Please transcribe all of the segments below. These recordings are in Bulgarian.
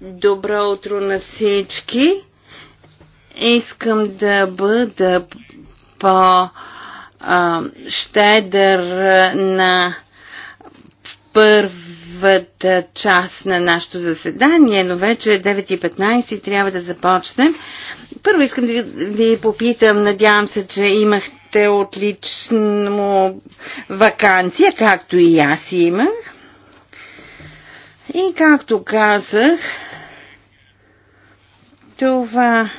Добро утро на всички. Искам да бъда по-щедър на първата част на нашето заседание, но вече е 9.15 и трябва да започнем. Първо искам да ви, ви попитам, надявам се, че имахте отлично вакансия, както и аз имах. И както казах, това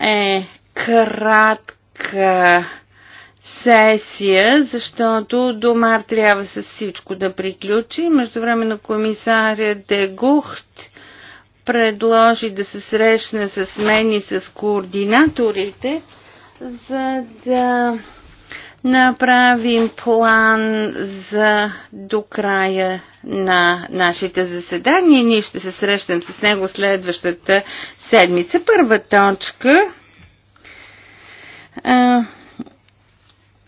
е кратка сесия, защото до мар трябва с всичко да приключи. Между време на комисаря Дегухт предложи да се срещне с мен и с координаторите, за да направим план за до края на нашите заседания. Ние ще се срещам с него следващата седмица. Първа точка. А,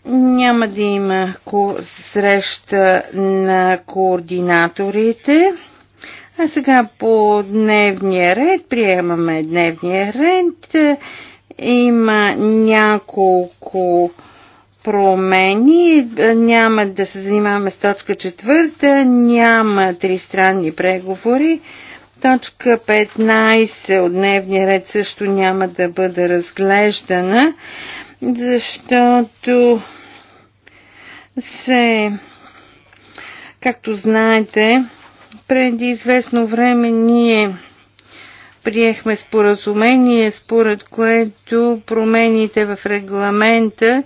няма да има среща на координаторите. А сега по дневния ред, приемаме дневния ред. Има няколко промени. Няма да се занимаваме с точка четвърта, няма тристранни преговори. Точка 15 от дневния ред също няма да бъде разглеждана, защото се, както знаете, преди известно време ние приехме споразумение, според което промените в регламента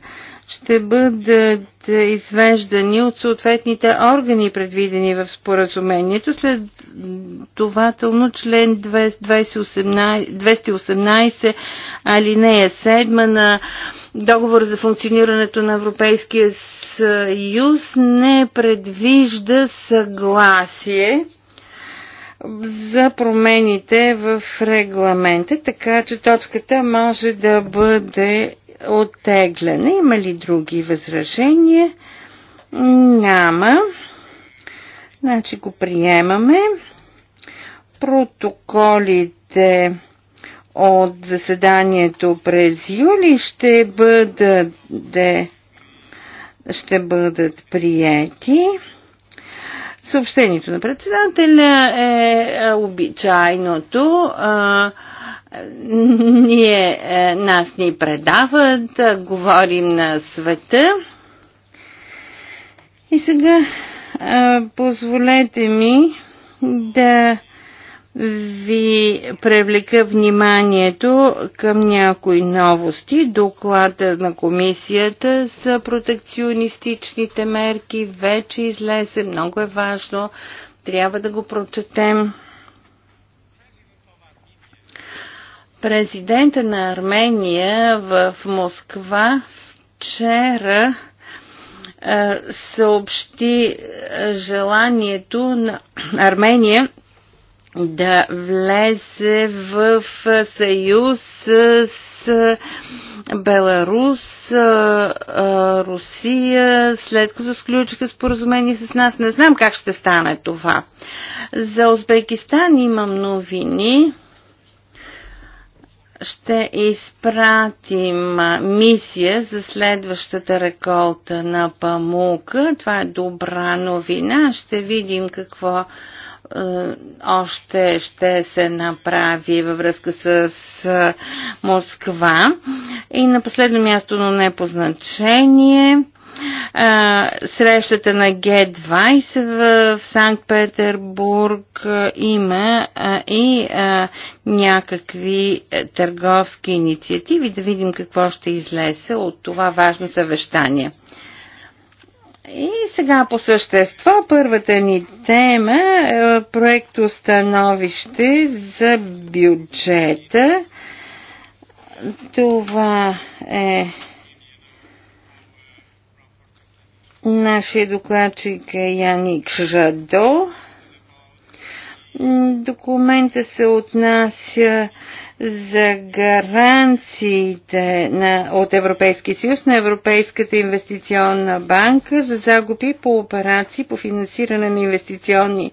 ще бъдат извеждани от съответните органи, предвидени в споразумението. Следователно член 218, 218 алинея 7 на договор за функционирането на Европейския съюз не предвижда съгласие за промените в регламента, така че точката може да бъде оттегляне. Има ли други възражения? Няма. Значи го приемаме. Протоколите от заседанието през юли ще бъдат, де, ще бъдат приети. Съобщението на председателя е, е обичайното. А, ние, е, нас ни предават, говорим на света. И сега е, позволете ми да ви привлека вниманието към някои новости. Доклада на комисията за протекционистичните мерки вече излезе. Много е важно. Трябва да го прочетем. Президента на Армения в Москва вчера съобщи желанието на Армения да влезе в съюз с Беларус, Русия, след като сключиха споразумение с нас. Не знам как ще стане това. За Узбекистан имам новини ще изпратим мисия за следващата реколта на памука. Това е добра новина. Ще видим какво е, още ще се направи във връзка с е, Москва. И на последно място, но не по значение, срещата на Г-20 в, в Санкт-Петербург има а, и а, някакви търговски инициативи. Да видим какво ще излезе от това важно съвещание. И сега по същество, първата ни тема е проекто становище за бюджета. Това е Нашия докладчик е Яник Жадо. Документа се отнася за гаранциите на, от Европейския съюз на Европейската инвестиционна банка за загуби по операции по финансиране на инвестиционни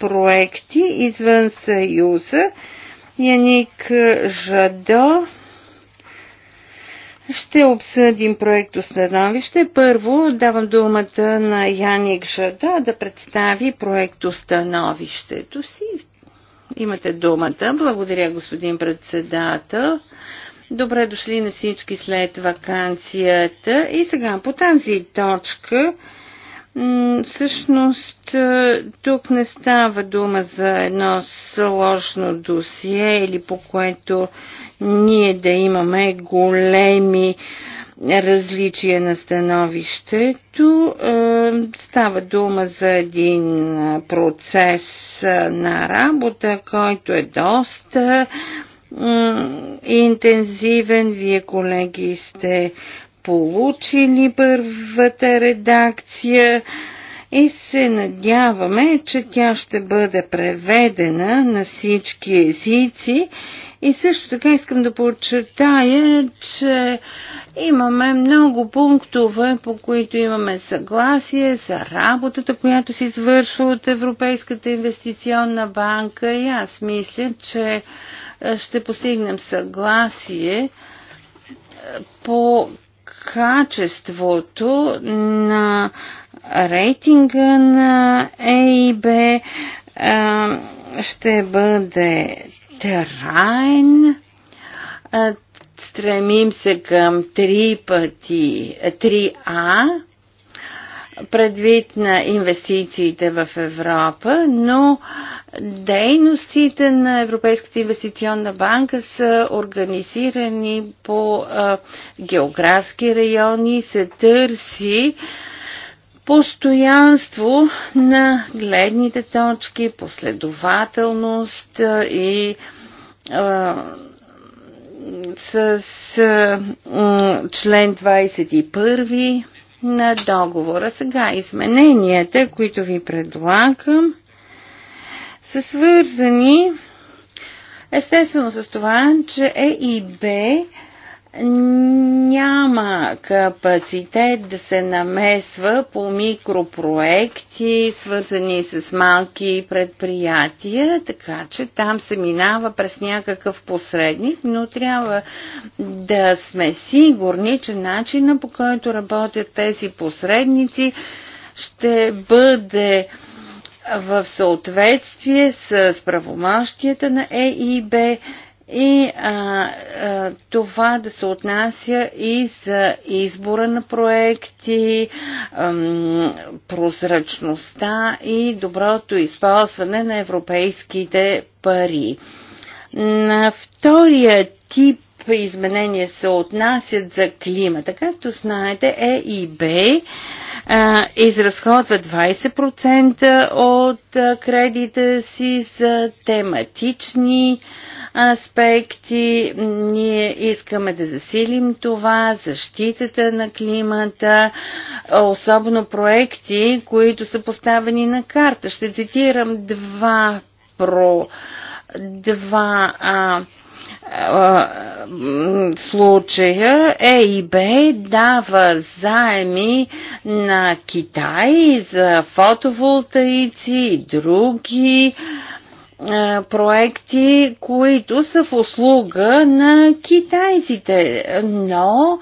проекти извън Съюза. Яник Жадо ще обсъдим проекто становище. Първо давам думата на Яник Жада да представи проекто становището си. Имате думата. Благодаря, господин председател. Добре дошли на всички след вакансията. И сега по тази точка Всъщност е, тук не става дума за едно сложно досие или по което ние да имаме големи различия на становището. Е, става дума за един е, процес на работа, който е доста интензивен. Вие, колеги, сте получили първата редакция и се надяваме, че тя ще бъде преведена на всички езици. И също така искам да подчертая, че имаме много пунктове, по които имаме съгласие за работата, която се извършва от Европейската инвестиционна банка и аз мисля, че е, ще постигнем съгласие е, по качеството на рейтинга на ЕИБ ще бъде траен. Стремим се към 3 пъти 3А предвид на инвестициите в Европа, но дейностите на Европейската инвестиционна банка са организирани по а, географски райони, се търси постоянство на гледните точки, последователност и а, с, с член 21 на договора. Сега измененията, които ви предлагам, са свързани естествено с това, че е и Б няма капацитет да се намесва по микропроекти, свързани с малки предприятия, така че там се минава през някакъв посредник, но трябва да сме сигурни, че начина по който работят тези посредници ще бъде в съответствие с правомощията на ЕИБ и а, а, това да се отнася и за избора на проекти, ам, прозрачността и доброто използване на европейските пари. На втория тип изменения се отнасят за климата. Както знаете, е и Б изразходва 20% от кредита си за тематични а, аспекти. Ние искаме да засилим това, защитата на климата, особено проекти, които са поставени на карта. Ще цитирам два про два а, случая е Б дава заеми на Китай за фотоволтаици и други проекти, които са в услуга на китайците, но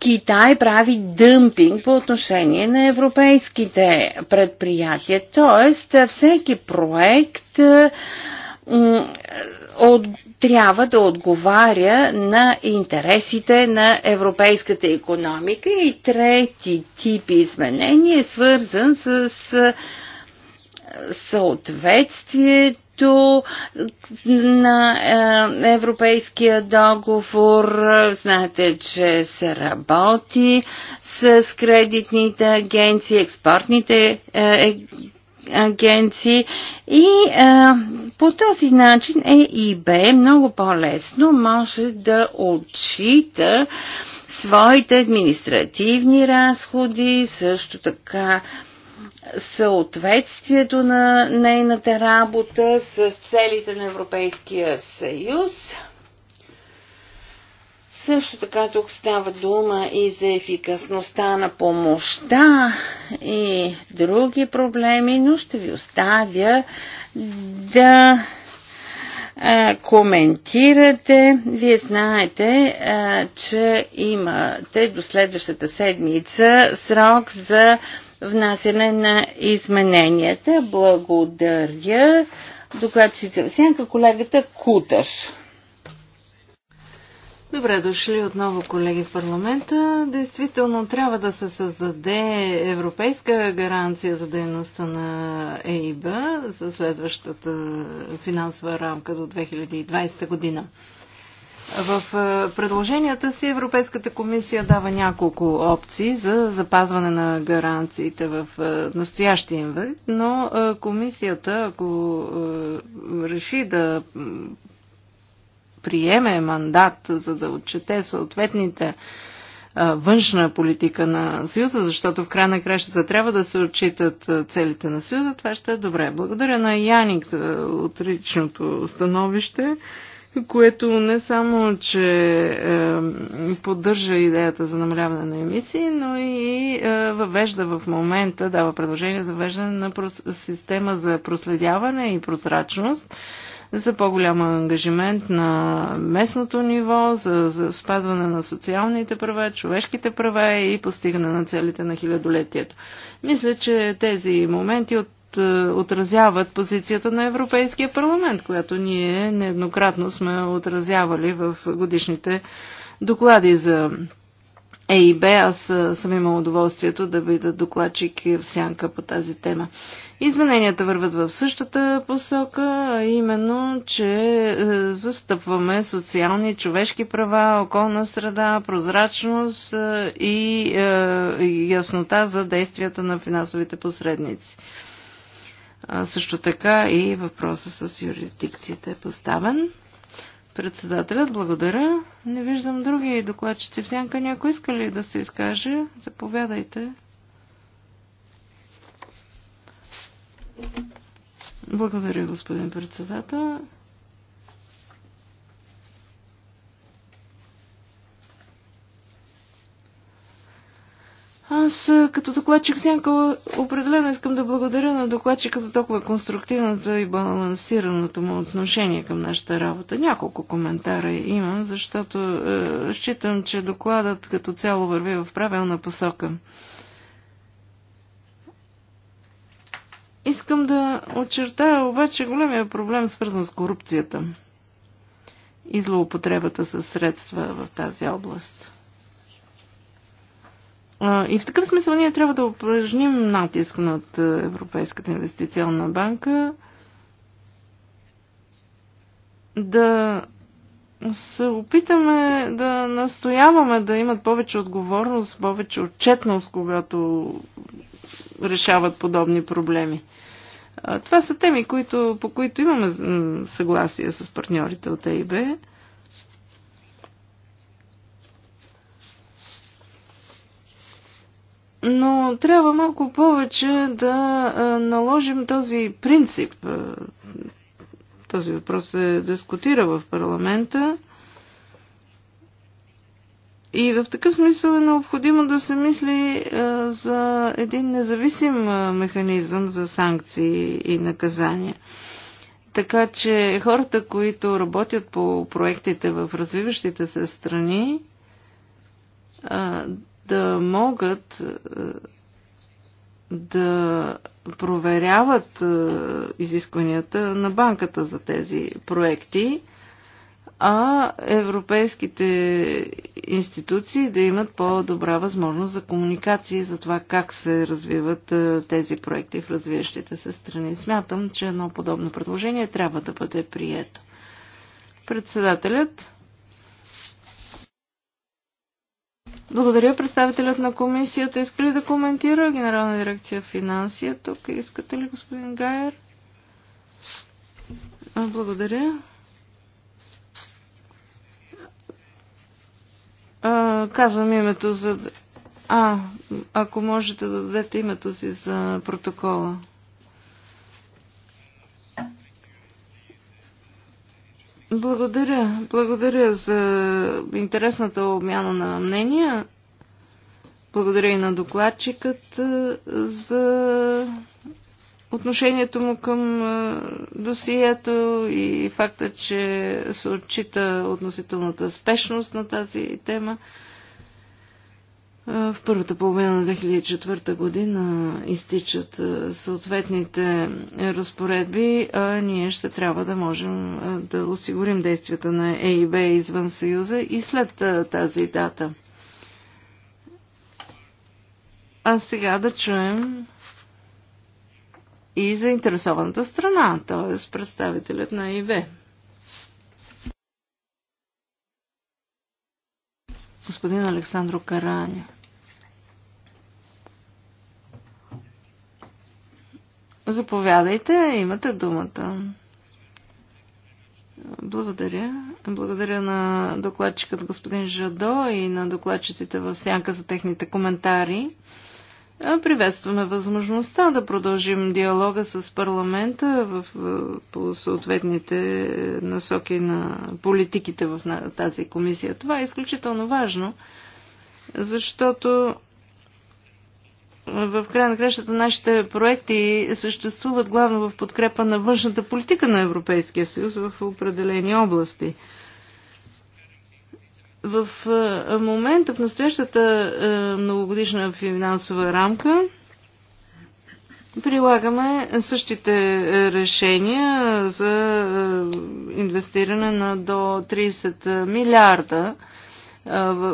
Китай прави дъмпинг по отношение на европейските предприятия. Тоест, всеки проект от, трябва да отговаря на интересите на европейската економика и трети тип изменение е свързан с съответствие нито на е, европейския договор. Знаете, че се работи с кредитните агенции, експортните е, е, агенции и а, по този начин ЕИБ много по-лесно може да отчита своите административни разходи, също така а, съответствието на нейната работа с целите на Европейския съюз. Също така тук става дума и за ефикасността на помощта и други проблеми, но ще ви оставя да а, коментирате. Вие знаете, а, че имате до следващата седмица срок за внасяне на измененията. Благодаря. се сянка, колегата Куташ. Добре дошли отново, колеги в парламента. Действително трябва да се създаде европейска гаранция за дейността на ЕИБА за следващата финансова рамка до 2020 година. В е, предложенията си Европейската комисия дава няколко опции за запазване на гаранциите в е, настоящия инвалид, но е, комисията, ако реши да приеме мандат, за да отчете съответните външна политика на Съюза, защото в края на кращата трябва да се отчитат целите на Съюза, това ще е добре. Благодаря на Яник за отричното становище което не само, че е, поддържа идеята за намаляване на емисии, но и е, въвежда в момента, дава предложение за въвеждане на прос... система за проследяване и прозрачност за по-голям ангажимент на местното ниво, за, за спазване на социалните права, човешките права и постигане на целите на хилядолетието. Мисля, че тези моменти от е, отразяват позицията на Европейския парламент, която ние нееднократно сме отразявали в годишните доклади за е Б. Аз е, съм имал удоволствието да бъда докладчик в сянка по тази тема. Измененията върват в същата посока, а именно, че застъпваме социални, човешки права, околна среда, прозрачност и яснота за действията на финансовите посредници също така и въпроса с юрисдикцията е поставен. Председателят, благодаря. Не виждам други докладчици в сянка. Някой иска ли да се изкаже? Заповядайте. Благодаря, господин председател. Аз като докладчик сянка определено искам да благодаря на докладчика за толкова конструктивното и балансираното му отношение към нашата работа. Няколко коментара имам, защото е, считам, че докладът като цяло върви в правилна посока. Искам да очертая обаче големия проблем, свързан с корупцията и злоупотребата със средства в тази област. И в такъв смисъл ние трябва да упражним натиск над Европейската инвестиционна банка да се опитаме да настояваме да имат повече отговорност, повече отчетност, когато решават подобни проблеми. Това са теми, които, по които имаме съгласие с партньорите от ЕИБ. но трябва малко повече да наложим този принцип. Този въпрос се дискутира в парламента. И в такъв смисъл е необходимо да се мисли за един независим механизъм за санкции и наказания. Така че хората, които работят по проектите в развиващите се страни, да могат е, да проверяват е, изискванията на банката за тези проекти, а европейските институции да имат по-добра възможност за комуникация за това как се развиват е, тези проекти в развиващите се страни. Смятам, че едно подобно предложение трябва да бъде прието. Председателят Благодаря. Представителят на комисията иска ли да коментира Генерална дирекция финанси? Е тук искате ли, господин Гайер? Благодаря. А, казвам името за... А, ако можете да дадете името си за протокола. Благодаря. Благодаря за интересната обмяна на мнения. Благодаря и на докладчикът е, за отношението му към е, досието и факта, че се отчита относителната спешност на тази тема. В първата половина на 2004 година изтичат съответните разпоредби, а ние ще трябва да можем да осигурим действията на ЕИБ извън Съюза и след тази дата. А сега да чуем и заинтересованата страна, т.е. представителят на ЕИБ. господин Александро Караня. Заповядайте, имате думата. Благодаря. Благодаря на докладчикът господин Жадо и на докладчиците в сянка за техните коментари. Приветстваме възможността да продължим диалога с парламента в, по съответните насоки на политиките в тази комисия. Това е изключително важно, защото в края на кращата нашите проекти съществуват главно в подкрепа на външната политика на Европейския съюз в определени области – в момента, в настоящата многогодишна финансова рамка, прилагаме същите решения за инвестиране на до 30 милиарда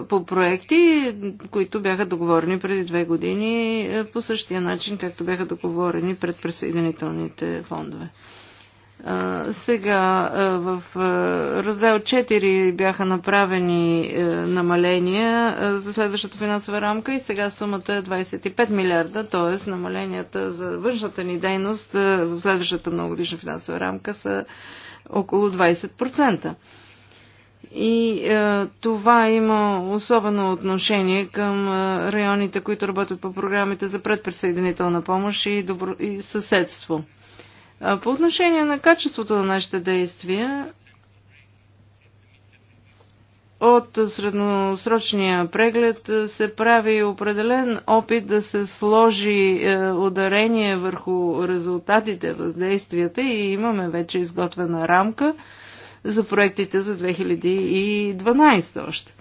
по проекти, които бяха договорени преди две години по същия начин, както бяха договорени пред присъединителните фондове. Сега в раздел 4 бяха направени е, намаления за следващата финансова рамка и сега сумата е 25 милиарда, т.е. намаленията за външната ни дейност е, в следващата многогодишна финансова рамка са около 20%. И е, това има особено отношение към е, районите, които работят по програмите за предприсъединителна помощ и, добро, и съседство. По отношение на качеството на нашите действия, от средносрочния преглед се прави определен опит да се сложи е, ударение върху резултатите, въздействията и имаме вече изготвена рамка за проектите за 2012 още.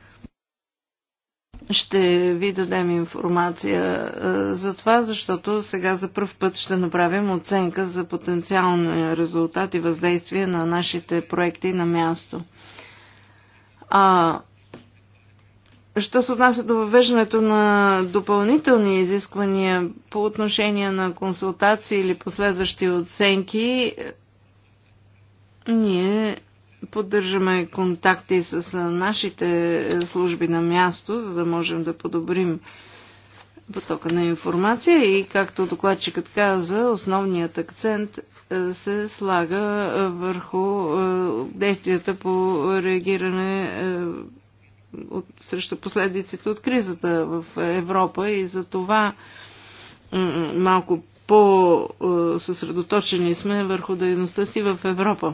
Ще ви дадем информация е, за това, защото сега за първ път ще направим оценка за потенциалния резултат и въздействие на нашите проекти на място. А, що се отнася до въвеждането на допълнителни изисквания по отношение на консултации или последващи оценки, ние Поддържаме контакти с нашите служби на място, за да можем да подобрим потока на информация и както докладчикът каза, основният акцент е, се слага е, върху е, действията по реагиране от, срещу последиците от кризата в Европа и за това малко по-съсредоточени сме върху дейността си в Европа.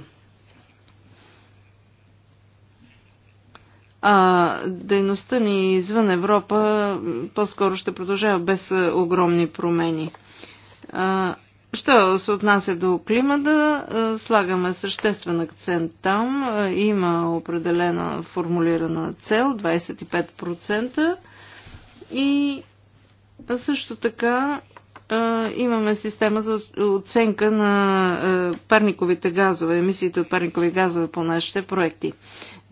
а дейността ни извън Европа по-скоро ще продължава без огромни промени. Що се отнася до климата, слагаме съществен акцент там. Има определена формулирана цел 25% и също така имаме система за оценка на парниковите газове, емисиите от парникови газове по нашите проекти.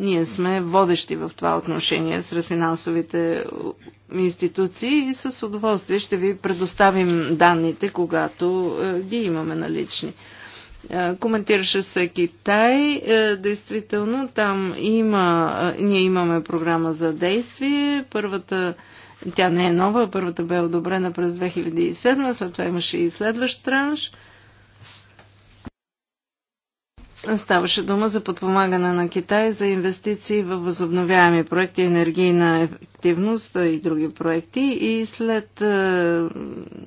Ние сме водещи в това отношение сред финансовите институции и с удоволствие ще ви предоставим данните, когато е, ги имаме налични. Е, коментираше се Китай. Е, действително, там има, ние имаме програма за действие. Първата, тя не е нова, първата бе одобрена през 2007, след това имаше и следващ транш – Ставаше дума за подпомагане на Китай за инвестиции в възобновяеми проекти, енергийна ефективност и други проекти. И след е,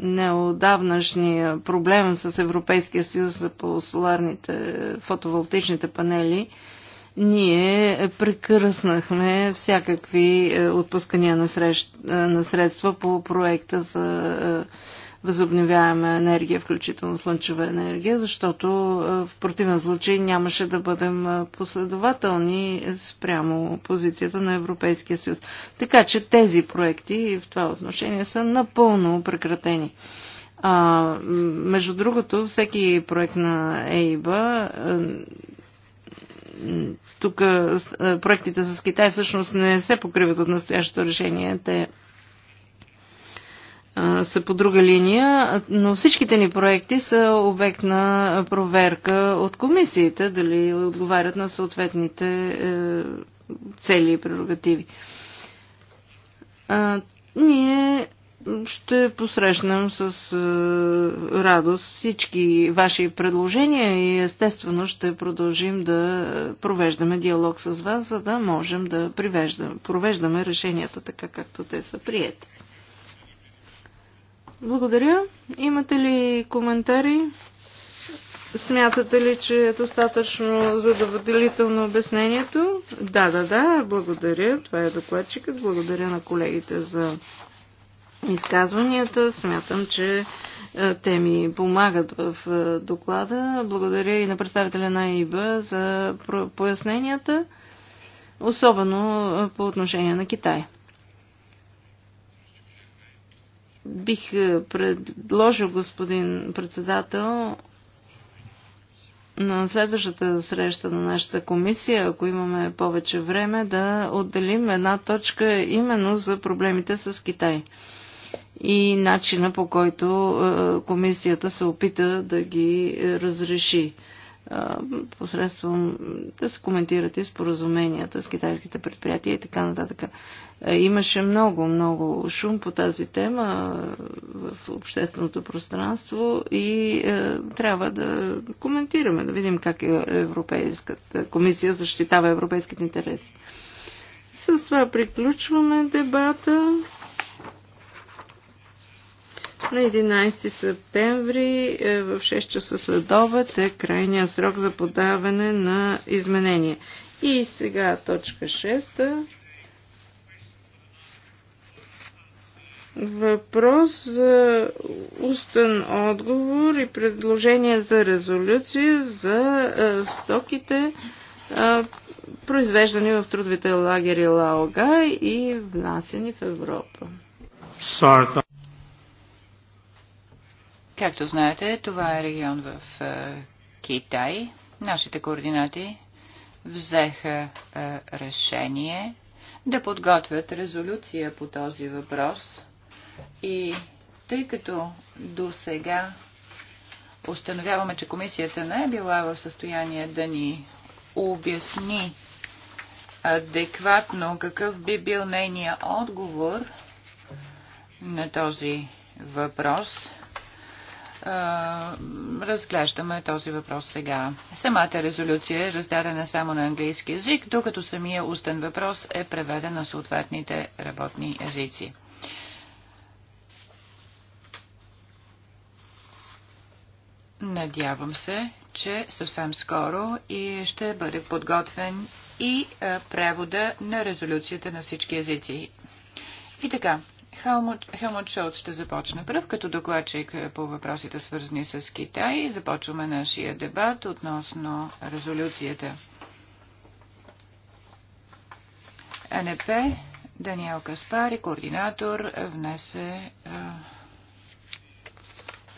неодавнашния проблем с Европейския съюз по соларните фотоволтичните панели, ние прекръснахме всякакви е, отпускания е, на средства по проекта за възобновяема енергия, включително слънчева енергия, защото в противен случай нямаше да бъдем последователни спрямо позицията на Европейския съюз. Така че тези проекти в това отношение са напълно прекратени. А, между другото, всеки проект на ЕИБА тук проектите с Китай всъщност не се покриват от настоящото решение. Те са по друга линия, но всичките ни проекти са обект на проверка от комисиите, дали отговарят на съответните е, цели и прерогативи. Ние ще посрещнем с е, радост всички ваши предложения и естествено ще продължим да провеждаме диалог с вас, за да можем да провеждаме решенията така, както те са приети. Благодаря. Имате ли коментари? Смятате ли, че е достатъчно задоволително обяснението? Да, да, да, благодаря. Това е докладчикът. Благодаря на колегите за изказванията. Смятам, че е, те ми помагат в е, доклада. Благодаря и на представителя на ИБА за поясненията, особено е, по отношение на Китай. бих е, предложил, господин председател, на следващата среща на нашата комисия, ако имаме повече време, да отделим една точка именно за проблемите с Китай и начина по който е, комисията се опита да ги е, разреши посредством да се коментират и споразуменията с китайските предприятия и така нататък. Имаше много, много шум по тази тема в общественото пространство и трябва да коментираме, да видим как е Европейската комисия защитава европейските интереси. С това приключваме дебата. На 11 септември е, в 6 часа след обед е крайният срок за подаване на изменения. И сега точка 6. Въпрос за устен отговор и предложение за резолюция за е, стоките, е, произвеждани в трудовите лагери Лаога и внасени в Европа. Сарта. Както знаете, това е регион в е, Китай. Нашите координати взеха е, решение да подготвят резолюция по този въпрос и тъй като до сега установяваме, че комисията не е била в състояние да ни обясни адекватно какъв би бил нейния отговор на този въпрос, разглеждаме този въпрос сега. Самата резолюция е раздадена само на английски язик, докато самия устен въпрос е преведен на съответните работни езици. Надявам се, че съвсем скоро и ще бъде подготвен и превода на резолюцията на всички езици. И така, Хелмут, Хелмут Шолт ще започне пръв като докладчик по въпросите свързани с Китай. Започваме нашия дебат относно резолюцията. НП Даниел Каспари, координатор, внесе а,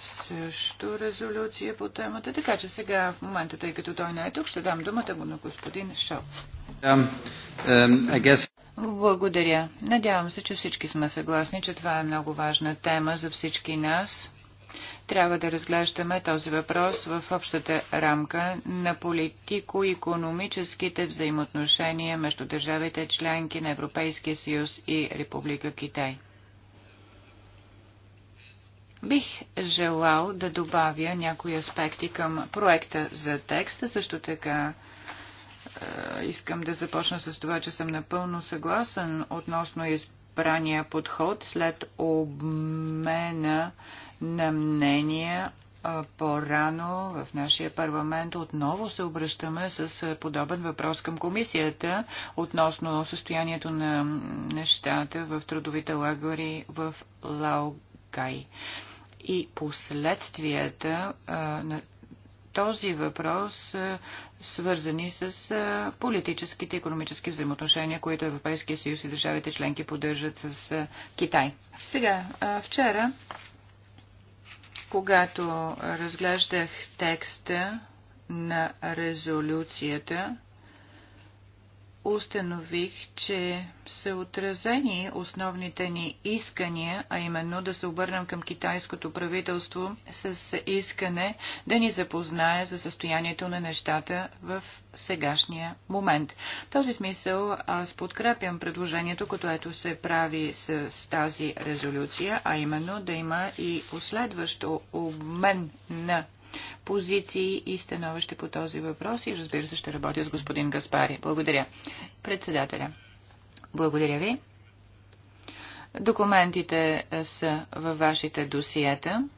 също резолюция по темата. Така че сега в момента, тъй като той не е тук, ще дам думата му на господин Шоц. Um, um, благодаря. Надявам се, че всички сме съгласни, че това е много важна тема за всички нас. Трябва да разглеждаме този въпрос в общата рамка на политико-економическите взаимоотношения между държавите членки на Европейския съюз и Република Китай. Бих желал да добавя някои аспекти към проекта за текста, също така е, искам да започна с това, че съм напълно съгласен относно избрания подход след обмена на мнения е, по-рано в нашия парламент отново се обръщаме с е, подобен въпрос към комисията относно състоянието на нещата в трудовите лагери в Лаогай и последствията на този въпрос, е, свързани с е, политическите и економически взаимоотношения, които Европейския съюз и държавите членки поддържат с е, Китай. Сега, вчера, когато разглеждах текста на резолюцията, установих, че са отразени основните ни искания, а именно да се обърнем към китайското правителство с искане да ни запознае за състоянието на нещата в сегашния момент. В този смисъл аз подкрепям предложението, което се прави с тази резолюция, а именно да има и последващо обмен на позиции и становище по този въпрос и разбира се ще работя с господин Гаспари. Благодаря. Председателя. Благодаря ви. Документите е, са във вашите досиета.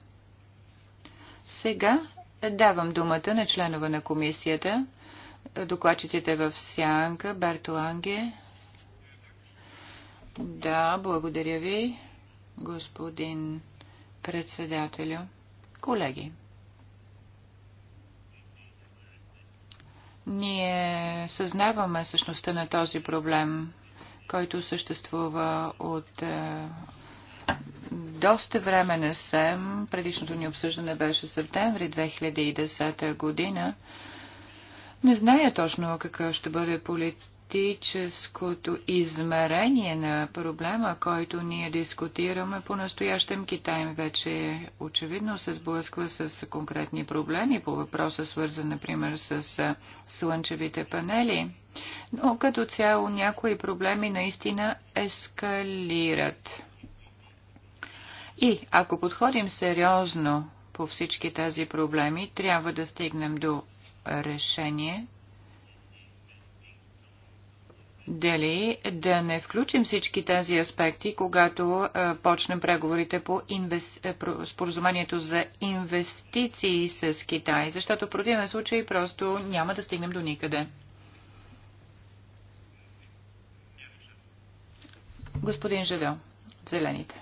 Сега давам думата на членове на комисията, докладчиците в Сянка, Бертоланге. Да, благодаря ви, господин председателю. Колеги. Ние съзнаваме същността на този проблем, който съществува от е, доста време на сем. Предишното ни обсъждане беше септември 2010 година. Не зная точно какъв ще бъде полит политическото измерение на проблема, който ние дискутираме по-настоящем Китай вече очевидно се сблъсква с конкретни проблеми по въпроса, свързан, например, с слънчевите панели. Но като цяло някои проблеми наистина ескалират. И ако подходим сериозно по всички тези проблеми, трябва да стигнем до решение – дали да не включим всички тези аспекти, когато е, почнем преговорите по инвес... Е, споразумението за инвестиции с Китай, защото в противен случай просто няма да стигнем до никъде. Господин Жадо, зелените.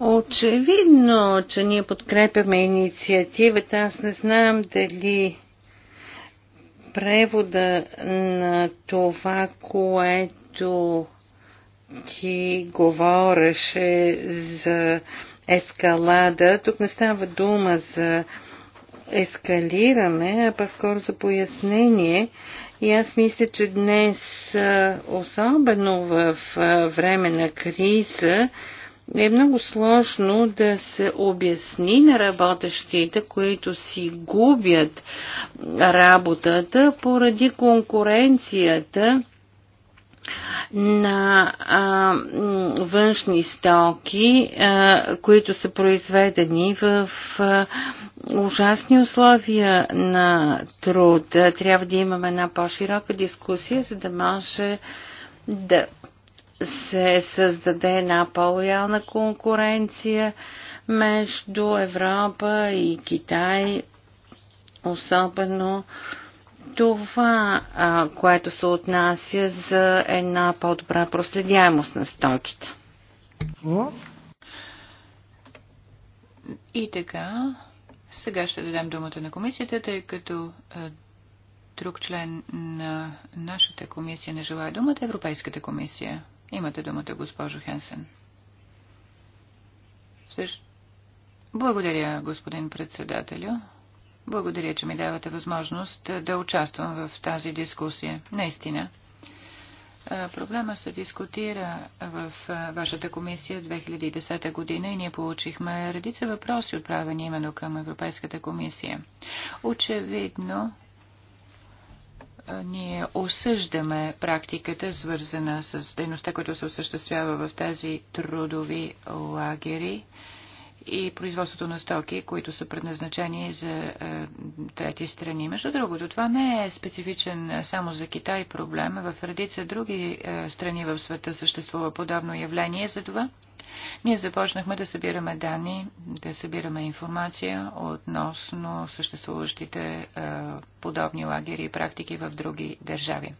Очевидно, че ние подкрепяме инициативата. Аз не знам дали превода на това, което ти говореше за ескалада, тук не става дума за ескалиране, а по-скоро за пояснение. И аз мисля, че днес, особено в време на криза, е много сложно да се обясни на работещите, които си губят работата поради конкуренцията на а, външни стоки, а, които са произведени в а, ужасни условия на труд. Трябва да имаме една по-широка дискусия, за да може да се създаде една по-лоялна конкуренция между Европа и Китай, особено това, а, което се отнася за една по-добра проследяемост на стоките. И така, сега ще дадем думата на комисията, тъй като друг член на нашата комисия не желая думата, Европейската комисия. Имате думата, госпожо Хенсен. Всъщ... Благодаря, господин председателю. Благодаря, че ми давате възможност да участвам в тази дискусия. Наистина. Проблема се дискутира в вашата комисия 2010 година и ние получихме редица въпроси, отправени именно към Европейската комисия. Очевидно, ние осъждаме практиката, свързана с дейността, която се осъществява в тези трудови лагери и производството на стоки, които са предназначени за е, трети страни. Между другото, това не е специфичен е, само за Китай проблем. В редица други е, страни в света съществува подобно явление. Затова ние започнахме да събираме данни, да събираме информация относно съществуващите е, подобни лагери и практики в други държави.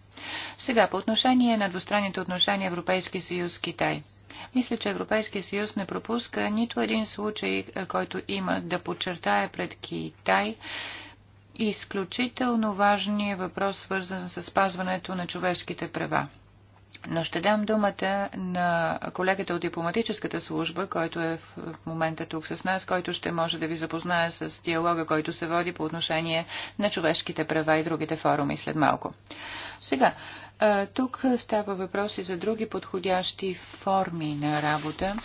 Сега по отношение на двустранните отношения Европейски съюз-Китай. Мисля, че Европейския съюз не пропуска нито един случай, е, който има да подчертая пред Китай изключително важния въпрос, свързан с спазването на човешките права. Но ще дам думата на колегата от дипломатическата служба, който е в момента тук с нас, който ще може да ви запознае с диалога, който се води по отношение на човешките права и другите форуми след малко. Сега, тук става въпроси за други подходящи форми на работа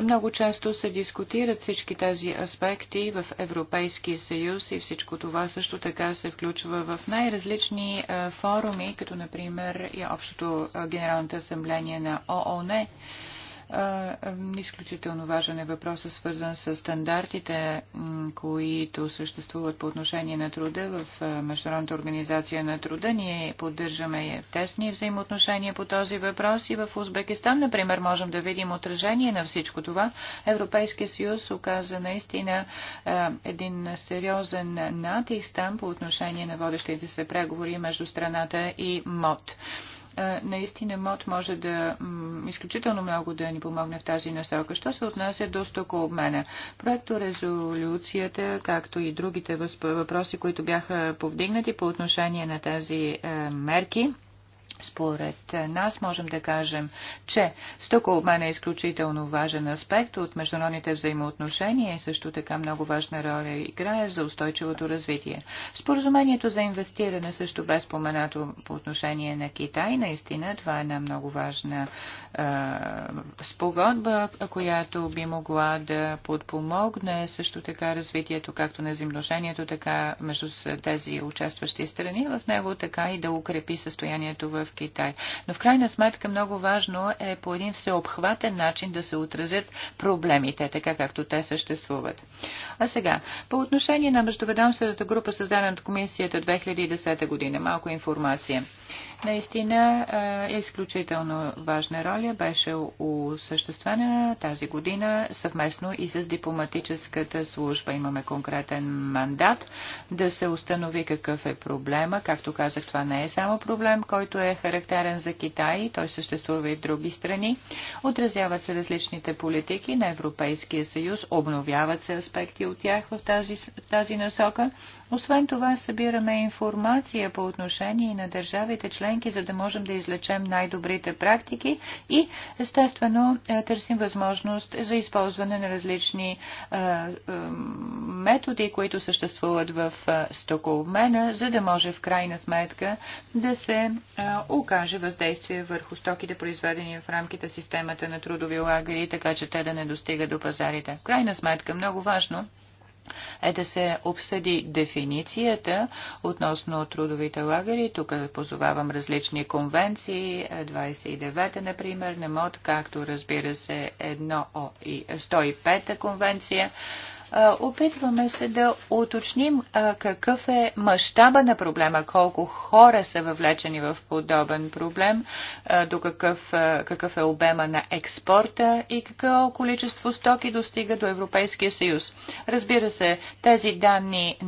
много често се дискутират всички тези аспекти в Европейския съюз и всичко това също така се включва в най-различни е, форуми, като например и Общото е, Генералната асамблея на ООН. Изключително важен е въпросът, свързан с стандартите, които съществуват по отношение на труда в Международната организация на труда. Ние поддържаме тесни взаимоотношения по този въпрос и в Узбекистан, например, можем да видим отражение на всичко това. Европейския съюз оказа наистина един сериозен натиск там по отношение на водещите се преговори между страната и МОД наистина МОД може да изключително много да ни помогне в тази насока. Що се отнася до стокообмена? Проекто резолюцията, както и другите въпроси, които бяха повдигнати по отношение на тези е, мерки, според нас можем да кажем, че обмен е изключително важен аспект от международните взаимоотношения и също така много важна роля играе за устойчивото развитие. Споразумението за инвестиране също бе споменато по отношение на Китай. Наистина това е една много важна е, спогодба, която би могла да подпомогне също така развитието както на земношението, така между тези участващи страни в него, така и да укрепи състоянието в Китай. Но в крайна сметка много важно е по един всеобхватен начин да се отразят проблемите, така както те съществуват. А сега, по отношение на междуведомствената група, създадена от комисията 2010 година, малко информация. Наистина е, е изключително важна роля беше осъществена тази година съвместно и с дипломатическата служба. Имаме конкретен мандат да се установи какъв е проблема. Както казах, това не е само проблем, който е е характерен за Китай, той съществува и в други страни. Отразяват се различните политики на Европейския съюз, обновяват се аспекти от тях в тази, в тази насока. Освен това, събираме информация по отношение на държавите членки, за да можем да излечем най-добрите практики и, естествено, е, търсим възможност за използване на различни е, е, методи, които съществуват в е, стокообмена, за да може в крайна сметка да се е, окаже въздействие върху стоките, произведени в рамките системата на трудови лагери, така че те да не достигат до пазарите. В крайна сметка, много важно е да се обсъди дефиницията относно трудовите лагери. Тук позовавам различни конвенции, 29-та, например, МОД, както разбира се, 1 и 105-та конвенция. Опитваме се да уточним какъв е мащаба на проблема, колко хора са въвлечени в подобен проблем, до какъв, какъв е обема на експорта и какво количество стоки достига до Европейския съюз. Разбира се, тези данни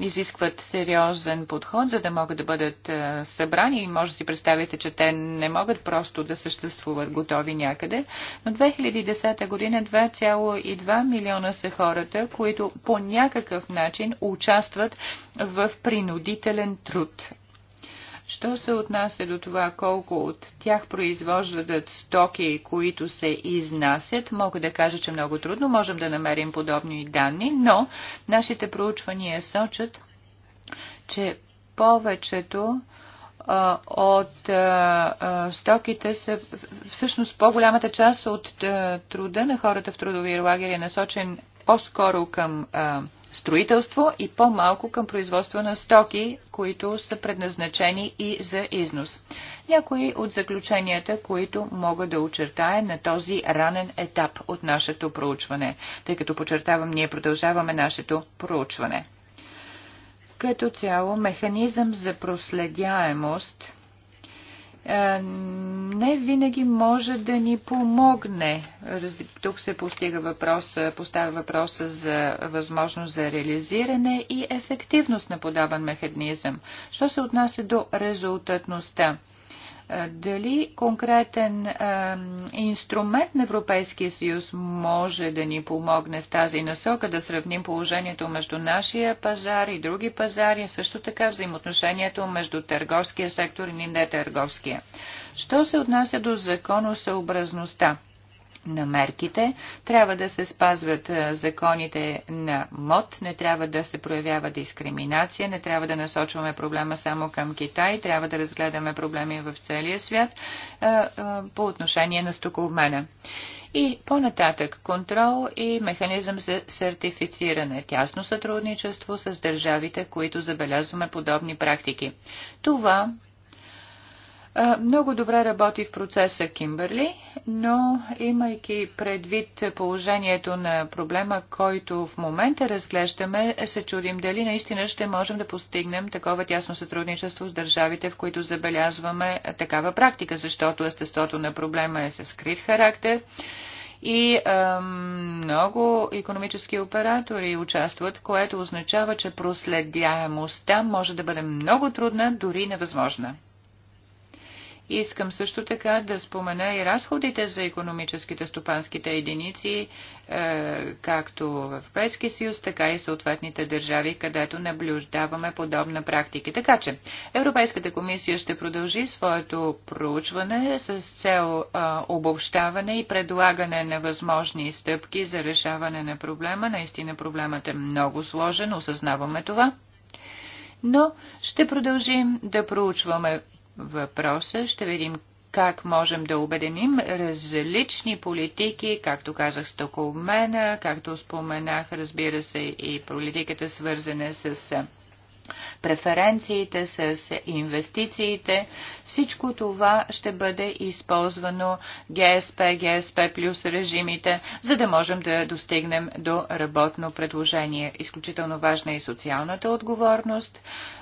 изискват сериозен подход, за да могат да бъдат събрани и може да си представите, че те не могат просто да съществуват готови някъде. Но 2010 година 2,2 милиона са хората, хората, които по някакъв начин участват в принудителен труд. Що се отнася до това колко от тях произвождат стоки, които се изнасят, мога да кажа, че много трудно можем да намерим подобни данни, но нашите проучвания сочат, че повечето а, от а, а, стоките са всъщност по-голямата част от труда на хората в трудови лагери е насочен по-скоро към а, строителство и по-малко към производство на стоки, които са предназначени и за износ. Някои от заключенията, които мога да очертая на този ранен етап от нашето проучване, тъй като подчертавам, ние продължаваме нашето проучване. Като цяло, механизъм за проследяемост – е, не винаги може да ни помогне. Тук се постига въпрос, поставя въпроса за възможност за реализиране и ефективност на подобен механизъм. Що се отнася до резултатността? Е, дали конкретен а, е, инструмент на Европейския съюз може да ни помогне в тази насока, да сравним положението между нашия пазар и други пазари, също така взаимоотношението между търговския сектор и нетърговския. Що се отнася до законосъобразността? на мерките, трябва да се спазват законите на МОД, не трябва да се проявява дискриминация, не трябва да насочваме проблема само към Китай, трябва да разгледаме проблеми в целия свят по отношение на стокообмена. И по-нататък контрол и механизъм за сертифициране, тясно сътрудничество с държавите, които забелязваме подобни практики. Това много добре работи в процеса Кимберли, но имайки предвид положението на проблема, който в момента разглеждаме, се чудим дали наистина ще можем да постигнем такова тясно сътрудничество с държавите, в които забелязваме такава практика, защото естеството на проблема е с скрит характер и а, много економически оператори участват, което означава, че проследяемостта може да бъде много трудна, дори невъзможна. Искам също така да спомена и разходите за економическите стопанските единици, е, както в Европейския съюз, така и съответните държави, където наблюдаваме подобна практика. Така че Европейската комисия ще продължи своето проучване с цел е, обобщаване и предлагане на възможни стъпки за решаване на проблема. Наистина проблемът е много сложен, осъзнаваме това но ще продължим да проучваме въпроса. Ще видим как можем да обединим различни политики, както казах с както споменах, разбира се, и политиката свързана с преференциите, с инвестициите. Всичко това ще бъде използвано ГСП, ГСП плюс режимите, за да можем да достигнем до работно предложение. Изключително важна е и социалната отговорност.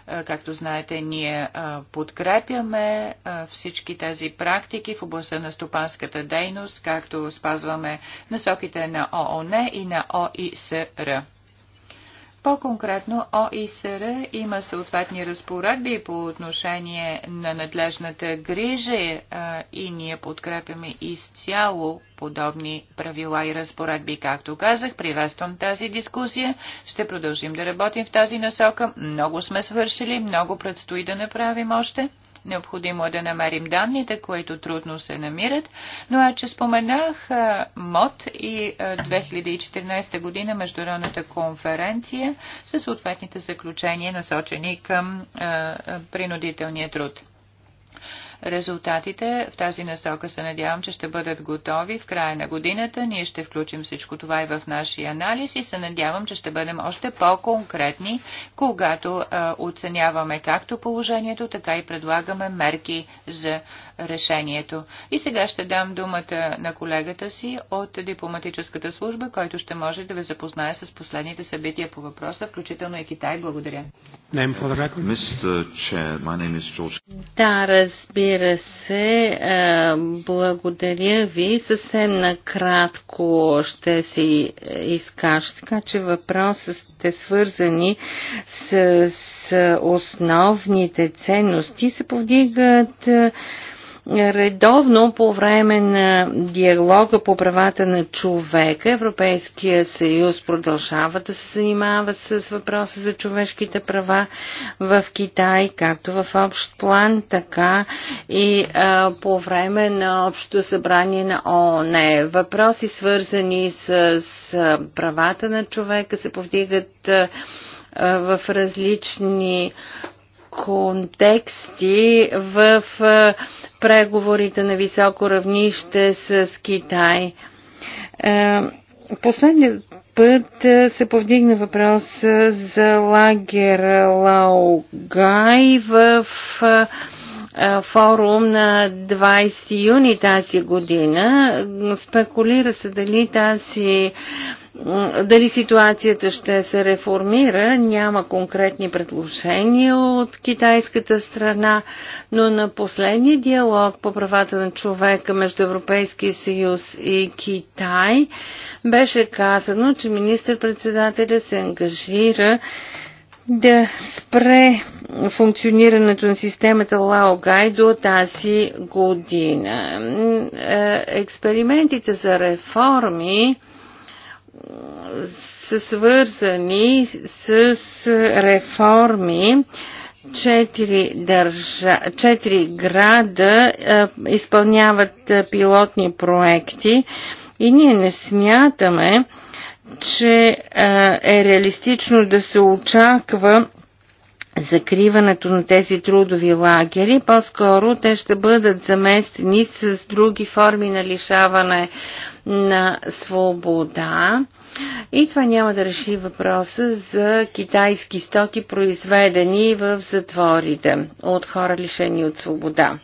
Е, както знаете, ние е, подкрепяме е, всички тези практики в областта на стопанската дейност, както спазваме насоките на ООН и на ОИСР. По-конкретно ОИСР има съответни разпоредби по отношение на надлежната грижа е, и ние подкрепяме изцяло подобни правила и разпоредби. Както казах, приветствам тази дискусия. Ще продължим да работим в тази насока. Много сме свършили, много предстои да направим още. Необходимо е да намерим данните, които трудно се намират, но е, че споменах МОД и 2014 година Международната конференция със съответните заключения, насочени към принудителния труд. Резултатите в тази насока се надявам, че ще бъдат готови в края на годината. Ние ще включим всичко това и в нашия анализ и се надявам, че ще бъдем още по-конкретни, когато а, оценяваме както положението, така и предлагаме мерки за решението. И сега ще дам думата на колегата си от дипломатическата служба, който ще може да ви запознае с последните събития по въпроса, включително и Китай. Благодаря. Да, разбира Разбира се, благодаря ви. Съвсем накратко ще се изкажа, така че въпросът сте свързани с, с основните ценности се повдигат Редовно по време на диалога по правата на човека Европейския съюз продължава да се занимава с въпроса за човешките права в Китай, както в общ план, така и а, по време на Общото събрание на ООН. Въпроси свързани с, с правата на човека се повдигат в различни контексти в преговорите на високо равнище с Китай. Последният път се повдигна въпрос за лагер Лаогай в форум на 20 юни тази година. Спекулира се дали тази дали ситуацията ще се реформира, няма конкретни предложения от китайската страна, но на последния диалог по правата на човека между Европейския съюз и Китай беше казано, че министър-председателя се ангажира да спре функционирането на системата Лаогай до тази година. Е, експериментите за реформи са свързани с реформи, четири, държа, четири града е, изпълняват е, пилотни проекти и ние не смятаме, е, че е реалистично да се очаква закриването на тези трудови лагери, по-скоро те ще бъдат заместени с други форми на лишаване на свобода. И това няма да реши въпроса за китайски стоки, произведени в затворите от хора лишени от свобода.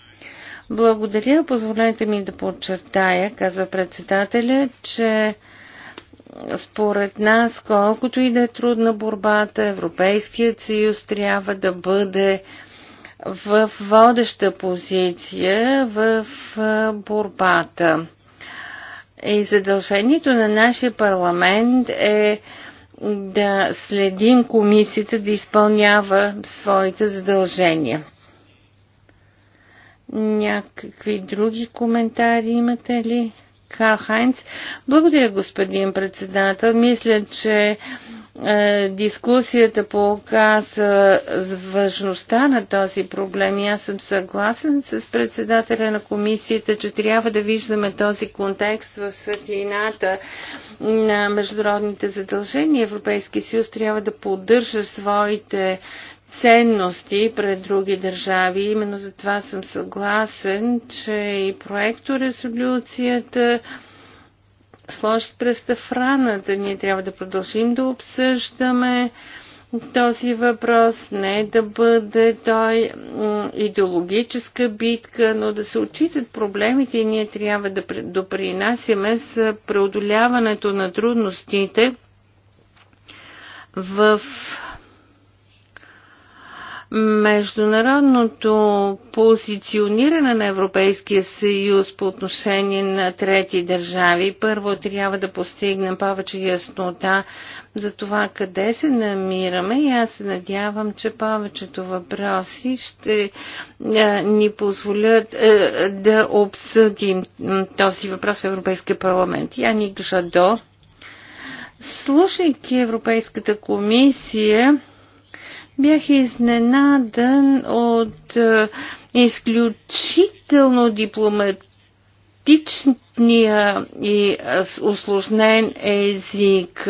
Благодаря. Позволете ми да подчертая, казва председателя, че според нас, колкото и да е трудна борбата, Европейският съюз трябва да бъде в водеща позиция в борбата. И задължението на нашия парламент е да следим комисията да изпълнява своите задължения. Някакви други коментари имате ли? Карл Хайнц. Благодаря, господин председател. Мисля, че е, дискусията показа важността на този проблем и аз съм съгласен с председателя на комисията, че трябва да виждаме този контекст в светлината на международните задължения. Европейския съюз трябва да поддържа своите ценности пред други държави. Именно за това съм съгласен, че и проекто резолюцията сложи пръста в раната. Ние трябва да продължим да обсъждаме този въпрос, не да бъде той идеологическа битка, но да се отчитат проблемите и ние трябва да допринасяме с преодоляването на трудностите в международното позициониране на Европейския съюз по отношение на трети държави, първо трябва да постигнем повече яснота за това къде се намираме и аз се надявам, че повечето въпроси ще ни позволят да обсъдим този въпрос в Европейския парламент. Яник Жадо, слушайки Европейската комисия, Бях изненадан от е, изключително дипломатичния и осложнен е, език.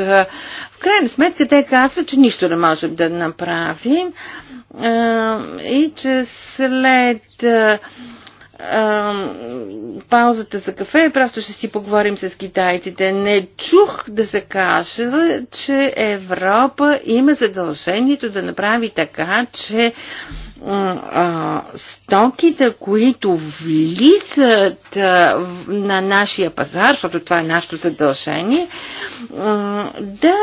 В крайна сметка те казват, че нищо не можем да направим е, и че след паузата за кафе, просто ще си поговорим с китайците. Не чух да се каже, че Европа има задължението да направи така, че а, стоките, които влизат а, на нашия пазар, защото това е нашето задължение, а, да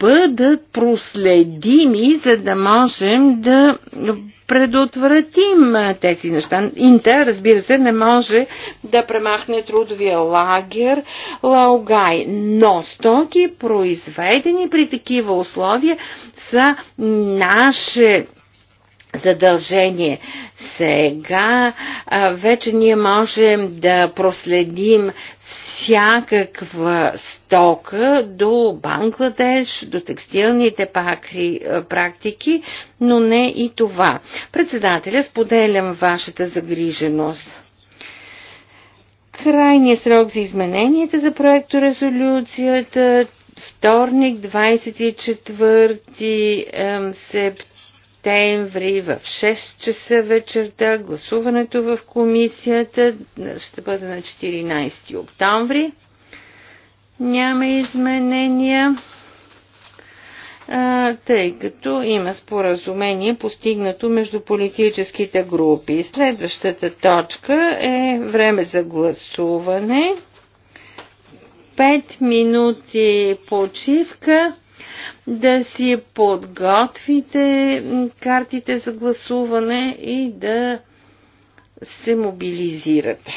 бъдат проследими, за да можем да предотвратим тези неща. Инта, разбира се, не може да премахне трудовия лагер Лаугай, но стоки, произведени при такива условия, са наше задължение. Сега а, вече ние можем да проследим всякаква стока до Бангладеш, до текстилните пакри, практики, но не и това. Председателя, споделям вашата загриженост. Крайният срок за измененията за проекто резолюцията вторник 24 септември септември в 6 часа вечерта. Гласуването в комисията ще бъде на 14 октомври. Няма изменения, тъй като има споразумение постигнато между политическите групи. Следващата точка е време за гласуване. 5 минути почивка да си подготвите картите за гласуване и да се мобилизирате.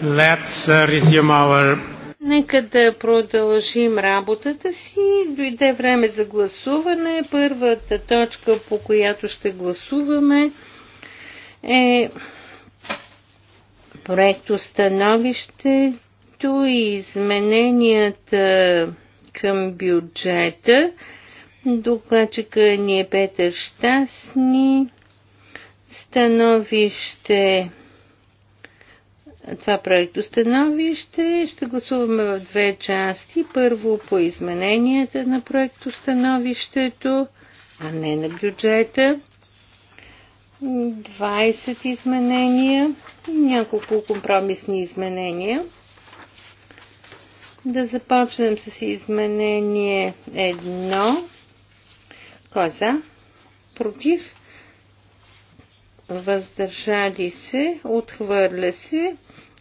Let's uh, resume our... Нека да продължим работата си. Дойде време за гласуване. Първата точка, по която ще гласуваме е проектостановището и измененията към бюджета. Докладчика ни е Петър Щастни. Становище това проекто становище ще гласуваме в две части. Първо по измененията на проекто становището, а не на бюджета. 20 изменения, и няколко компромисни изменения. Да започнем с изменение 1 кой е за? Против? Въздържали се? Отхвърля се?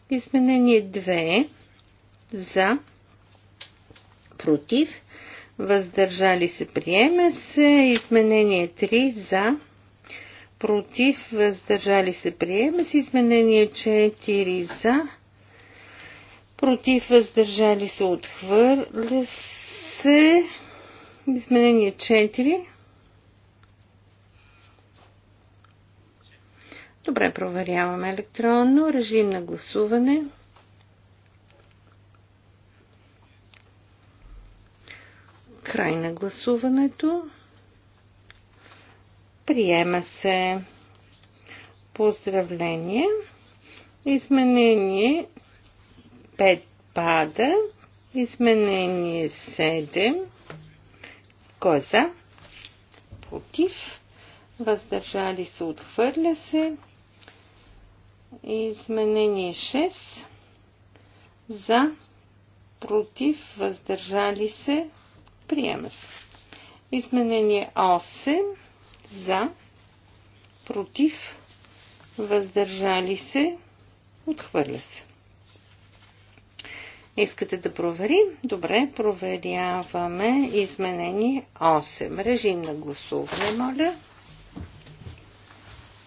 Изменение 2. За? Против? Въздържали се? Приема се? Изменение 3. За? Против? Въздържали се? Приема се? Изменение 4. За? Против? Въздържали се? Отхвърля се? Изменение 4 Добре, проверяваме електронно. Режим на гласуване. Край на гласуването. Приема се поздравление. Изменение 5 пада. Изменение 7. Кой е за? Против. Въздържали се, отхвърля се. Изменение 6. За, против, въздържали се, приема се. Изменение 8. За, против, въздържали се, отхвърля се. Искате да проверим? Добре, проверяваме изменение 8. Режим на гласуване, моля.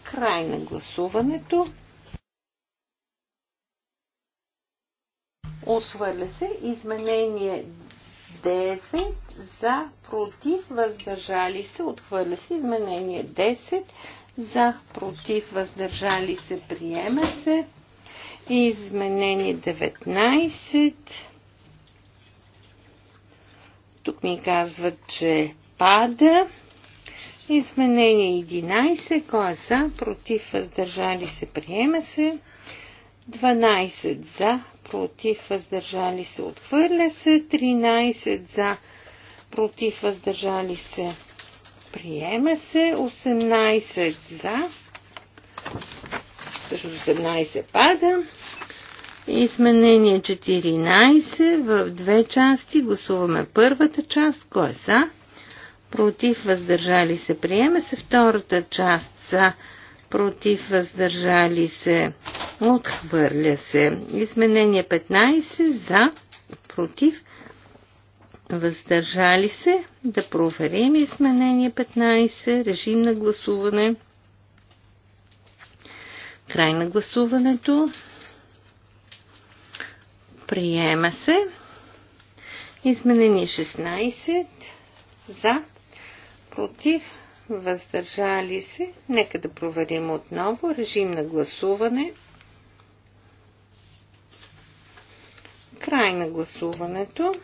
Край на гласуването. Отхвърля се. Изменение 9 за, против, въздържали се. Отхвърля се. Изменение 10 за, против, въздържали се. Приема се. Изменение 19. Тук ми казват, че пада. Изменение 11. Кой е за? Против въздържали се. Приема се. 12 за против, въздържали се, отхвърля се, 13 за, против, въздържали се, приема се, 18 за, всъщност 18 пада, изменение 14 в две части, гласуваме първата част, кой е за, против, въздържали се, приема се, втората част за, против, въздържали се, Отхвърля се. Изменение 15 за, против, въздържали се. Да проверим изменение 15. Режим на гласуване. Край на гласуването. Приема се. Изменение 16 за, против, въздържали се. Нека да проверим отново режим на гласуване. Край на гласуването.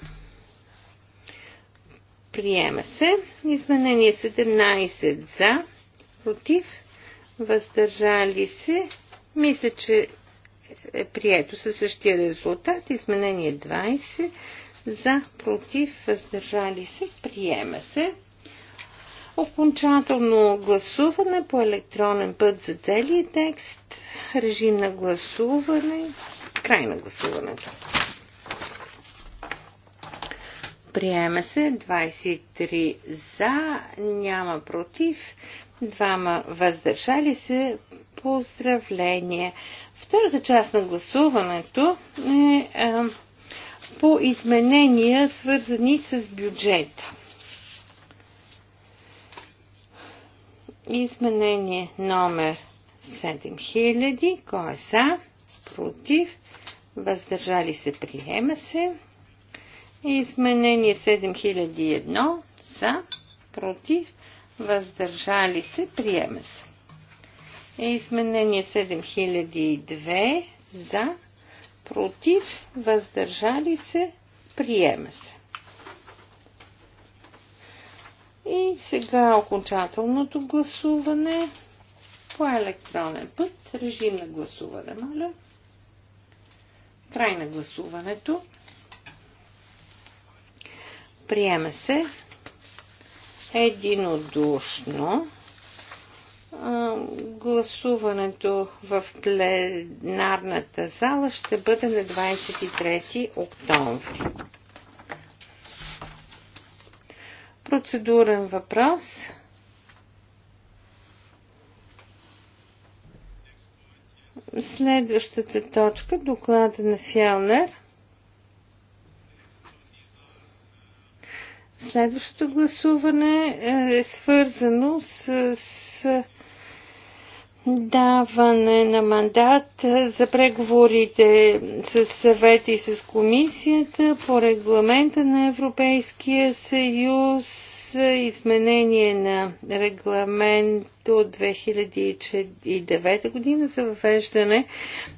Приема се. Изменение 17 за, против, въздържали се. Мисля, че е прието със същия резултат. Изменение 20 за, против, въздържали се. Приема се. Окончателно гласуване по електронен път за целият текст. Режим на гласуване. Край на гласуването. Приема се 23 за, няма против, двама въздържали се. Поздравление! Втората част на гласуването е е по изменения, свързани с бюджета. Изменение номер 7000. Кой е за? Против? Въздържали се? Приема се. Изменение 7001 за, против, въздържали се, приема се. Изменение 7002 за, против, въздържали се, приема се. И сега окончателното гласуване по електронен път. Режим на гласуване, моля. Край на гласуването. Приема се единодушно. Гласуването в пленарната зала ще бъде на 23 октомври. Процедурен въпрос. Следващата точка, доклада на Фялнер – Следващото гласуване е, е свързано с, с даване на мандат е, за преговорите с съвет и с комисията по регламента на Европейския съюз е, изменение на регламент от 2009 година за въвеждане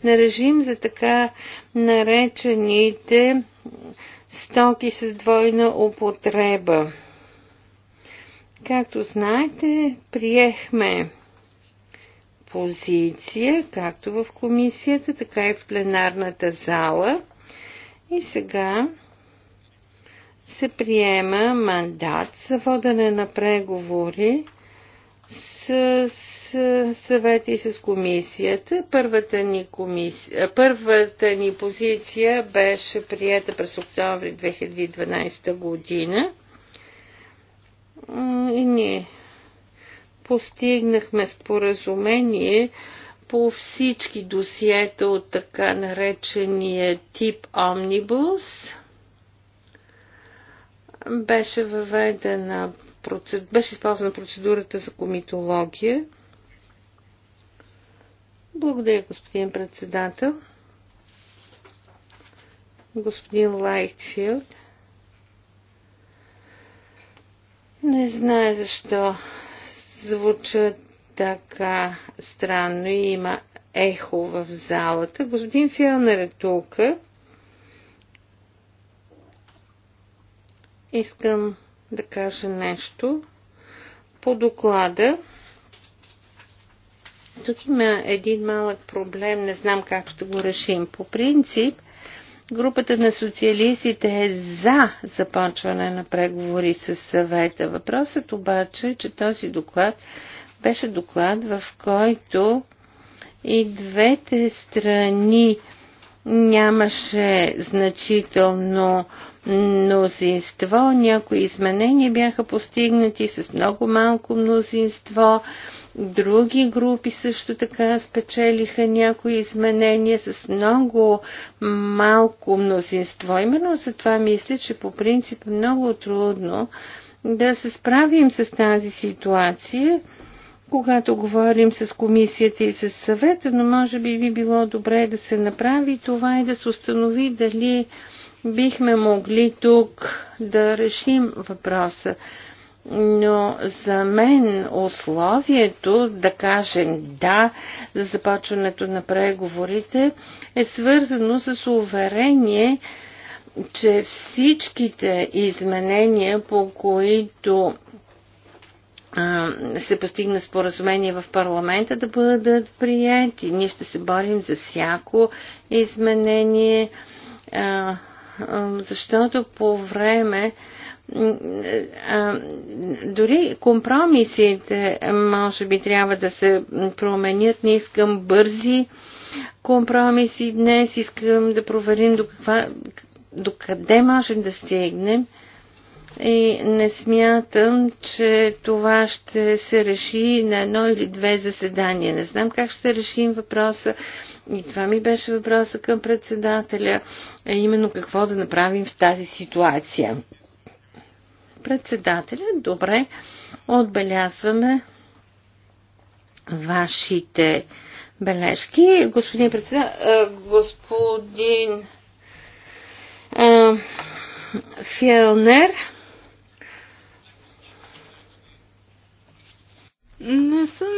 на режим за така наречените стоки с двойна употреба. Както знаете, приехме позиция, както в комисията, така и в пленарната зала. И сега се приема мандат за водене на преговори с съвети и с комисията. Първата ни, комисия, първата ни позиция беше приета през октомври 2012 година. И ние постигнахме споразумение по всички досиета от така наречения тип омнибус. Беше въведена беше използвана процедурата за комитология благодаря, господин председател. Господин Лайтфилд. Не знае защо звуча така странно и има ехо в залата. Господин Филнер е тук. Искам да кажа нещо по доклада. Тук има един малък проблем, не знам как ще го решим. По принцип, групата на социалистите е за започване на преговори с съвета. Въпросът обаче е, че този доклад беше доклад, в който и двете страни нямаше значително мнозинство. Някои изменения бяха постигнати с много малко мнозинство. Други групи също така спечелиха някои изменения с много малко мнозинство. Именно за това мисля, че по принцип е много трудно да се справим с тази ситуация, когато говорим с комисията и с съвета, но може би би било добре да се направи това и да се установи дали бихме могли тук да решим въпроса но за мен условието да кажем да за започването на преговорите е свързано с уверение, че всичките изменения, по които се постигна споразумение в парламента, да бъдат приети. Ние ще се борим за всяко изменение, защото по време а, дори компромисите може би трябва да се променят. Не искам бързи компромиси днес. Искам да проверим до, каква, до къде можем да стигнем. И не смятам, че това ще се реши на едно или две заседания. Не знам как ще решим въпроса. И това ми беше въпроса към председателя, именно какво да направим в тази ситуация. Председателя, добре, отбелязваме вашите бележки. Господин председател, господин Фелнер. Не съм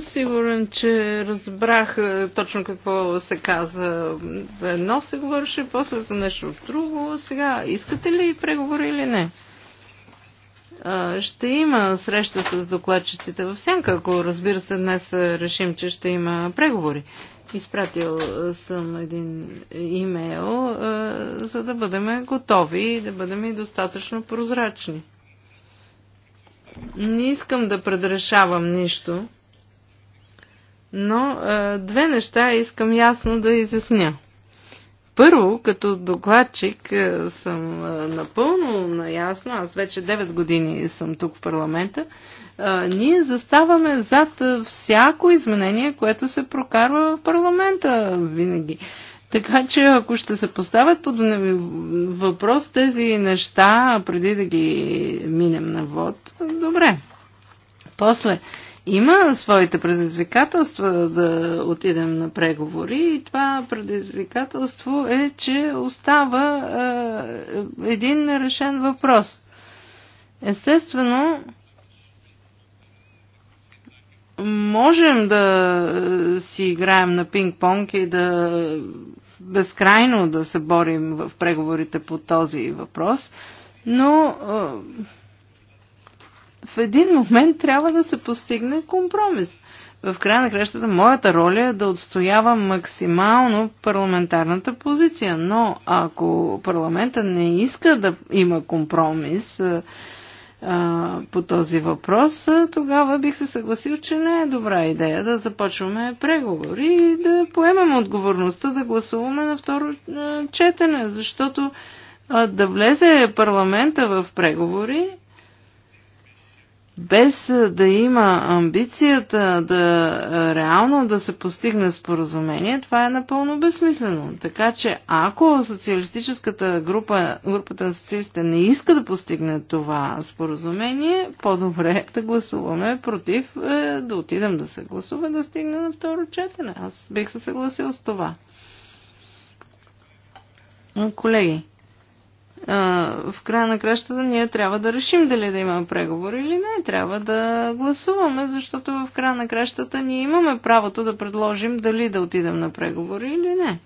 сигурен, че разбрах точно какво се каза. За едно се говореше, после за нещо друго. Сега, искате ли преговори или не? Ще има среща с докладчиците в Сянка, ако разбира се днес решим, че ще има преговори. Изпратил съм един имейл, за да бъдем готови и да бъдем и достатъчно прозрачни. Не искам да предрешавам нищо, но две неща искам ясно да изясня – първо, като докладчик е, съм е, напълно наясно, аз вече 9 години съм тук в парламента, е, ние заставаме зад всяко изменение, което се прокарва в парламента винаги. Така че ако ще се поставят под въпрос тези неща, преди да ги минем на вод, добре. После, има своите предизвикателства да отидем на преговори и това предизвикателство е, че остава е, един нерешен въпрос. Естествено, можем да е, си играем на пинг-понг и да безкрайно да се борим в преговорите по този въпрос, но е, в един момент трябва да се постигне компромис. В края на кращата моята роля е да отстоява максимално парламентарната позиция, но ако парламента не иска да има компромис а, по този въпрос, тогава бих се съгласил, че не е добра идея да започваме преговори и да поемем отговорността да гласуваме на второ четене, защото а, да влезе парламента в преговори без да има амбицията да реално да се постигне споразумение, това е напълно безсмислено. Така че ако социалистическата група, групата на социалистите не иска да постигне това споразумение, по-добре е да гласуваме против, е, да отидем да се гласува, да стигне на второ четене. Аз бих се съгласил с това. Колеги, в края на кращата ние трябва да решим дали да имаме преговори или не. Трябва да гласуваме, защото в края на кращата ние имаме правото да предложим дали да отидем на преговори или не.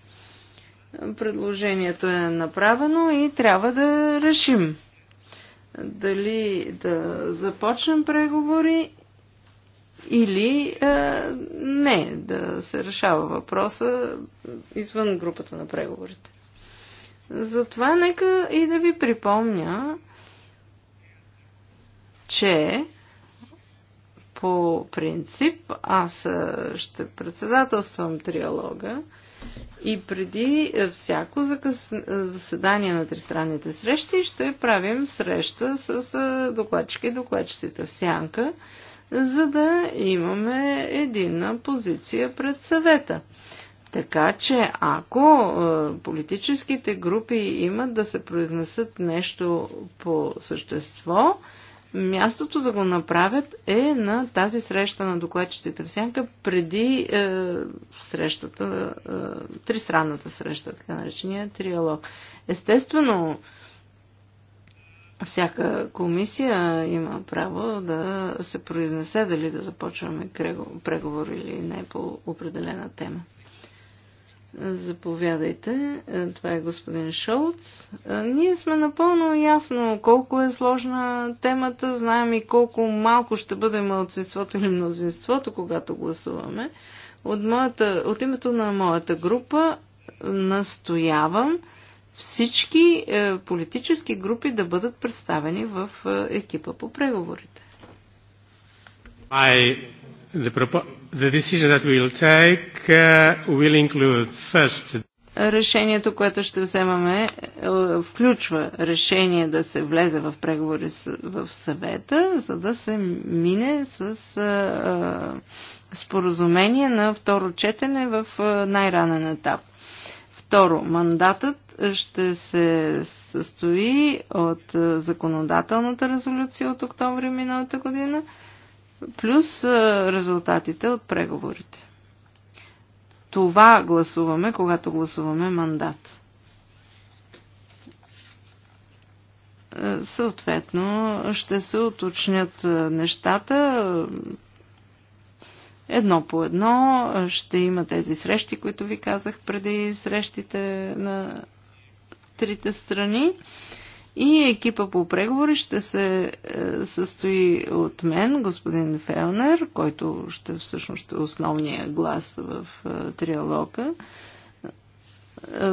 Предложението е направено и трябва да решим дали да започнем преговори или е, не, да се решава въпроса извън групата на преговорите. Затова нека и да ви припомня, че по принцип аз ще председателствам триалога и преди всяко заседание на тристранните срещи ще правим среща с докладчика и докладчетите в сянка, за да имаме единна позиция пред съвета. Така че ако е, политическите групи имат да се произнесат нещо по същество, мястото да го направят е на тази среща на докладчиците в Сянка преди е, срещата, е, тристранната среща, така наречения триалог. Естествено, всяка комисия има право да се произнесе дали да започваме преговор или не по определена тема. Заповядайте. Е, това е господин Шолц. Е, ние сме напълно ясно колко е сложна темата. Знаем и колко малко ще бъде малцинството или мнозинството, когато гласуваме. От, моята, от името на моята група е, настоявам всички политически групи да бъдат представени в екипа по преговорите. Uh, решението, което ще вземаме, е, включва решение да се влезе в преговори в съвета, за да се мине с споразумение на второ четене в най-ранен етап. Второ, мандатът ще се състои от законодателната резолюция от октомври миналата година – плюс резултатите от преговорите. Това гласуваме, когато гласуваме мандат. Съответно, ще се уточнят нещата едно по едно. Ще има тези срещи, които ви казах преди срещите на трите страни. И екипа по преговори ще се е, състои от мен, господин Фелнер, който ще всъщност ще е основния глас в е, триалога. Е,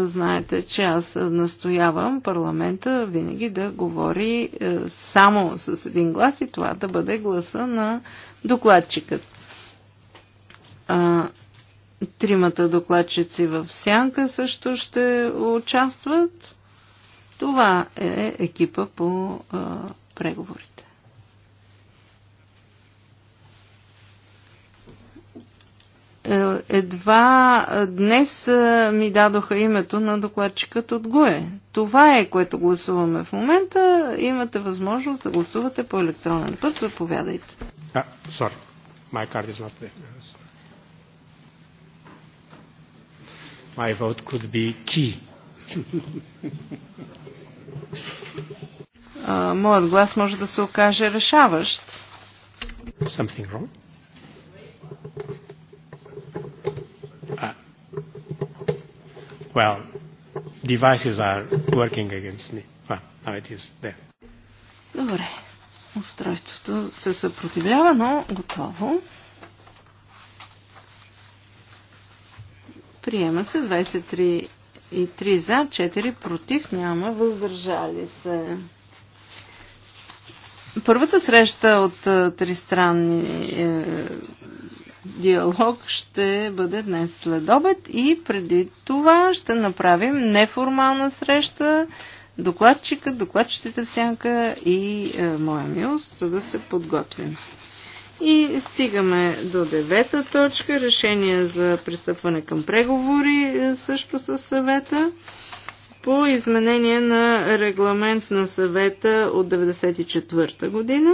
знаете, че аз настоявам парламента винаги да говори само с един глас и това да бъде гласа на докладчикът. Тримата докладчици в сянка също ще участват това е екипа по а, преговорите. Е, едва днес ми дадоха името на докладчикът от ГУЕ. Това е, което гласуваме в момента. Имате възможност да гласувате по електронен път. Заповядайте. А, My card is not there. My vote could be key моят глас може да се окаже решаващ. Something wrong? Well, devices are working against me. Well, ah, now it is there. Добре. Устройството се съпротивлява, но готово. Приема се 23 и 3 за, 4 против, няма въздържали се. Първата среща от е, тристранни е, диалог ще бъде днес след обед и преди това ще направим неформална среща докладчика, докладчетите в сянка и е, моя милост, за да се подготвим. И стигаме до девета точка, решение за пристъпване към преговори е, също със съвета по изменение на регламент на съвета от 1994 година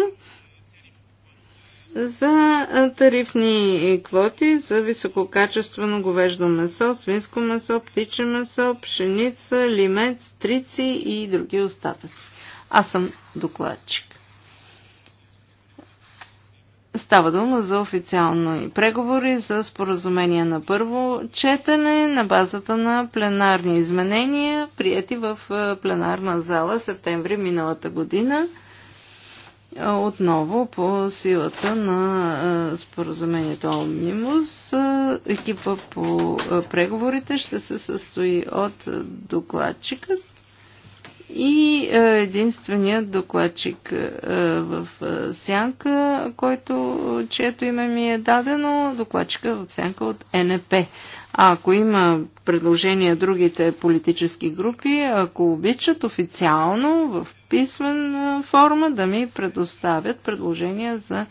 за е, тарифни квоти за висококачествено говеждо месо, свинско месо, птиче месо, пшеница, лимец, трици и други остатъци. Аз съм докладчик. Става дума за официални преговори за споразумение на първо четене на базата на пленарни изменения, прияти в е, пленарна зала септември миналата година, е, отново по силата на е, споразумението Омнимус. Екипа по преговорите ще се състои от докладчикът, и е, единственият докладчик е, в е, сянка, който, чието име ми е дадено, докладчика в сянка от НП. А ако има предложения другите политически групи, ако обичат официално в писмен форма да ми предоставят предложения за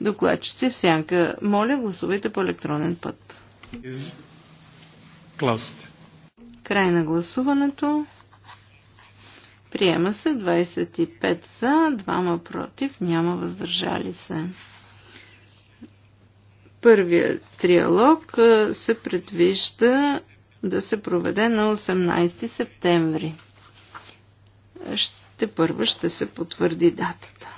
докладчици в сянка. Моля, гласувайте по електронен път. Край на гласуването. Приема се 25 за, 2 против, няма въздържали се. Първият триалог се предвижда да се проведе на 18 септември. Ще първо ще се потвърди датата.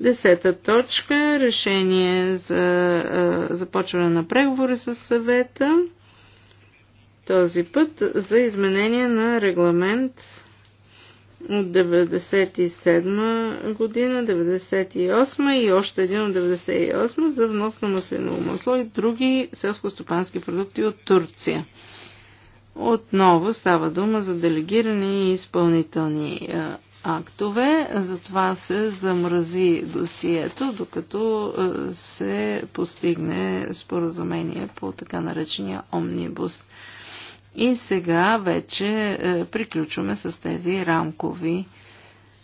Десета точка решение за започване на преговори с съвета. Този път за изменение на регламент от 97 година, 98 и още един от 98 за внос на маслиново масло и други селско-стопански продукти от Турция. Отново става дума за делегирани и изпълнителни актове, затова се замрази досието, докато се постигне споразумение по така наречения омнибус. И сега вече е, приключваме с тези рамкови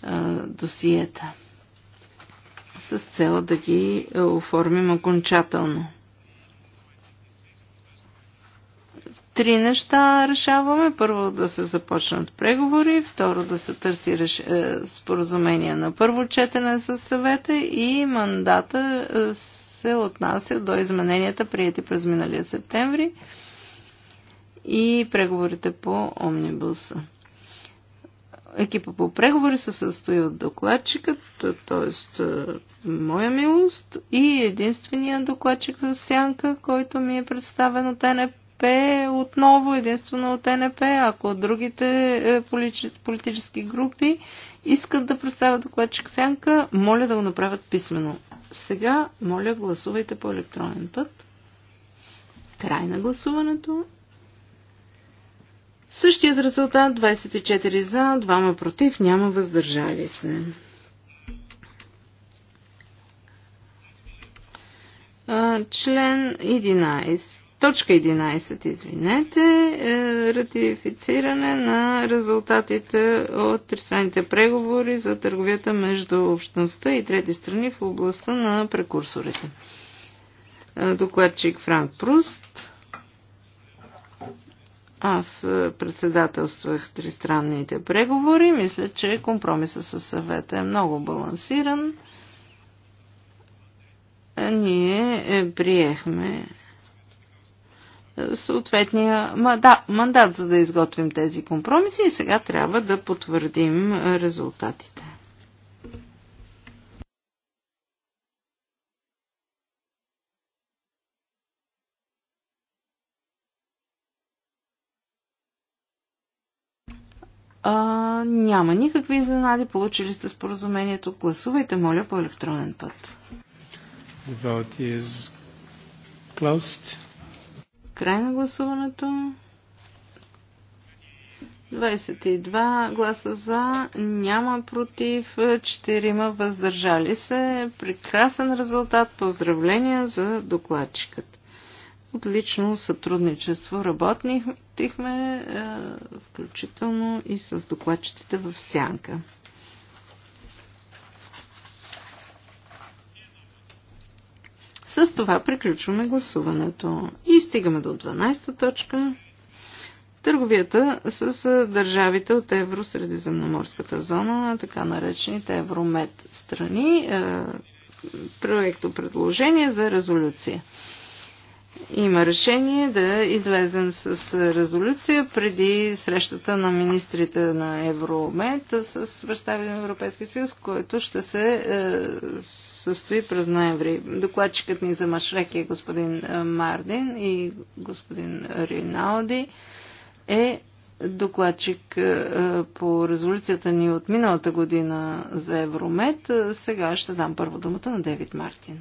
е, досиета с цел да ги е, оформим окончателно. Три неща решаваме. Първо да се започнат преговори, второ да се търси реш... Е, споразумение на първо четене с съвета и мандата е, се отнася до измененията, прияти през миналия септември и преговорите по омнибуса. Екипа по преговори се състои от докладчикът, т.е. моя милост и единствения докладчик в сянка, който ми е представен от НП отново, единствено от НП, ако от другите е, политически групи искат да представят докладчик сянка, моля да го направят писменно. Сега, моля, гласувайте по електронен път. Край на гласуването. Същият резултат 24 за, 2 против, няма въздържали се. Член 11. Точка 11, извинете, е ратифициране на резултатите от тристранните преговори за търговията между общността и трети страни в областта на прекурсорите. Докладчик Франк Пруст. Аз е, председателствах тристранните преговори. Мисля, че компромиса със съвета е много балансиран. Ние е, приехме е, съответния мандат, за да изготвим тези компромиси и сега трябва да потвърдим резултатите. няма никакви изненади. Получили сте споразумението. Гласувайте, моля, по електронен път. The vote is closed. Край на гласуването. 22 гласа за, няма против, 4 въздържали се. Прекрасен резултат. Поздравления за докладчикът. Отлично сътрудничество работни, посетихме, е, включително и с докладчетите в Сянка. С това приключваме гласуването и стигаме до 12-та точка. Търговията с е, държавите от Евросредиземноморската зона, така наречените Евромед страни, е, проекто предложение за резолюция има решение да излезем с резолюция преди срещата на министрите на Евромед с представители на Европейския съюз, който ще се е, състои през ноември. Докладчикът ни за Машрек е господин е, Мардин и господин Риналди е докладчик е, по резолюцията ни от миналата година за Евромед. Е, сега ще дам първо думата на Девид Мартин.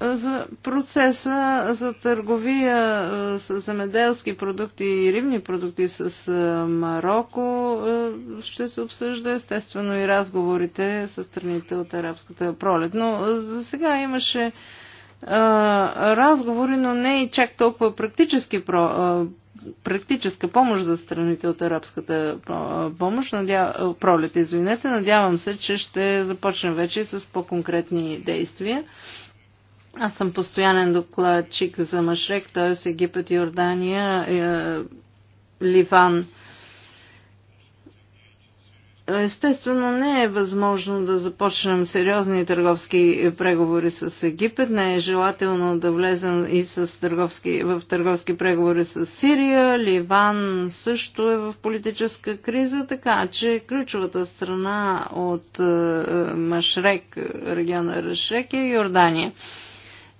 за процеса за търговия с земеделски продукти и рибни продукти с Марокко ще се обсъжда естествено и разговорите с страните от арабската пролет. Но за сега имаше разговори, но не и чак толкова практически про, практическа помощ за страните от арабската помощ, надя... пролет, извинете. Надявам се, че ще започнем вече с по-конкретни действия. Аз съм постоянен докладчик за Машрек, т.е. Египет, Йордания, е, Ливан. Естествено, не е възможно да започнем сериозни търговски преговори с Египет. Не е желателно да влезем и с търговски, в търговски преговори с Сирия. Ливан също е в политическа криза, така че ключовата страна от е, Машрек, региона Рашрек е Йордания.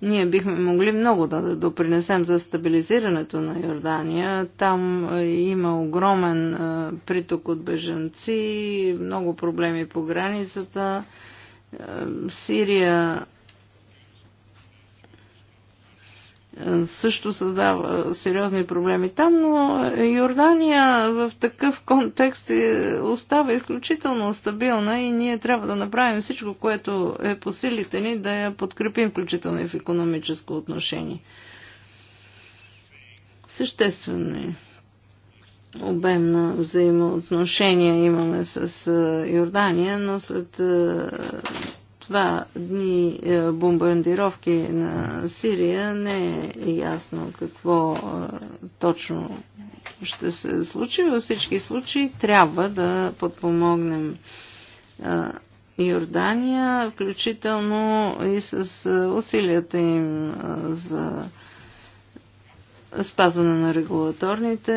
Ние бихме могли много да допринесем за стабилизирането на Йордания. Там е, има огромен е, приток от бежанци, много проблеми по границата. Е, Сирия също създава сериозни проблеми там, но Йордания в такъв контекст е, остава изключително стабилна и ние трябва да направим всичко, което е по силите ни, да я подкрепим, включително и в економическо отношение. Съществено е обем на взаимоотношения имаме с е, Йордания, но след е, два дни е, бомбардировки на Сирия не е ясно какво е, точно ще се случи. Във всички случаи трябва да подпомогнем е, Йордания, включително и с усилията им за спазване на регулаторните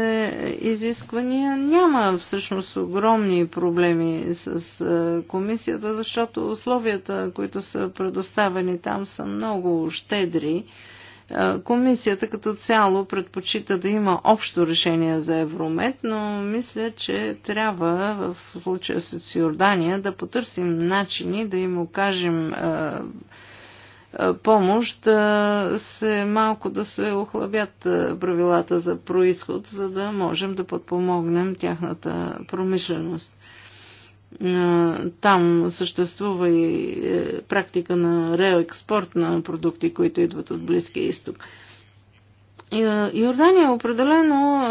изисквания. Няма всъщност огромни проблеми с е, комисията, защото условията, които са предоставени там, са много щедри. Е, комисията като цяло предпочита да има общо решение за Евромет, но мисля, че трябва в случая с Йордания да потърсим начини да им окажем е, е, помощ да се малко да се охлабят е, правилата за происход, за да можем да подпомогнем тяхната промишленост. Е, там съществува и практика на реекспорт на продукти, които идват от Близкия изток. Йордания определено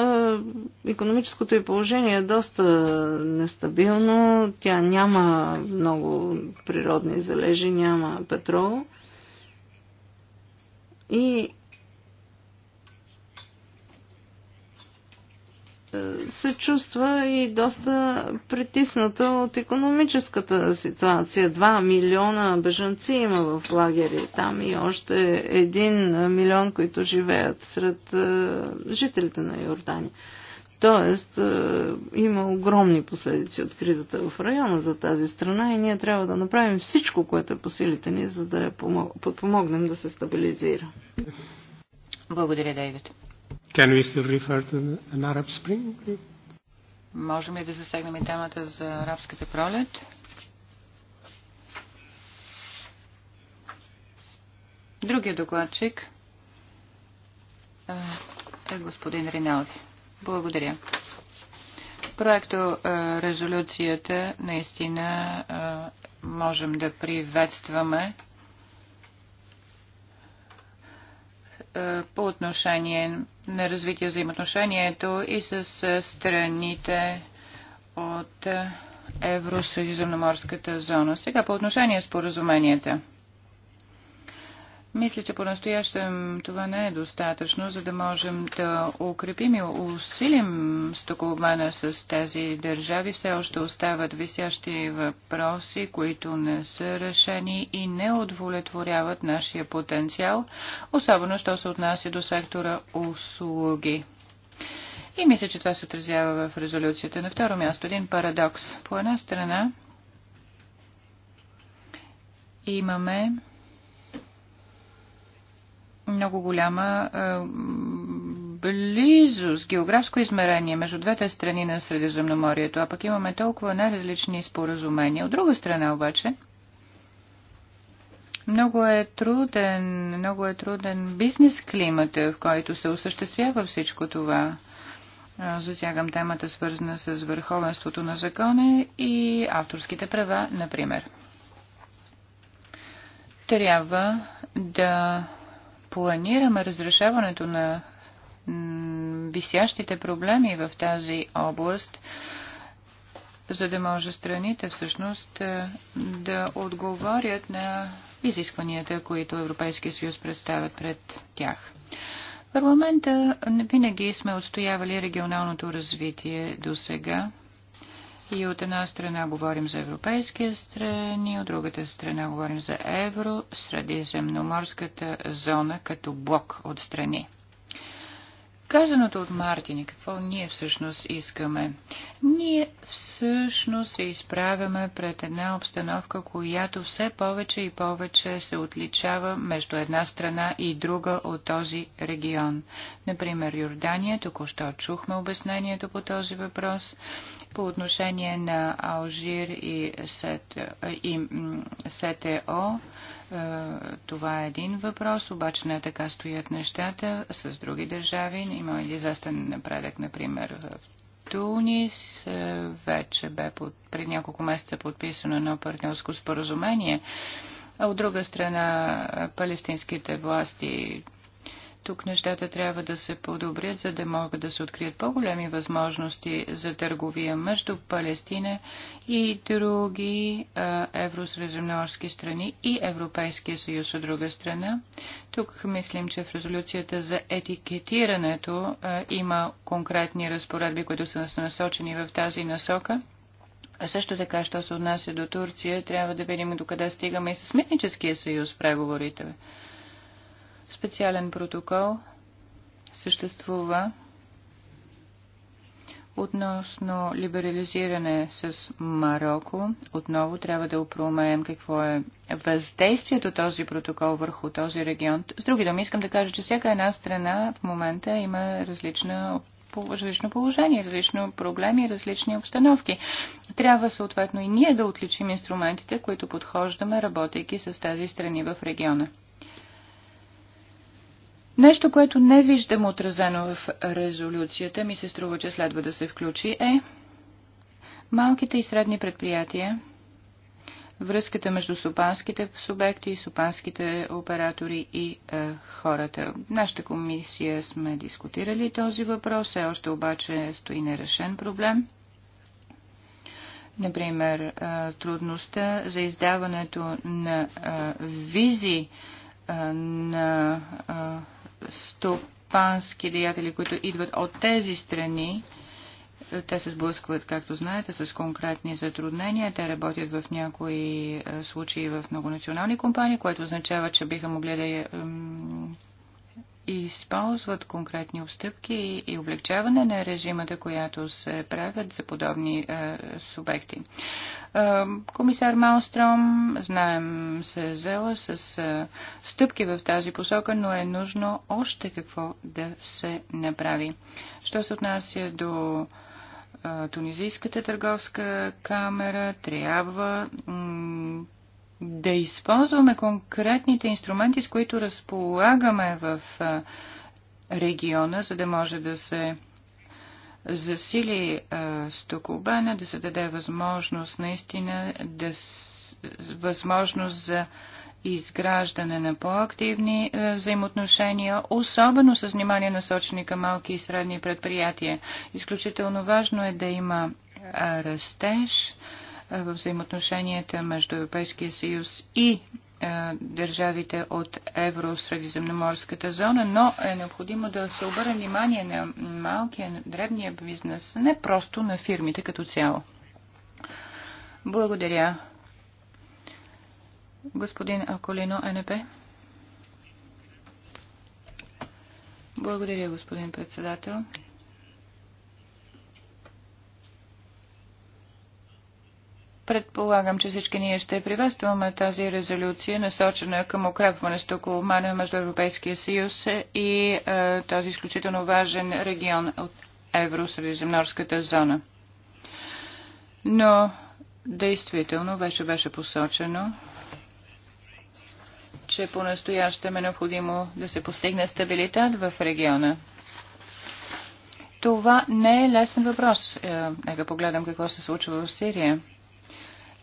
економическото й положение е доста нестабилно. Тя няма много природни залежи, няма петрол. И е, се чувства и доста притисната от економическата ситуация. Два милиона бежанци има в лагери там и още един милион, които живеят сред е, жителите на Йордания. Тоест, е, има огромни последици от кризата в района за тази страна и ние трябва да направим всичко, което е по силите ни, за да я подпомогнем да се стабилизира. Благодаря, Дейвид. Can we still refer to an Arab Spring? Можем ли да засегнем и темата за арабската пролет? Другия докладчик е господин Риналди. Благодаря. Проекто резолюцията наистина можем да приветстваме по отношение на развитие взаимоотношението и с страните от Евросъюзомноморската зона. Сега по отношение споразуменията. Мисля, че по-настоящем това не е достатъчно, за да можем да укрепим и усилим стокообмена с тези държави. Все още остават висящи въпроси, които не са решени и не удовлетворяват нашия потенциал, особено що се отнася до сектора услуги. И мисля, че това се отразява в резолюцията. На второ място един парадокс. По една страна имаме много голяма е, близост, географско измерение между двете страни на Средиземноморието, а пък имаме толкова най-различни споразумения. От друга страна обаче, много е труден, много е труден бизнес климата, в който се осъществява всичко това. Е, засягам темата, свързана с върховенството на закона и авторските права, например. Трябва да планираме разрешаването на висящите проблеми в тази област, за да може страните всъщност е, да отговорят на изискванията, които Европейския съюз представят пред тях. В парламента винаги сме отстоявали регионалното развитие до сега и от една страна говорим за европейския страни, от другата страна говорим за евро, средиземноморската зона като блок от страни. Казаното от Мартини, какво ние всъщност искаме? Ние всъщност се изправяме пред една обстановка, която все повече и повече се отличава между една страна и друга от този регион. Например, Йордания, току-що чухме обяснението по този въпрос по отношение на Алжир и, СЕТ, и СТО. Е, това е един въпрос, обаче не е така стоят нещата с други държави. Има известен напредък, например, в Тунис. Е, вече бе под, пред няколко месеца подписано едно партньорско споразумение. А от друга страна, палестинските власти тук нещата трябва да се подобрят, за да могат да се открият по-големи възможности за търговия между Палестина и други евросредземноморски страни и Европейския съюз от друга страна. Тук мислим, че в резолюцията за етикетирането а, има конкретни разпоредби, които са насочени в тази насока. А също така, що се отнася до Турция, трябва да видим докъде стигаме и с Митническия съюз преговорите. Специален протокол съществува относно либерализиране с Марокко. Отново трябва да опромеем какво е въздействието този протокол върху този регион. С други думи, искам да кажа, че всяка една страна в момента има различна различно положение, различни проблеми, различни обстановки. Трябва съответно и ние да отличим инструментите, които подхождаме, работейки с тези страни в региона. Нещо, което не виждам отразено в резолюцията, ми се струва, че следва да се включи, е малките и средни предприятия, връзката между супанските субекти, супанските оператори и е, хората. Нашата комисия сме дискутирали този въпрос, все още обаче стои нерешен проблем. Например, е, трудността за издаването на е, визи е, на. Е, стопански деятели, които идват от тези страни, те се сблъскват, както знаете, с конкретни затруднения. Те работят в някои е, случаи в многонационални компании, което означава, че биха могли да е, използват конкретни отстъпки и облегчаване на режимата, която се правят за подобни е, субекти. Е, комисар Малстром, знаем, се е взела с е, стъпки в тази посока, но е нужно още какво да се направи. Що се отнася до е, Тунизийската търговска камера трябва да използваме конкретните инструменти, с които разполагаме в региона, за да може да се засили стокобена, да се даде възможност наистина да възможност за изграждане на по-активни взаимоотношения, особено с внимание насочени към малки и средни предприятия. Изключително важно е да има растеж, е, в взаимоотношенията между Европейския съюз и е, държавите от евросредиземноморската зона, но е необходимо да се обърне внимание на малкия, на дребния бизнес, не просто на фирмите като цяло. Благодаря. Господин Аколино, НП. Благодаря, господин председател. Предполагам, че всички ние ще приветстваме тази резолюция, насочена към укрепване стоколомана между Европейския съюз и е, този изключително важен регион от Евросредиземнорската зона. Но действително вече беше посочено, че по-настоящем е необходимо да се постигне стабилитет в региона. Това не е лесен въпрос. Е, нека погледам какво се случва в Сирия.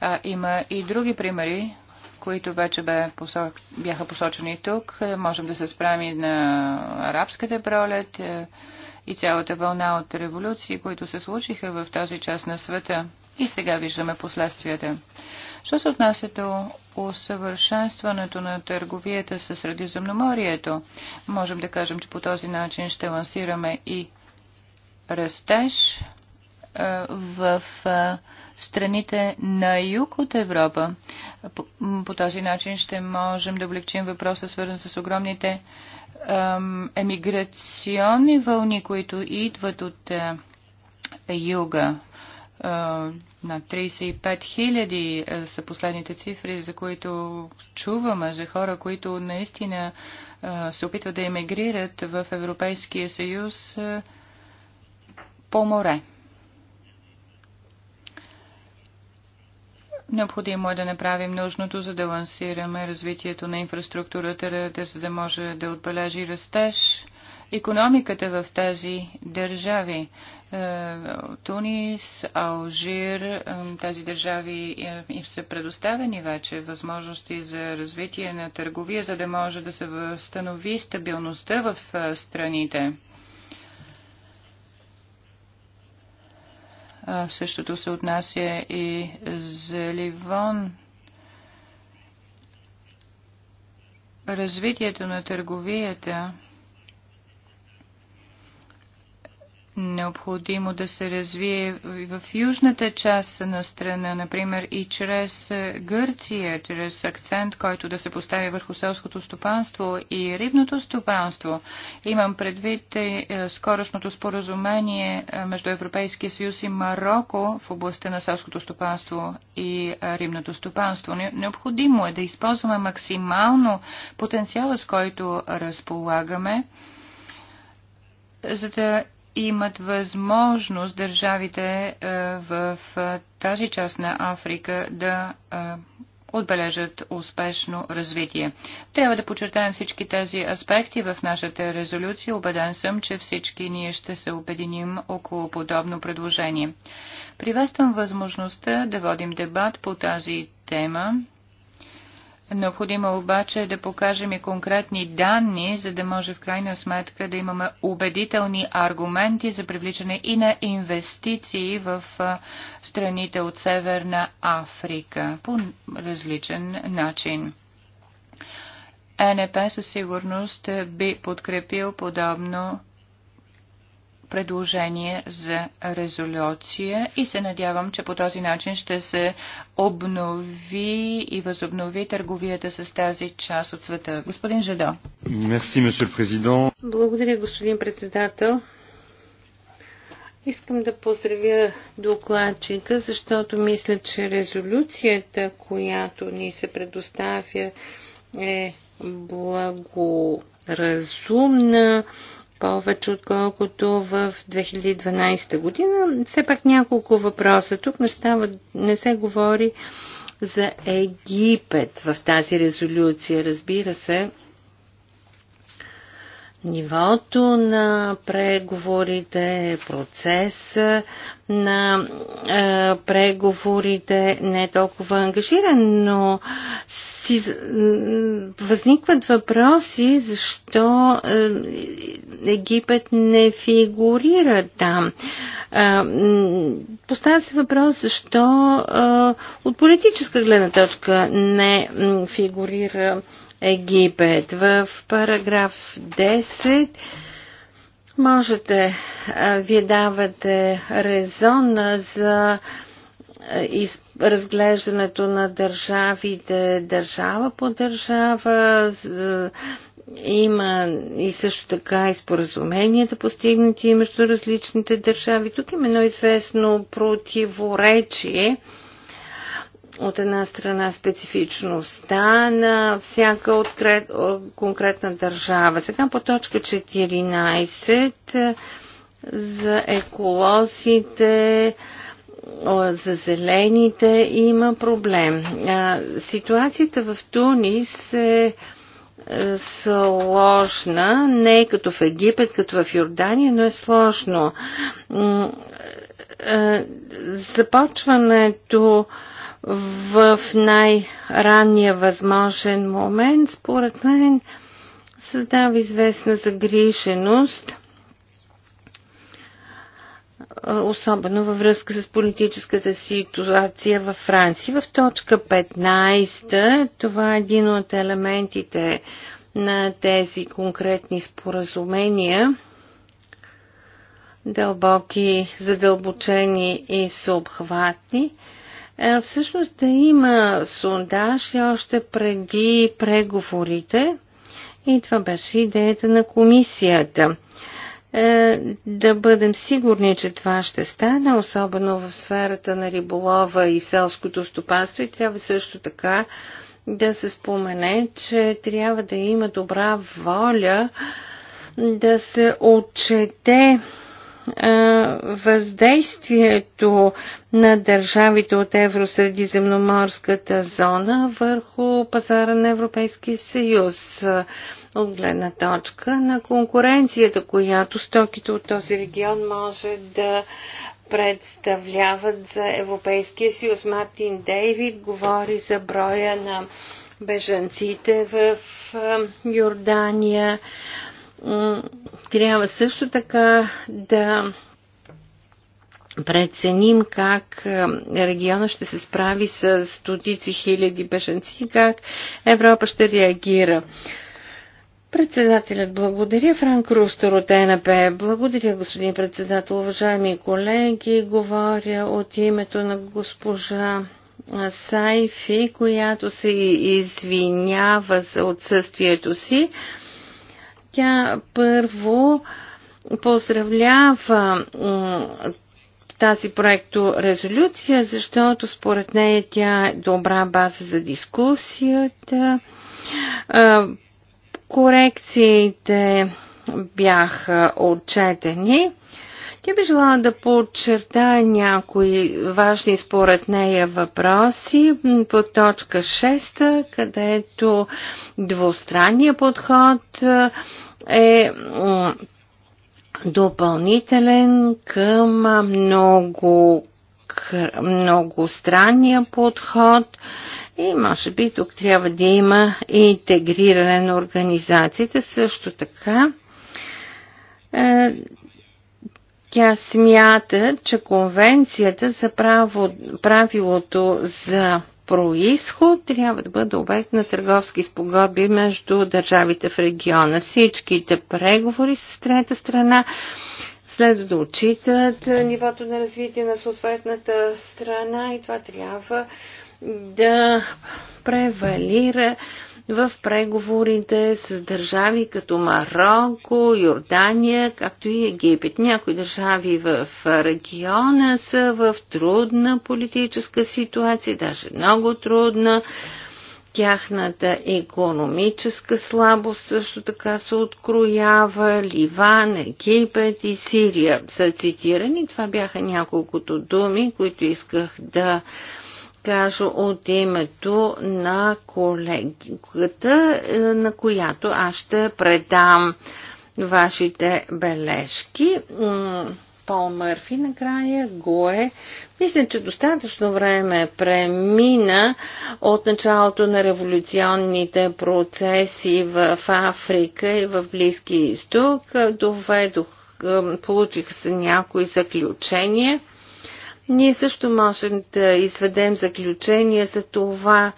А, има и други примери, които вече бе посоч... бяха посочени тук. Можем да се справим на арабската пролет е, и цялата вълна от революции, които се случиха в тази част на света. И сега виждаме последствията. Що се отнася до усъвършенстването на търговията със Средиземноморието, можем да кажем, че по този начин ще лансираме и растеж в страните на юг от Европа. По, този начин ще можем да облегчим въпроса, свързан с огромните емиграционни вълни, които идват от юга. на 35 хиляди са последните цифри, за които чуваме, за хора, които наистина се опитват да емигрират в Европейския съюз по море. Необходимо е да направим нужното, за да лансираме развитието на инфраструктурата, за да може да отбележи растеж економиката в тези държави. Е, Тунис, Алжир, е, тези държави е, им са предоставени вече възможности за развитие на търговия, за да може да се възстанови стабилността в страните. Същото се отнася и за Ливон. Развитието на търговията необходимо да се развие в южната част на страна, например и чрез Гърция, чрез акцент, който да се постави върху селското стопанство и рибното стопанство. Имам предвид е, скорошното споразумение е, между Европейския съюз и Марокко в областта на селското стопанство и е, рибното стопанство. Необходимо е да използваме максимално потенциала, с който разполагаме за да имат възможност държавите е, в е, тази част на Африка да е, отбележат успешно развитие. Трябва да подчертаем всички тези аспекти в нашата резолюция. Обеден съм, че всички ние ще се обединим около подобно предложение. Приветствам възможността да водим дебат по тази тема Необходимо е обаче да покажем и конкретни данни, за да може в крайна сметка да имаме убедителни аргументи за привличане и на инвестиции в страните от Северна Африка по различен начин. Е НП със сигурност би подкрепил подобно предложение за резолюция и се надявам, че по този начин ще се обнови и възобнови търговията с тази част от света. Господин Жадо. Благодаря, господин председател. Искам да поздравя докладчика, защото мисля, че резолюцията, която ни се предоставя, е благоразумна повече, отколкото в 2012 година. Все пак няколко въпроса. Тук не, става, не се говори за Египет в тази резолюция. Разбира се, нивото на преговорите, процес на е, преговорите не е толкова ангажиран, но си, е, възникват въпроси защо е, Египет не фигурира там. Е, Поставя се въпрос защо е, от политическа гледна точка не фигурира е, Египет. В параграф 10 можете, вие давате резон за разглеждането на държавите държава по държава. Има и също така и споразуменията постигнати между различните държави. Тук има едно известно противоречие от една страна специфичността на всяка открет, конкретна държава. Сега по точка 14 е, за еколозите, за зелените има проблем. Е, ситуацията в Тунис е, е сложна, не е като в Египет, като в Йордания, но е сложно. Започването в най-ранния възможен момент, според мен, създава известна загриженост, особено във връзка с политическата ситуация във Франция. В точка 15, това е един от елементите на тези конкретни споразумения, дълбоки, задълбочени и всеобхватни – е, всъщност да има сондаж и още преди преговорите. И това беше идеята на комисията. Е, да бъдем сигурни, че това ще стане, особено в сферата на риболова и селското стопанство. И трябва също така да се спомене, че трябва да има добра воля да се отчете въздействието на държавите от Евросредиземноморската зона върху пазара на Европейския съюз от гледна точка на конкуренцията, която стоките от този регион може да представляват за Европейския съюз. Мартин Дейвид говори за броя на бежанците в Йордания трябва също така да преценим как е, региона ще се справи с стотици хиляди бешенци и как Европа ще реагира. Председателят благодаря. Франк Рустор от ЕНП. Благодаря, господин председател. Уважаеми колеги, говоря от името на госпожа Сайфи, която се извинява за отсъствието си. Тя първо поздравлява тази проекто резолюция, защото според нея тя е добра база за дискусията. Корекциите бяха отчетени. Тя би желала да подчерта някои важни според нея въпроси по точка 6, където двустранния подход е допълнителен към много, много странния подход и може би тук трябва да има интегриране на организациите. Също така е, тя смята, че конвенцията за право, правилото за происход трябва да бъде обект на търговски спогодби между държавите в региона. Всичките преговори с трета страна следва да отчитат нивото на развитие на съответната страна и това трябва да превалира в преговорите с държави като Марокко, Йордания, както и Египет. Някои държави в региона са в трудна политическа ситуация, даже много трудна. Тяхната економическа слабост също така се откроява Ливан, Египет и Сирия са цитирани. Това бяха няколкото думи, които исках да кажа от името на колегата, е, на която аз ще предам вашите бележки. Пол Мърфи накрая го е. Мисля, че достатъчно време премина от началото на революционните процеси в Африка и в Близки изток. Доведох, получих се някои заключения – ние също можем да изведем заключение за това,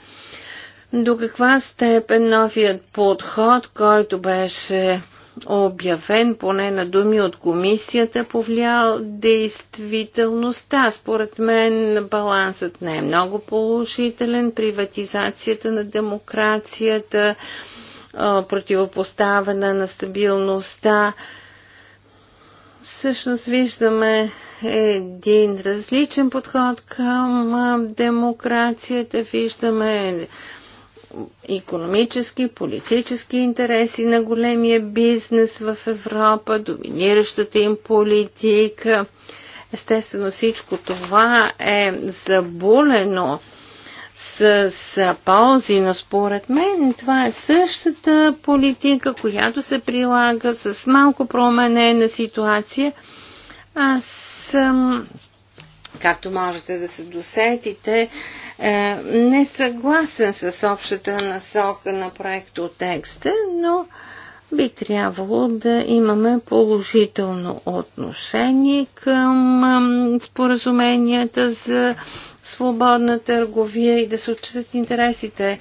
до каква степен новият подход, който беше обявен поне на думи от комисията, повлиял действителността. Според мен балансът не е много положителен. Приватизацията на демокрацията, противопоставена на стабилността, всъщност виждаме един различен подход към демокрацията, виждаме економически, политически интереси на големия бизнес в Европа, доминиращата им политика. Естествено всичко това е забулено с, с ползи, но според мен това е същата политика, която се прилага с малко променена ситуация. Аз както можете да се досетите, е, не съгласен с общата насока на проекта от текста, но би трябвало да имаме положително отношение към споразуменията за свободна търговия и да се отчитат интересите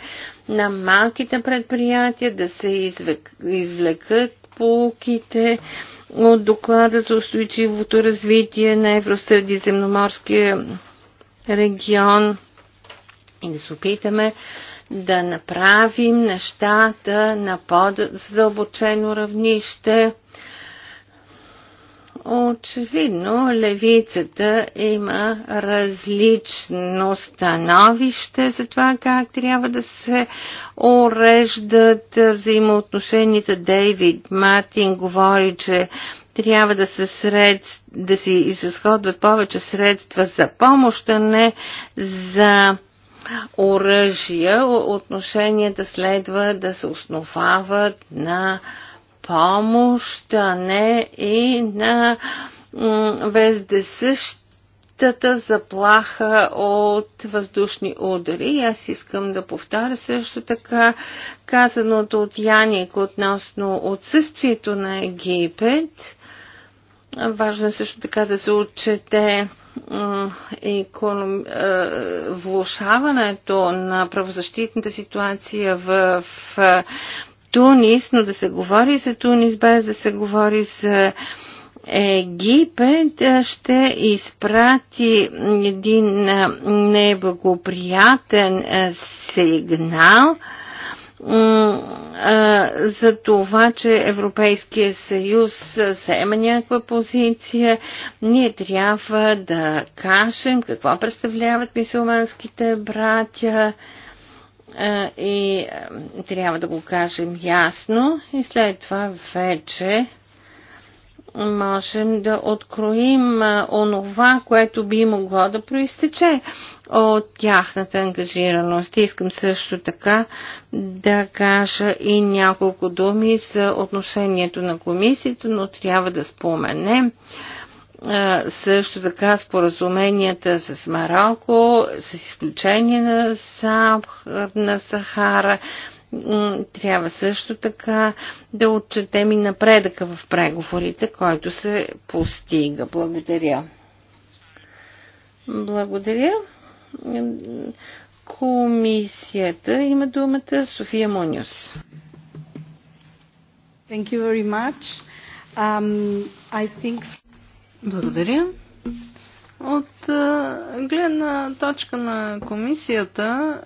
на малките предприятия, да се извлекат полуките от доклада за устойчивото развитие на Евросредиземноморския регион и да се опитаме да направим нещата на по-задълбочено равнище. Очевидно, левицата има различно становище за това как трябва да се уреждат взаимоотношенията. Дейвид Мартин говори, че трябва да се сред, да си изразходват повече средства за помощ, а не за оръжия, отношенията следва да се основават на помощ, а не и на вездесъщата заплаха от въздушни удари. И аз искам да повторя също така казаното от Яник относно отсъствието на Египет. Важно е също така да се отчете влушаването на правозащитната ситуация в, в Тунис, но да се говори за Тунис, без да се говори за Египет ще изпрати един неблагоприятен сигнал – за това, че Европейския съюз заема някаква позиция, ние трябва да кажем какво представляват мисулманските братя и трябва да го кажем ясно и след това вече можем да откроим онова, което би могло да проистече от тяхната ангажираност. Искам също така да кажа и няколко думи за отношението на комисията, но трябва да споменем също така споразуменията с Марокко, с изключение на Сахара, Сахара трябва също така да отчетем и напредъка в преговорите, който се постига. Благодаря. Благодаря. Комисията има думата София Муниус. Thank you very much. Um, I think... Благодаря. От гледна точка на комисията,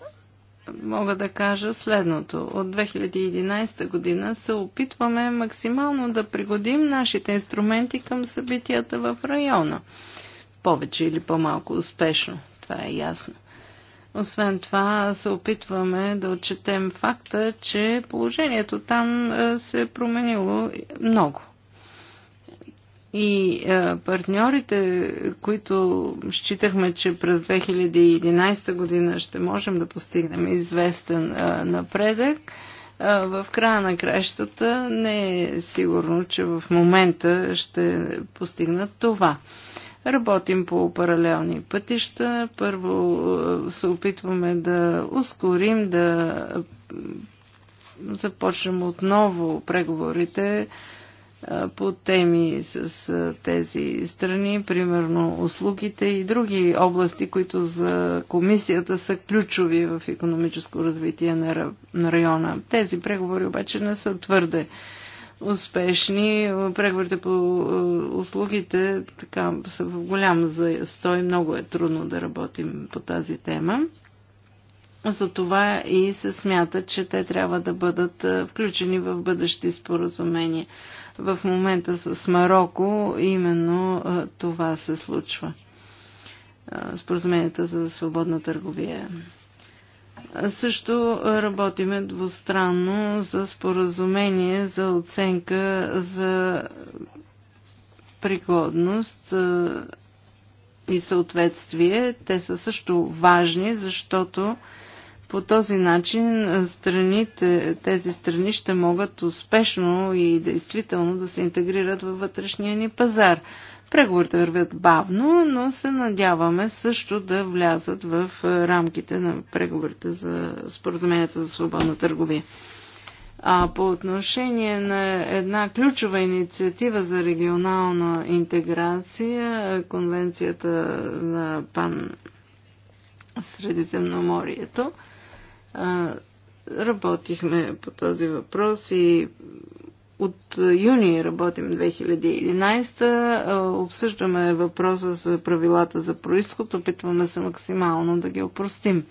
мога да кажа следното. От 2011 година се опитваме максимално да пригодим нашите инструменти към събитията в района. Повече или по-малко успешно, това е ясно. Освен това се опитваме да отчетем факта, че положението там е, се е променило много. И а, е, партньорите, които считахме, че през 2011 година ще можем да постигнем известен а, е, напредък, е, в края на кращата не е сигурно, че в момента ще постигнат това. Работим по паралелни пътища. Първо се опитваме да ускорим, да започнем отново преговорите по теми с тези страни, примерно услугите и други области, които за комисията са ключови в економическо развитие на района. Тези преговори обаче не са твърде успешни. Преговорите по услугите така, са в голям застой. Много е трудно да работим по тази тема. Затова и се смята, че те трябва да бъдат включени в бъдещи споразумения в момента с Марокко именно това се случва. Споразуменията за свободна търговия. Също работиме двустранно за споразумение за оценка за пригодност и съответствие. Те са също важни, защото по този начин страните, тези страни ще могат успешно и действително да се интегрират във вътрешния ни пазар. Преговорите вървят бавно, но се надяваме също да влязат в рамките на преговорите за споразумението за свободна търговия. А по отношение на една ключова инициатива за регионална интеграция, конвенцията на пан Средиземноморието, Работихме по този въпрос и от юни работим 2011. Обсъждаме въпроса за правилата за происход. Опитваме се максимално да ги опростим.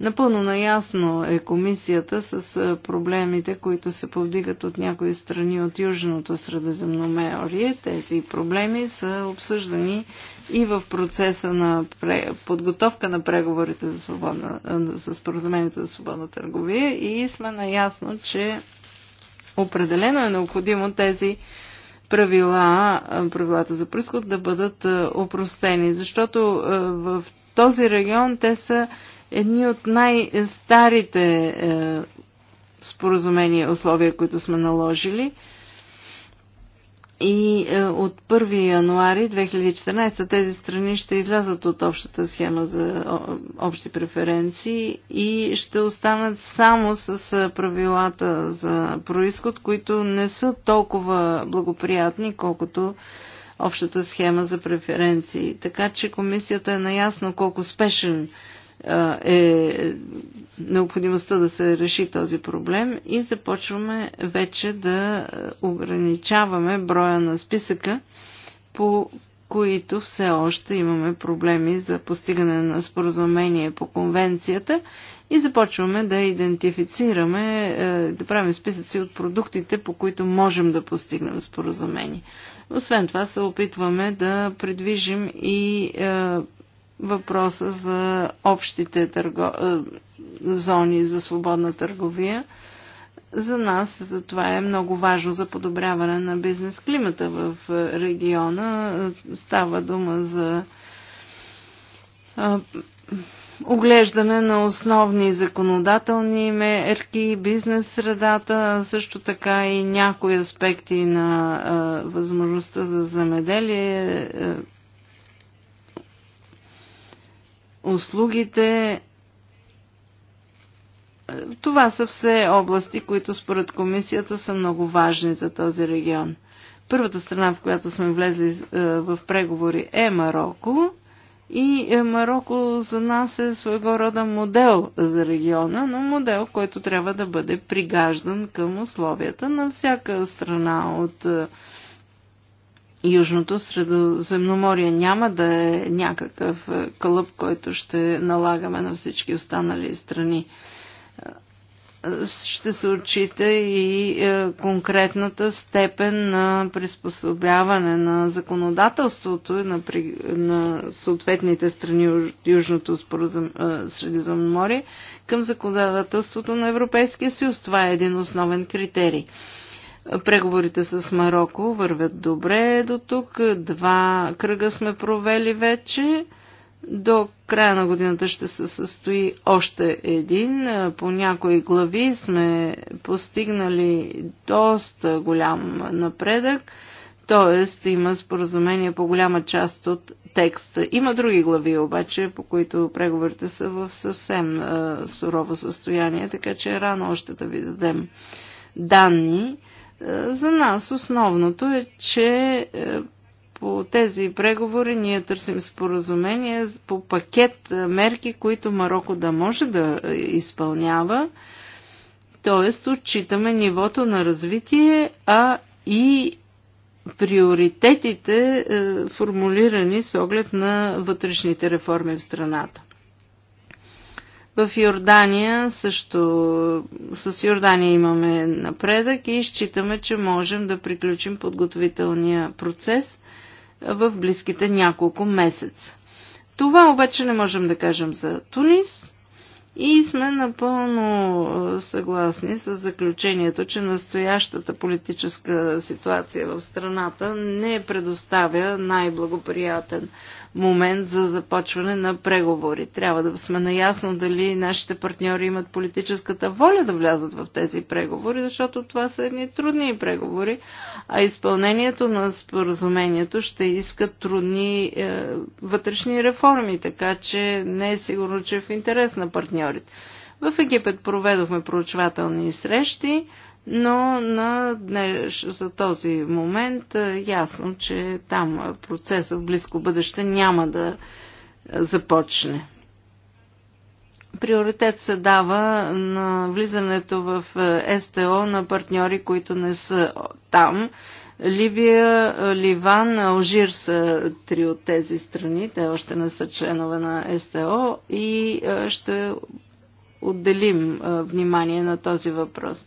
Напълно наясно е комисията с проблемите, които се повдигат от някои страни от Южното Средоземноморие. Тези проблеми са обсъждани и в процеса на подготовка на преговорите за, свободна, с поразумението за свободна търговия и сме наясно, че определено е необходимо тези правила, правилата за происход да бъдат опростени, защото в този регион те са едни от най-старите е, споразумения, условия, които сме наложили. И е, от 1 януари 2014 тези страни ще излязат от общата схема за общи преференции и ще останат само с е, правилата за происход, които не са толкова благоприятни, колкото общата схема за преференции. Така че комисията е наясно колко спешен е необходимостта да се реши този проблем и започваме вече да ограничаваме броя на списъка, по които все още имаме проблеми за постигане на споразумение по конвенцията и започваме да идентифицираме, е, да правим списъци от продуктите, по които можем да постигнем споразумение. Освен това се опитваме да предвижим и е, въпроса за общите търго... Е, зони за свободна търговия. За нас това е много важно за подобряване на бизнес климата в региона. Става дума за е, оглеждане на основни законодателни мерки, бизнес средата, също така и някои аспекти на е, възможността за замеделие, услугите. Това са все области, които според комисията са много важни за този регион. Първата страна, в която сме влезли е, в преговори е Марокко. И е, Марокко за нас е своего рода модел за региона, но модел, който трябва да бъде пригаждан към условията на всяка страна от е, Южното средоземноморие няма да е някакъв е, кълъп, който ще налагаме на всички останали страни. Е, ще се отчита и е, конкретната степен на приспособяване на законодателството на, на съответните страни от Южното Средиземноморие към законодателството на Европейския съюз. Това е един основен критерий. Преговорите с Марокко вървят добре до тук. Два кръга сме провели вече. До края на годината ще се състои още един. По някои глави сме постигнали доста голям напредък, т.е. има споразумение по голяма част от текста. Има други глави обаче, по които преговорите са в съвсем сурово състояние, така че е рано още да ви дадем данни. За нас основното е, че е, по тези преговори ние търсим споразумение по пакет е, мерки, които Марокко да може да е, изпълнява. Тоест, отчитаме нивото на развитие, а и приоритетите, формулирани с оглед на вътрешните реформи в страната. В Йордания също с Йордания имаме напредък и считаме, че можем да приключим подготовителния процес в близките няколко месеца. Това обаче не можем да кажем за Тунис и сме напълно съгласни с заключението, че настоящата политическа ситуация в страната не предоставя най-благоприятен момент за започване на преговори. Трябва да сме наясно дали нашите партньори имат политическата воля да влязат в тези преговори, защото това са едни трудни преговори, а изпълнението на споразумението ще иска трудни е, вътрешни реформи, така че не е сигурно, че е в интерес на партньорите. В Египет проведохме проучвателни срещи но на днеш, за този момент е ясно, че там процеса в близко бъдеще няма да започне. Приоритет се дава на влизането в е, СТО на партньори, които не са там. Либия, Ливан, Алжир са три от тези страни, те още не са членове на СТО и е, ще отделим е, внимание на този въпрос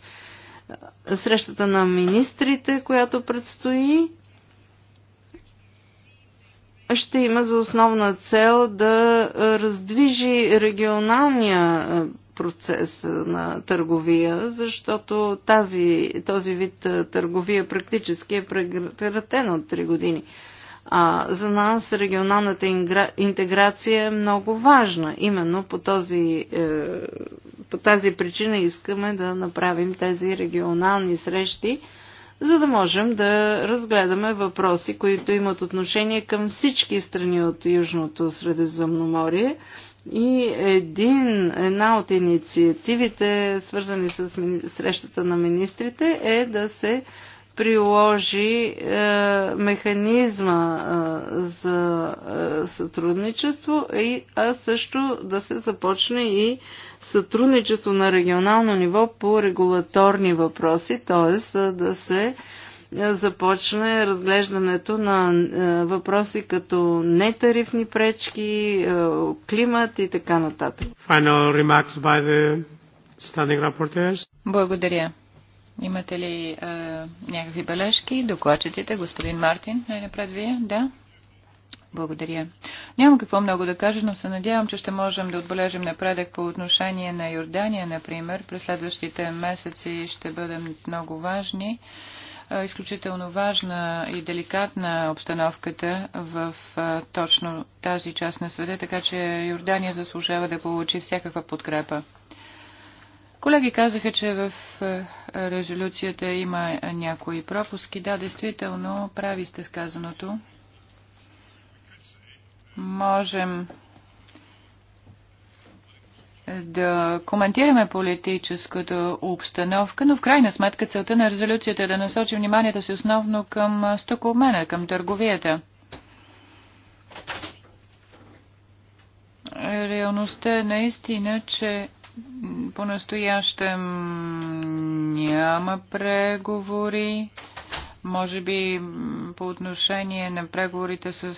срещата на министрите, която предстои, ще има за основна цел да раздвижи регионалния е, процес на търговия, защото тази, този вид е, търговия практически е прекратен от 3 години. А, за нас регионалната интеграция е много важна. Именно по този е, по тази причина искаме да направим тези регионални срещи, за да можем да разгледаме въпроси, които имат отношение към всички страни от Южното Средиземноморие. И един, една от инициативите, свързани с срещата на министрите, е да се приложи е, механизма е, за е, сътрудничество, и, а също да се започне и сътрудничество на регионално ниво по регулаторни въпроси, т.е. да се е, започне разглеждането на е, въпроси като нетарифни пречки, е, климат и така нататък. Благодаря. Имате ли е, някакви бележки? Докладчиците, господин Мартин, най-напред вие? Да? Благодаря. Няма какво много да кажа, но се надявам, че ще можем да отбележим напредък по отношение на Йордания, например. През следващите месеци ще бъдем много важни. Е, изключително важна и деликатна обстановката в е, точно тази част на света, така че Йордания заслужава да получи всякаква подкрепа. Колеги казаха, че в е, резолюцията има някои пропуски. Да, действително, прави сте сказаното. Можем да коментираме политическата обстановка, но в крайна сметка целта на резолюцията е да насочи вниманието си основно към стокообмена, към търговията. Реалността е наистина, че по-настоящем няма преговори. Може би по отношение на преговорите с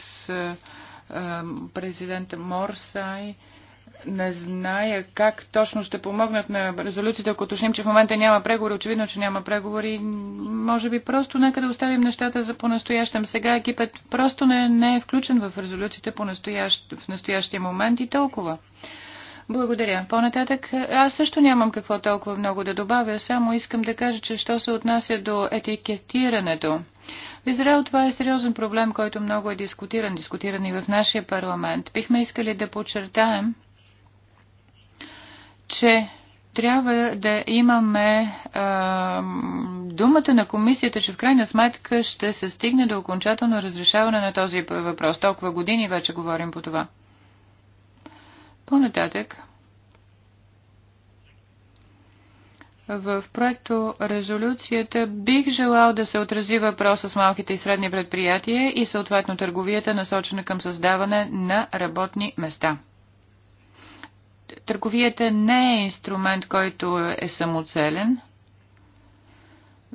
президента Морсай. Не зная как точно ще помогнат на резолюцията, ако уточним, че в момента няма преговори. Очевидно, че няма преговори. Може би просто нека да оставим нещата за по-настоящем. Сега екипът просто не, не е включен в резолюцията по -настоящ, в настоящия момент и толкова. Благодаря. По-нататък е, аз също нямам какво толкова много да добавя, само искам да кажа, че що се отнася до етикетирането. В Израел това е сериозен проблем, който много е дискутиран, дискутиран и в нашия парламент. Бихме искали да подчертаем, че трябва да имаме а, думата на комисията, че в крайна сметка ще се стигне до окончателно разрешаване на този въпрос. Толкова години вече говорим по това. По-нататък, в проекто резолюцията бих желал да се отрази въпроса с малките и средни предприятия и съответно търговията, насочена към създаване на работни места. Търговията не е инструмент, който е самоцелен –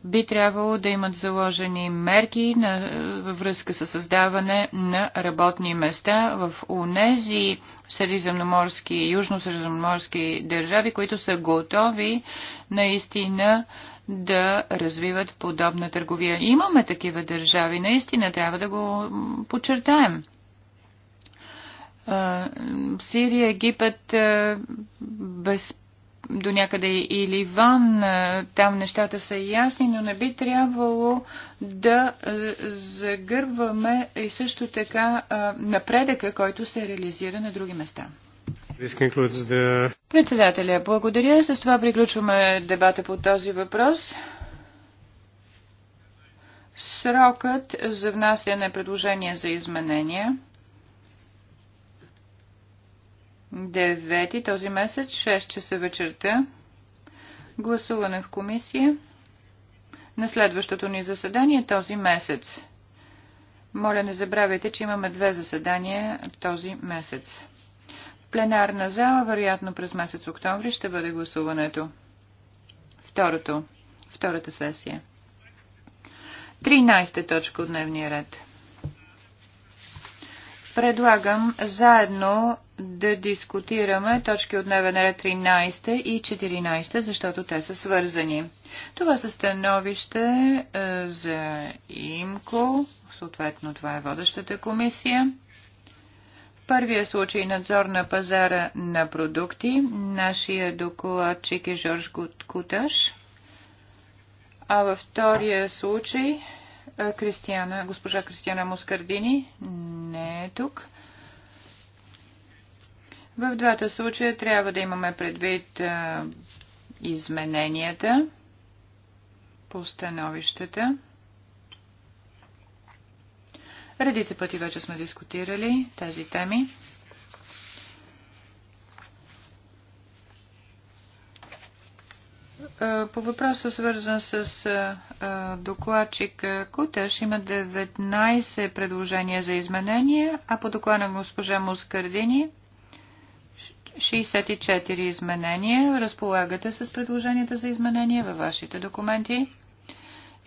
би трябвало да имат заложени мерки на, във връзка с създаване на работни места в унези средиземноморски, южно-средиземноморски държави, които са готови наистина да развиват подобна търговия. Имаме такива държави, наистина трябва да го подчертаем. Сирия, Египет, безпредседентно до някъде и Ливан. Е, там нещата са ясни, но не би трябвало да е, загърбваме и също така е, напредъка, който се реализира на други места. The... Председателя, благодаря. С това приключваме дебата по този въпрос. Срокът за внасяне предложения за изменения 9 този месец, 6 часа вечерта. Гласуване в комисия на следващото ни заседание този месец. Моля не забравяйте, че имаме две заседания този месец. В пленарна зала, вероятно през месец октомври, ще бъде гласуването. Второто, втората сесия. 13 точка от дневния ред – Предлагам заедно да дискутираме точки от дневен ред 13 и 14, защото те са свързани. Това са становище е, за ИМКО, съответно това е водещата комисия. Първия случай надзор на пазара на продукти. Нашия докладчик е Жорж Куташ. А във втория случай Кристиана, госпожа Кристиана Мускардини не е тук. В двата случая трябва да имаме предвид а, измененията по становищата. Редица пъти вече сме дискутирали тези теми. Е, по въпроса, свързан с е, е, докладчик Куташ, има 19 предложения за изменения, а по доклада на госпожа Мускардини 64 изменения. Разполагате с предложенията за изменения във вашите документи.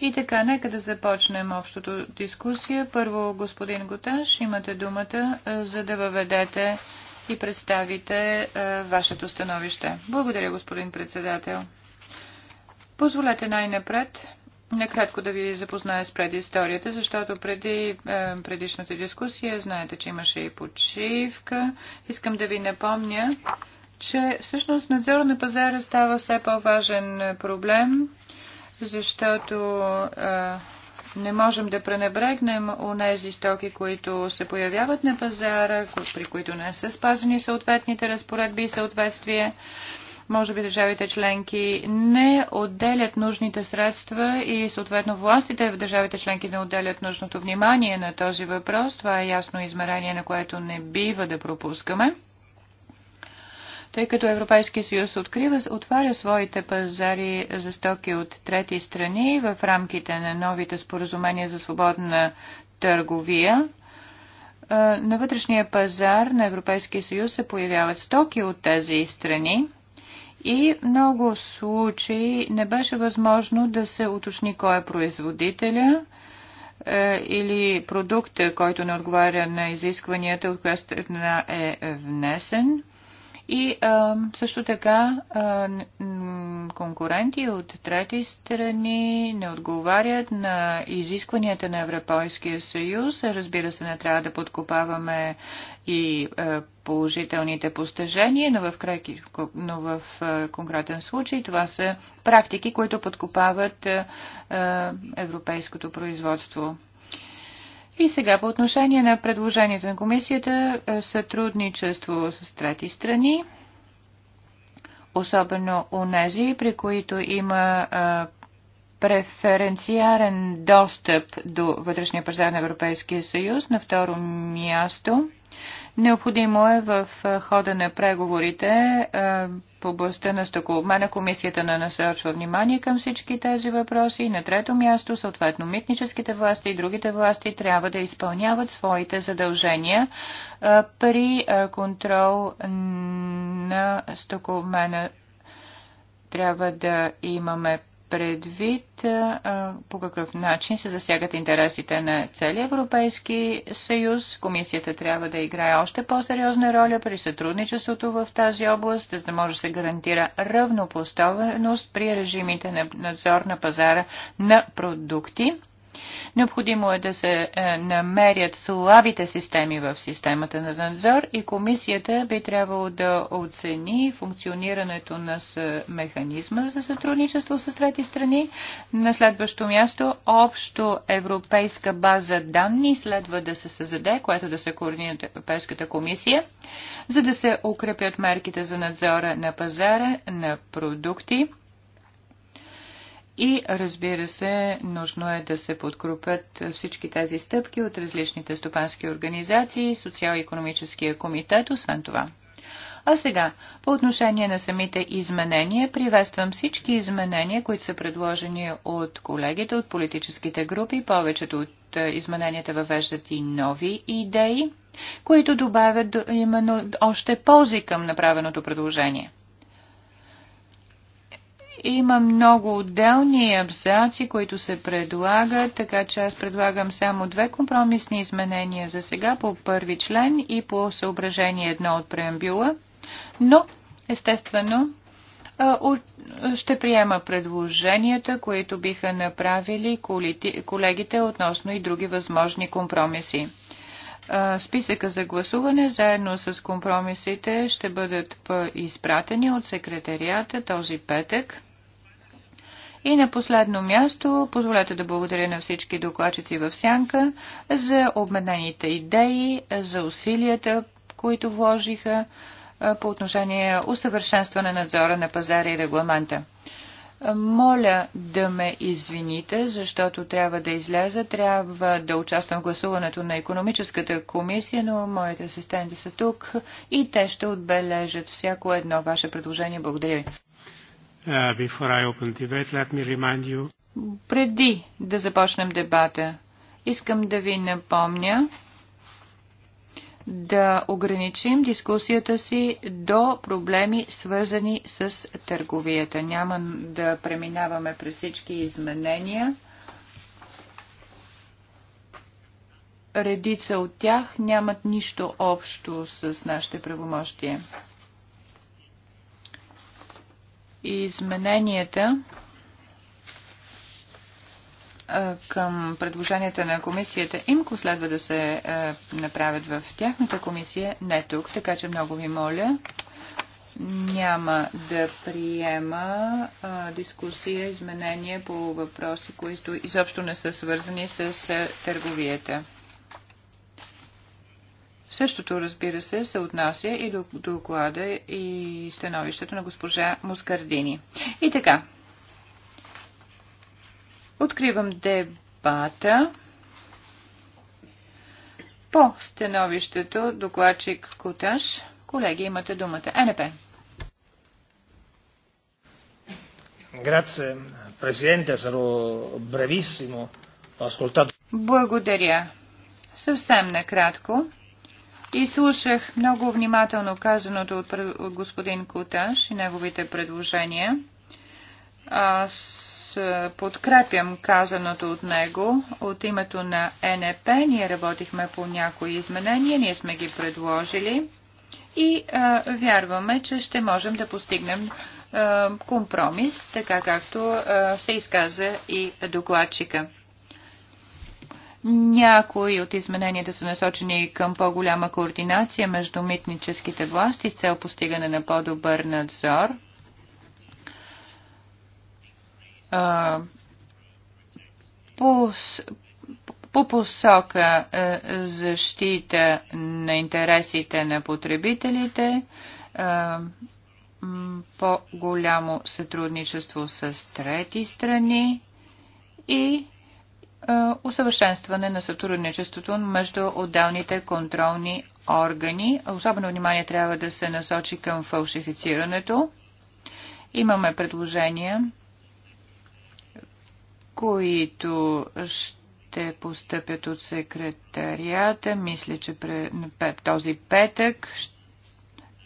И така, нека да започнем общото дискусия. Първо, господин Готаш, имате думата, за да въведете и представите вашето становище. Благодаря, господин председател. Позволете най-напред Накратко да ви запозная с предисторията, защото преди е, предишната дискусия знаете, че имаше и почивка. Искам да ви напомня, че всъщност надзор на пазара става все по-важен проблем, защото е, не можем да пренебрегнем нези стоки, които се появяват на пазара, при които не са спазени съответните разпоредби и съответствия. Може би държавите членки не отделят нужните средства и съответно властите в държавите членки не отделят нужното внимание на този въпрос. Това е ясно измерение, на което не бива да пропускаме тъй като Европейския съюз открива, отваря своите пазари за стоки от трети страни в рамките на новите споразумения за свободна търговия. На вътрешния пазар на Европейския съюз се появяват стоки от тези страни и в много случаи не беше възможно да се уточни кой е производителя е, или продукта, който не отговаря на изискванията, от която е внесен и а, също така а, конкуренти от трети страни не отговарят на изискванията на Европейския съюз. Разбира се, не трябва да подкопаваме и а, положителните постижения, но в, крайки, но в а, конкретен случай това са практики, които подкопават а, европейското производство. И сега по отношение на предложението на комисията е, сътрудничество с трети страни, особено у нези, при които има е, преференциарен достъп до вътрешния пазар на Европейския съюз. На второ място, необходимо е в е, хода на преговорите в областта на стокообмана комисията на насочва внимание към всички тези въпроси и на трето място, съответно, митническите власти и другите власти трябва да изпълняват своите задължения а, при а, контрол на стокообмана. Трябва да имаме предвид по какъв начин се засягат интересите на целия Европейски съюз. Комисията трябва да играе още по-сериозна роля при сътрудничеството в тази област, за да може да се гарантира равнопоставеност при режимите на надзор на пазара на продукти Необходимо е да се е, намерят слабите системи в системата на надзор и комисията би трябвало да оцени функционирането на механизма за сътрудничество с трети страни. На следващо място, общо европейска база данни следва да се създаде, което да се координира Европейската комисия, за да се укрепят мерките за надзора на пазара на продукти и разбира се, нужно е да се подкрупят всички тези стъпки от различните стопански организации, социал-економическия комитет, освен това. А сега, по отношение на самите изменения, приветствам всички изменения, които са предложени от колегите, от политическите групи. Повечето от е, измененията въвеждат и нови идеи, които добавят именно още ползи към направеното предложение. Има много отделни абзаци, които се предлагат, така че аз предлагам само две компромисни изменения за сега по първи член и по съображение едно от преамбюла. Но, естествено, ще приема предложенията, които биха направили колегите относно и други възможни компромиси. Списъка за гласуване заедно с компромисите ще бъдат изпратени от секретарията този петък. И на последно място, позволете да благодаря на всички докладчици в Сянка за обменените идеи, за усилията, които вложиха по отношение усъвършенстване на надзора на пазара и регламента. Моля да ме извините, защото трябва да изляза, трябва да участвам в гласуването на економическата комисия, но моите асистенти са тук и те ще отбележат всяко едно ваше предложение. Благодаря ви. Uh, debate, Преди да започнем дебата, искам да ви напомня да ограничим дискусията си до проблеми свързани с търговията. Няма да преминаваме през всички изменения. Редица от тях нямат нищо общо с нашите правомощия измененията към предложенията на комисията ИМКО следва да се направят в тяхната комисия, не тук, така че много ви моля няма да приема а, дискусия, изменения по въпроси, които изобщо не са свързани с търговията. Същото, разбира се, се отнася и до доклада и становището на госпожа Мускардини. И така. Откривам дебата по становището докладчик Куташ. Колеги, имате думата. НП. Grazie, Presidente, Благодаря. Съвсем накратко и слушах много внимателно казаното от, от господин Куташ и неговите предложения. Аз е, подкрепям казаното от него. От името на НЕП ние работихме по някои изменения, ние сме ги предложили и а, е, вярваме, че ще можем да постигнем а, е, компромис, така както а, се изказа и докладчика. Някои от измененията са насочени към по-голяма координация между митническите власти с цел постигане на по-добър надзор. По, посока защита на интересите на потребителите, по-голямо сътрудничество с трети страни и е, усъвършенстване на сътрудничеството между отделните контролни органи. Особено внимание трябва да се насочи към фалшифицирането. Имаме предложения, които ще постъпят от секретарията. Мисля, че този петък ще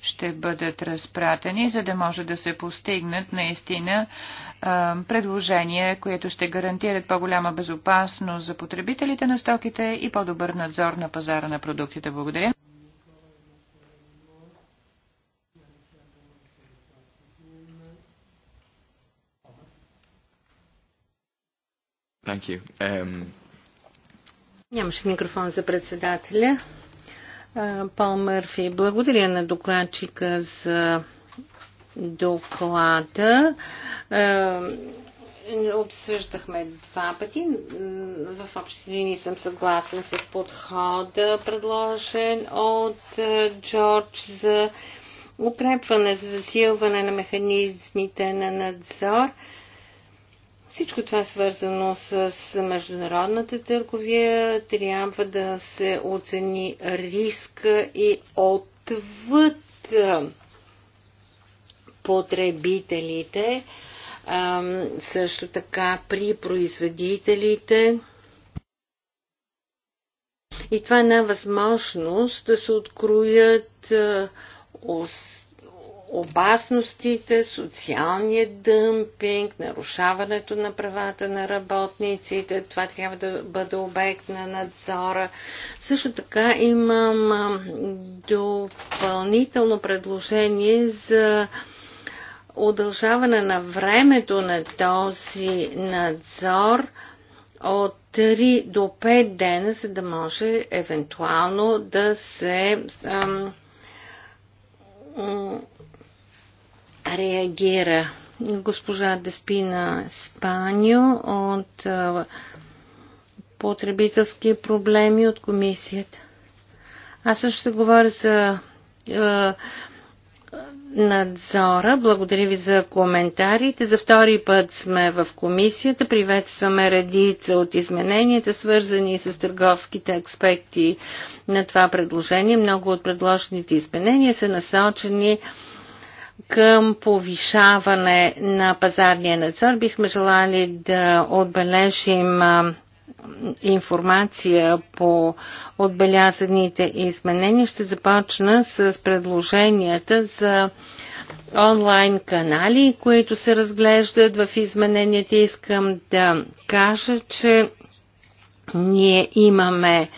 ще бъдат разпратени, за да може да се постигнат наистина предложения, които ще гарантират по-голяма безопасност за потребителите на стоките и по-добър надзор на пазара на продуктите. Благодаря. Thank you. Um... Нямаше микрофон за председателя. Пол Мърфи. Благодаря на докладчика за доклада. Обсъждахме два пъти. В общи линии съм съгласен с подхода, предложен от Джордж за укрепване, за засилване на механизмите на надзор. Всичко това е свързано с международната търговия трябва да се оцени риска и отвъд потребителите, също така при производителите. И това е една възможност да се откроят опасностите, социалния дъмпинг, нарушаването на правата на работниците. Това трябва да бъде обект на надзора. Също така имам допълнително предложение за удължаване на времето на този надзор от 3 до 5 дена, за да може евентуално да се ам, реагира. Госпожа Деспина Спаньо от потребителски проблеми от комисията. Аз също ще говоря за е, надзора. Благодаря ви за коментарите. За втори път сме в комисията. Приветстваме редица от измененията, свързани с търговските аспекти на това предложение. Много от предложените изменения са насочени е, към повишаване на пазарния надзор. Бихме желали да отбележим информация по отбелязаните изменения. Ще започна с предложенията за онлайн канали, които се разглеждат в измененията. Искам да кажа, че ние имаме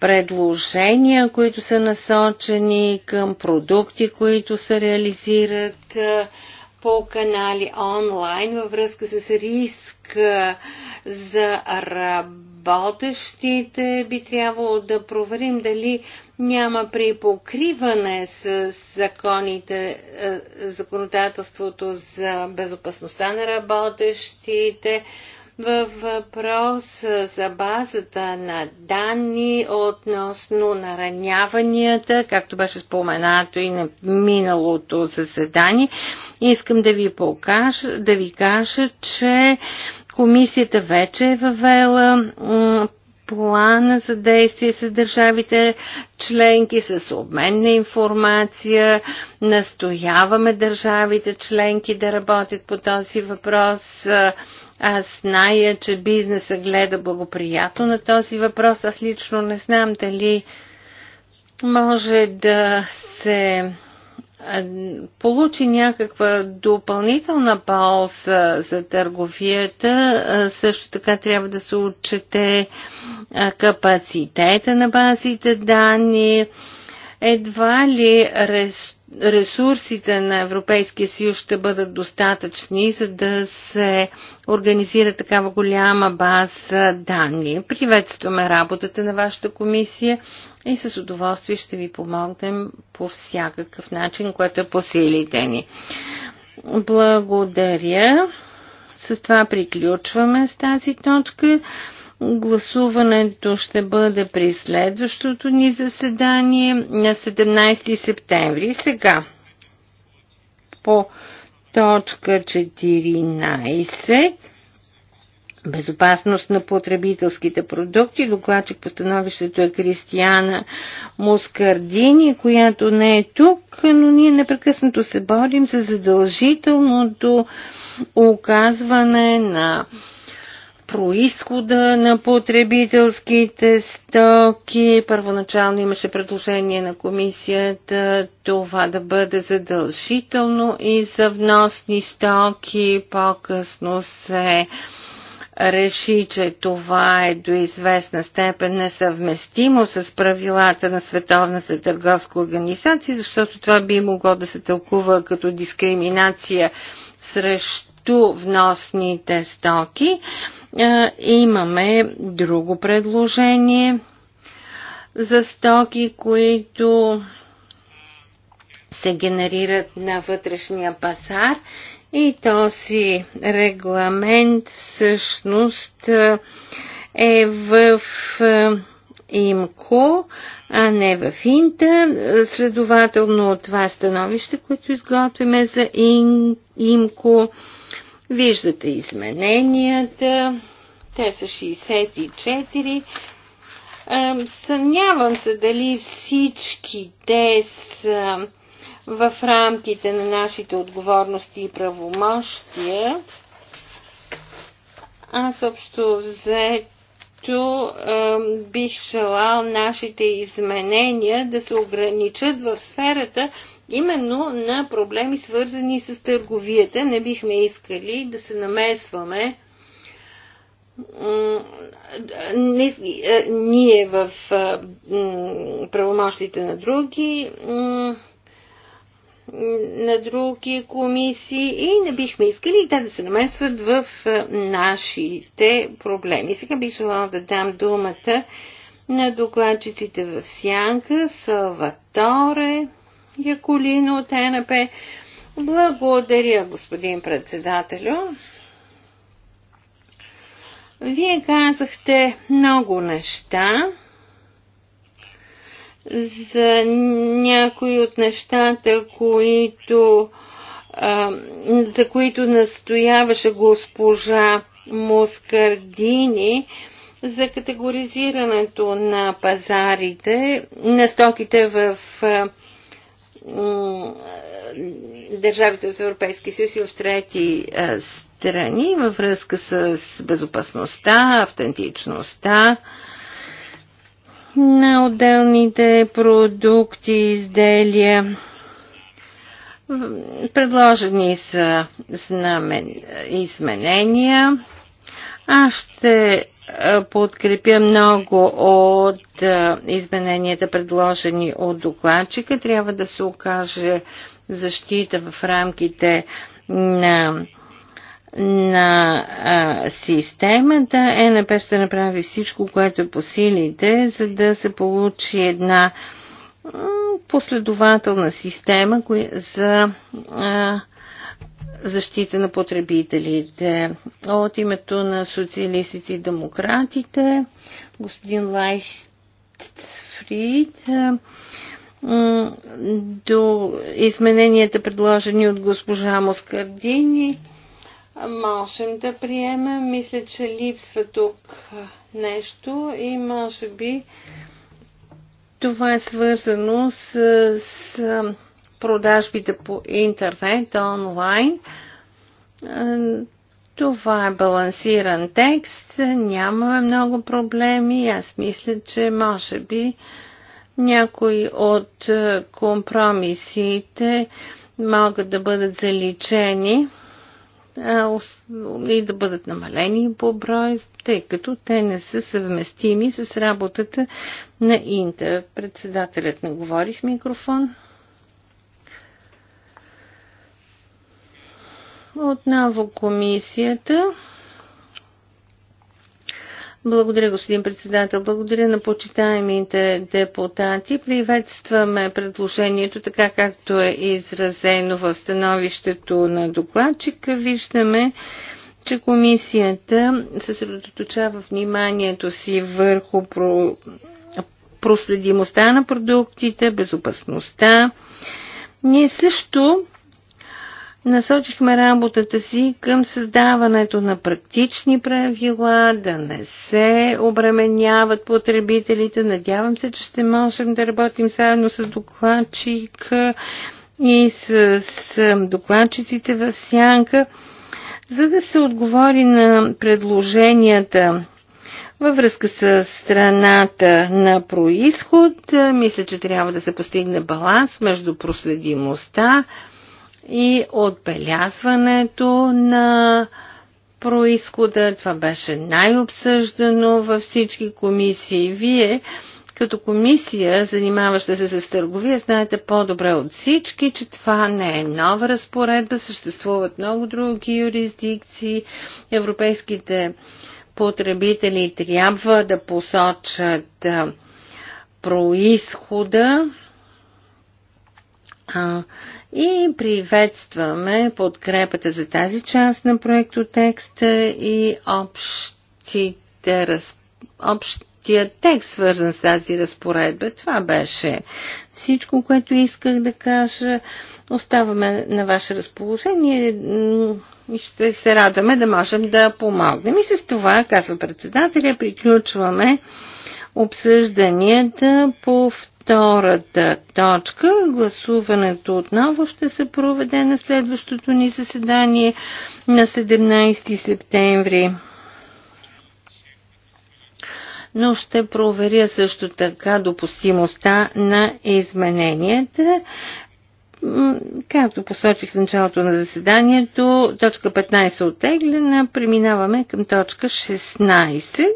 предложения, които са насочени към продукти, които се реализират по канали онлайн във връзка с риск за работещите, би трябвало да проверим дали няма при покриване с законите, законодателството за безопасността на работещите, във въпрос за базата на данни относно нараняванията, както беше споменато и на миналото заседание. Искам да ви покажа, да ви кажа, че комисията вече е въвела плана за действие с държавите членки, с обмен на информация. Настояваме държавите членки да работят по този въпрос аз зная, че бизнеса гледа благоприятно на този въпрос. Аз лично не знам дали може да се получи някаква допълнителна полза за търговията. Също така трябва да се отчете капацитета на базите данни. Едва ли ресурсите ресурсите на Европейския съюз ще бъдат достатъчни, за да се организира такава голяма база данни. Приветстваме работата на вашата комисия и с удоволствие ще ви помогнем по всякакъв начин, което е по силите ни. Благодаря. С това приключваме с тази точка. Гласуването ще бъде при следващото ни заседание на 17 септември. Сега по точка 14 безопасност на потребителските продукти. Докладчик по становището е Кристияна Мускардини, която не е тук, но ние непрекъснато се борим за задължителното оказване на происхода на потребителските стоки. Първоначално имаше предложение на комисията това да бъде задължително и за вносни стоки. По-късно се реши, че това е до известна степен несъвместимо с правилата на Световната търговска организация, защото това би могло да се тълкува като дискриминация срещу като вносните стоки. Имаме друго предложение за стоки, които се генерират на вътрешния пазар и този регламент всъщност е в ИМКО, а не в Инта. Следователно това е становище, което изготвяме за ИМКО, виждате измененията. Те са 64. Съмнявам се дали всички те са в рамките на нашите отговорности и правомощия. Аз общо взето който е, бих желал нашите изменения да се ограничат в сферата именно на проблеми свързани с търговията. Не бихме искали да се намесваме е, ние в правомощите на други на други комисии и не бихме искали те да се намесват в е, нашите проблеми. Сега бих желала да дам думата на докладчиците в Сянка, Салваторе, Яколино от НП. Благодаря, господин председателю. Вие казахте много неща за някои от нещата, които, а, за които настояваше госпожа Москардини за категоризирането на пазарите, на стоките в а, държавите от Европейски съюз и в трети а, страни във връзка с безопасността, автентичността, на отделните продукти, изделия. Предложени са знамен, изменения. Аз ще подкрепя много от измененията, предложени от докладчика. Трябва да се окаже защита в рамките на на а, системата, е ЕНП ще направи всичко, което е по силите, за да се получи една последователна система коя, за а, защита на потребителите. От името на социалистите и демократите, господин Лайхтфрид, до измененията предложени от госпожа Москардини, можем да приемем. Мисля, че липсва тук нещо и може би това е свързано с, с продажбите по интернет, онлайн. Това е балансиран текст, нямаме много проблеми. Аз мисля, че може би някои от компромисите могат да бъдат заличени и да бъдат намалени по брой, тъй като те не са съвместими с работата на Инта. Председателят не говори в микрофон. Отново комисията. Благодаря, господин председател. Благодаря на почитаемите депутати. Приветстваме предложението, така както е изразено в становището на докладчика. Виждаме, че комисията съсредоточава вниманието си върху про... проследимостта на продуктите, безопасността. Ние също насочихме работата си към създаването на практични правила, да не се обременяват потребителите. Надявам се, че ще можем да работим заедно с докладчик и с, с докладчиците в сянка, за да се отговори на предложенията във връзка с страната на происход. Мисля, че трябва да се постигне баланс между проследимостта, и отбелязването на происхода. Това беше най-обсъждано във всички комисии. Вие като комисия, занимаваща се с търговия, знаете по-добре от всички, че това не е нова разпоредба, съществуват много други юрисдикции. Европейските потребители трябва да посочат происхода. И приветстваме подкрепата за тази част на проектотекста и раз... общия текст, свързан с тази разпоредба. Това беше всичко, което исках да кажа. Оставаме на ваше разположение и ще се радваме да можем да помогнем. И с това, казва председателя, приключваме обсъжданията по втората точка. Гласуването отново ще се проведе на следващото ни заседание на 17 септември. Но ще проверя също така допустимостта на измененията. Както посочих в началото на заседанието, точка 15 е оттеглена. Преминаваме към точка 16.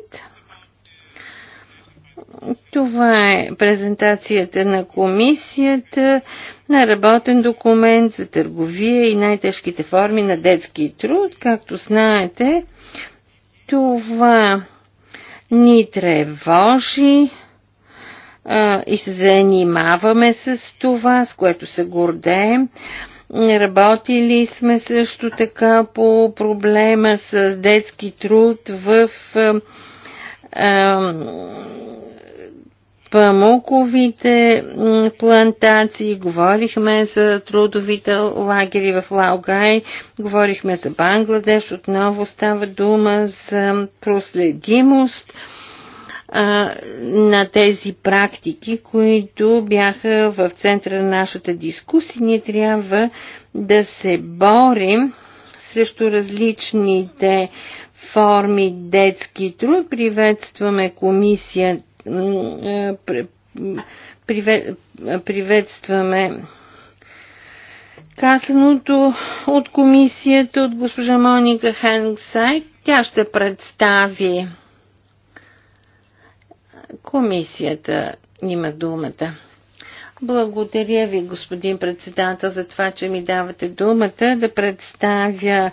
Това е презентацията на комисията на работен документ за търговия и най-тежките форми на детски труд. Както знаете, това ни тревожи а, и се занимаваме с това, с което се гордеем. Работили сме също така по проблема с детски труд в а, а, памуковите плантации, говорихме за трудовите лагери в Лаогай, говорихме за Бангладеш, отново става дума за проследимост на тези практики, които бяха в центъра на нашата дискусия. Ние трябва да се борим срещу различните форми детски труд. Приветстваме комисията е, приветстваме казаното от комисията от госпожа Моника Хенгсайк. Тя ще представи комисията има думата. Благодаря ви, господин председател, за това, че ми давате думата да представя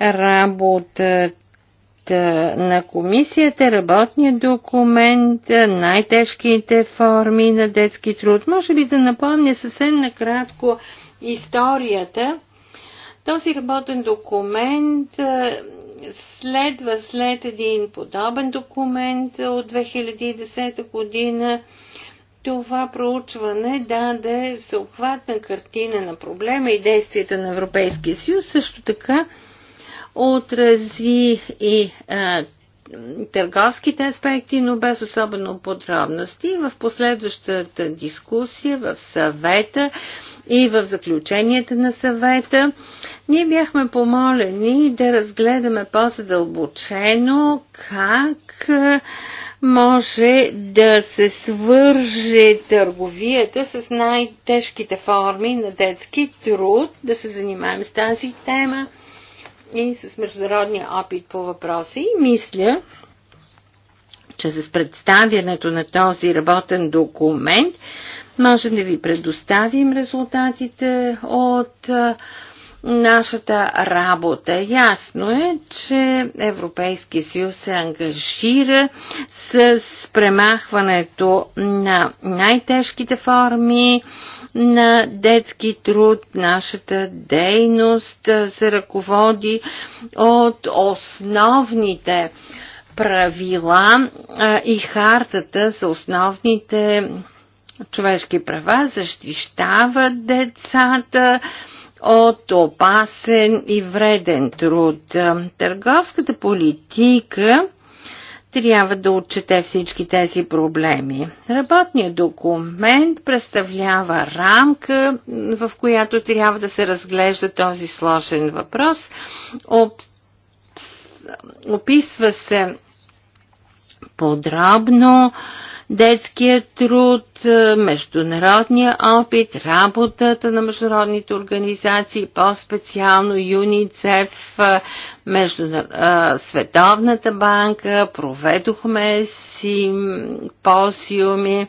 работата на комисията, работният документ, най-тежките форми на детски труд. Може би да напомня съвсем накратко историята. Този работен документ е, следва след един подобен документ от 2010 година. Това проучване даде всеобхватна картина на проблема и действията на Европейския съюз. Също така отрази и е, търговските аспекти, но без особено подробности. В последващата дискусия, в съвета и в заключенията на съвета, ние бяхме помолени да разгледаме по-задълбочено как може да се свърже търговията с най-тежките форми на детски труд, да се занимаем с тази тема и с международния опит по въпроса. И мисля, че с представянето на този работен документ можем да ви предоставим резултатите от нашата работа. Ясно е, че Европейския съюз се ангажира с премахването на най-тежките форми на детски труд. Нашата дейност се ръководи от основните правила и хартата за основните човешки права, защищават децата, от опасен и вреден труд. Търговската политика трябва да отчете всички тези проблеми. Работният документ представлява рамка, в която трябва да се разглежда този сложен въпрос. Описва се подробно детския труд, е, международния опит, работата на международните организации, по-специално ЮНИЦЕФ, е, междунар... Е, Световната банка, проведохме симпозиуми.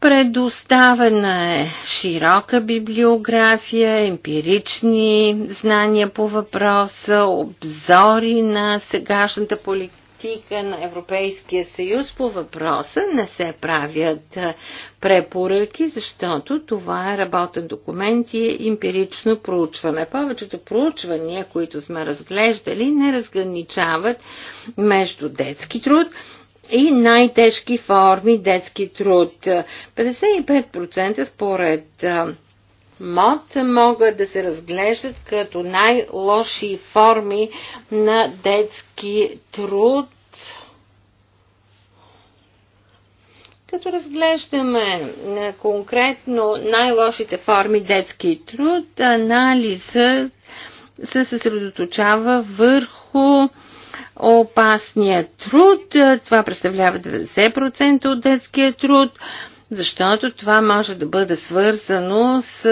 Предоставена е широка библиография, емпирични знания по въпроса, обзори на сегашната политика политика на Европейския съюз по въпроса не се правят препоръки, защото това е работен документ и е емпирично проучване. Повечето проучвания, които сме разглеждали, не разграничават между детски труд и най-тежки форми детски труд. 55% според МОД могат да се разглеждат като най-лоши форми на детски труд Като разглеждаме е, конкретно най-лошите форми детски труд, анализа се съсредоточава върху опасния труд. Това представлява 90% от детския труд, защото това може да бъде свързано с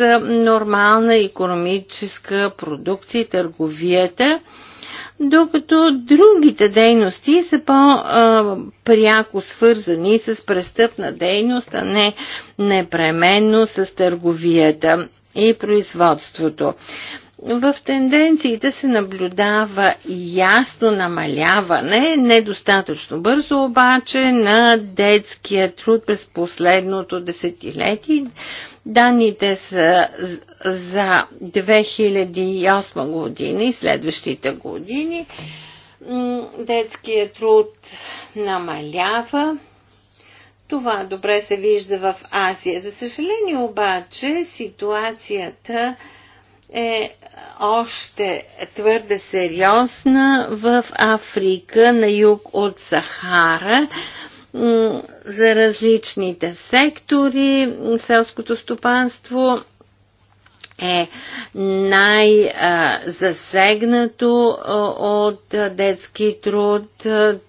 е, нормална економическа продукция и търговията докато другите дейности са по-пряко свързани с престъпна дейност, а не непременно с търговията и производството. В тенденциите се наблюдава ясно намаляване, недостатъчно бързо обаче, на детския труд през последното десетилетие. Данните са за 2008 година и следващите години. Детският труд намалява. Това добре се вижда в Азия. За съжаление обаче ситуацията е още твърде сериозна в Африка, на юг от Сахара за различните сектори. Селското стопанство е най-засегнато от детски труд.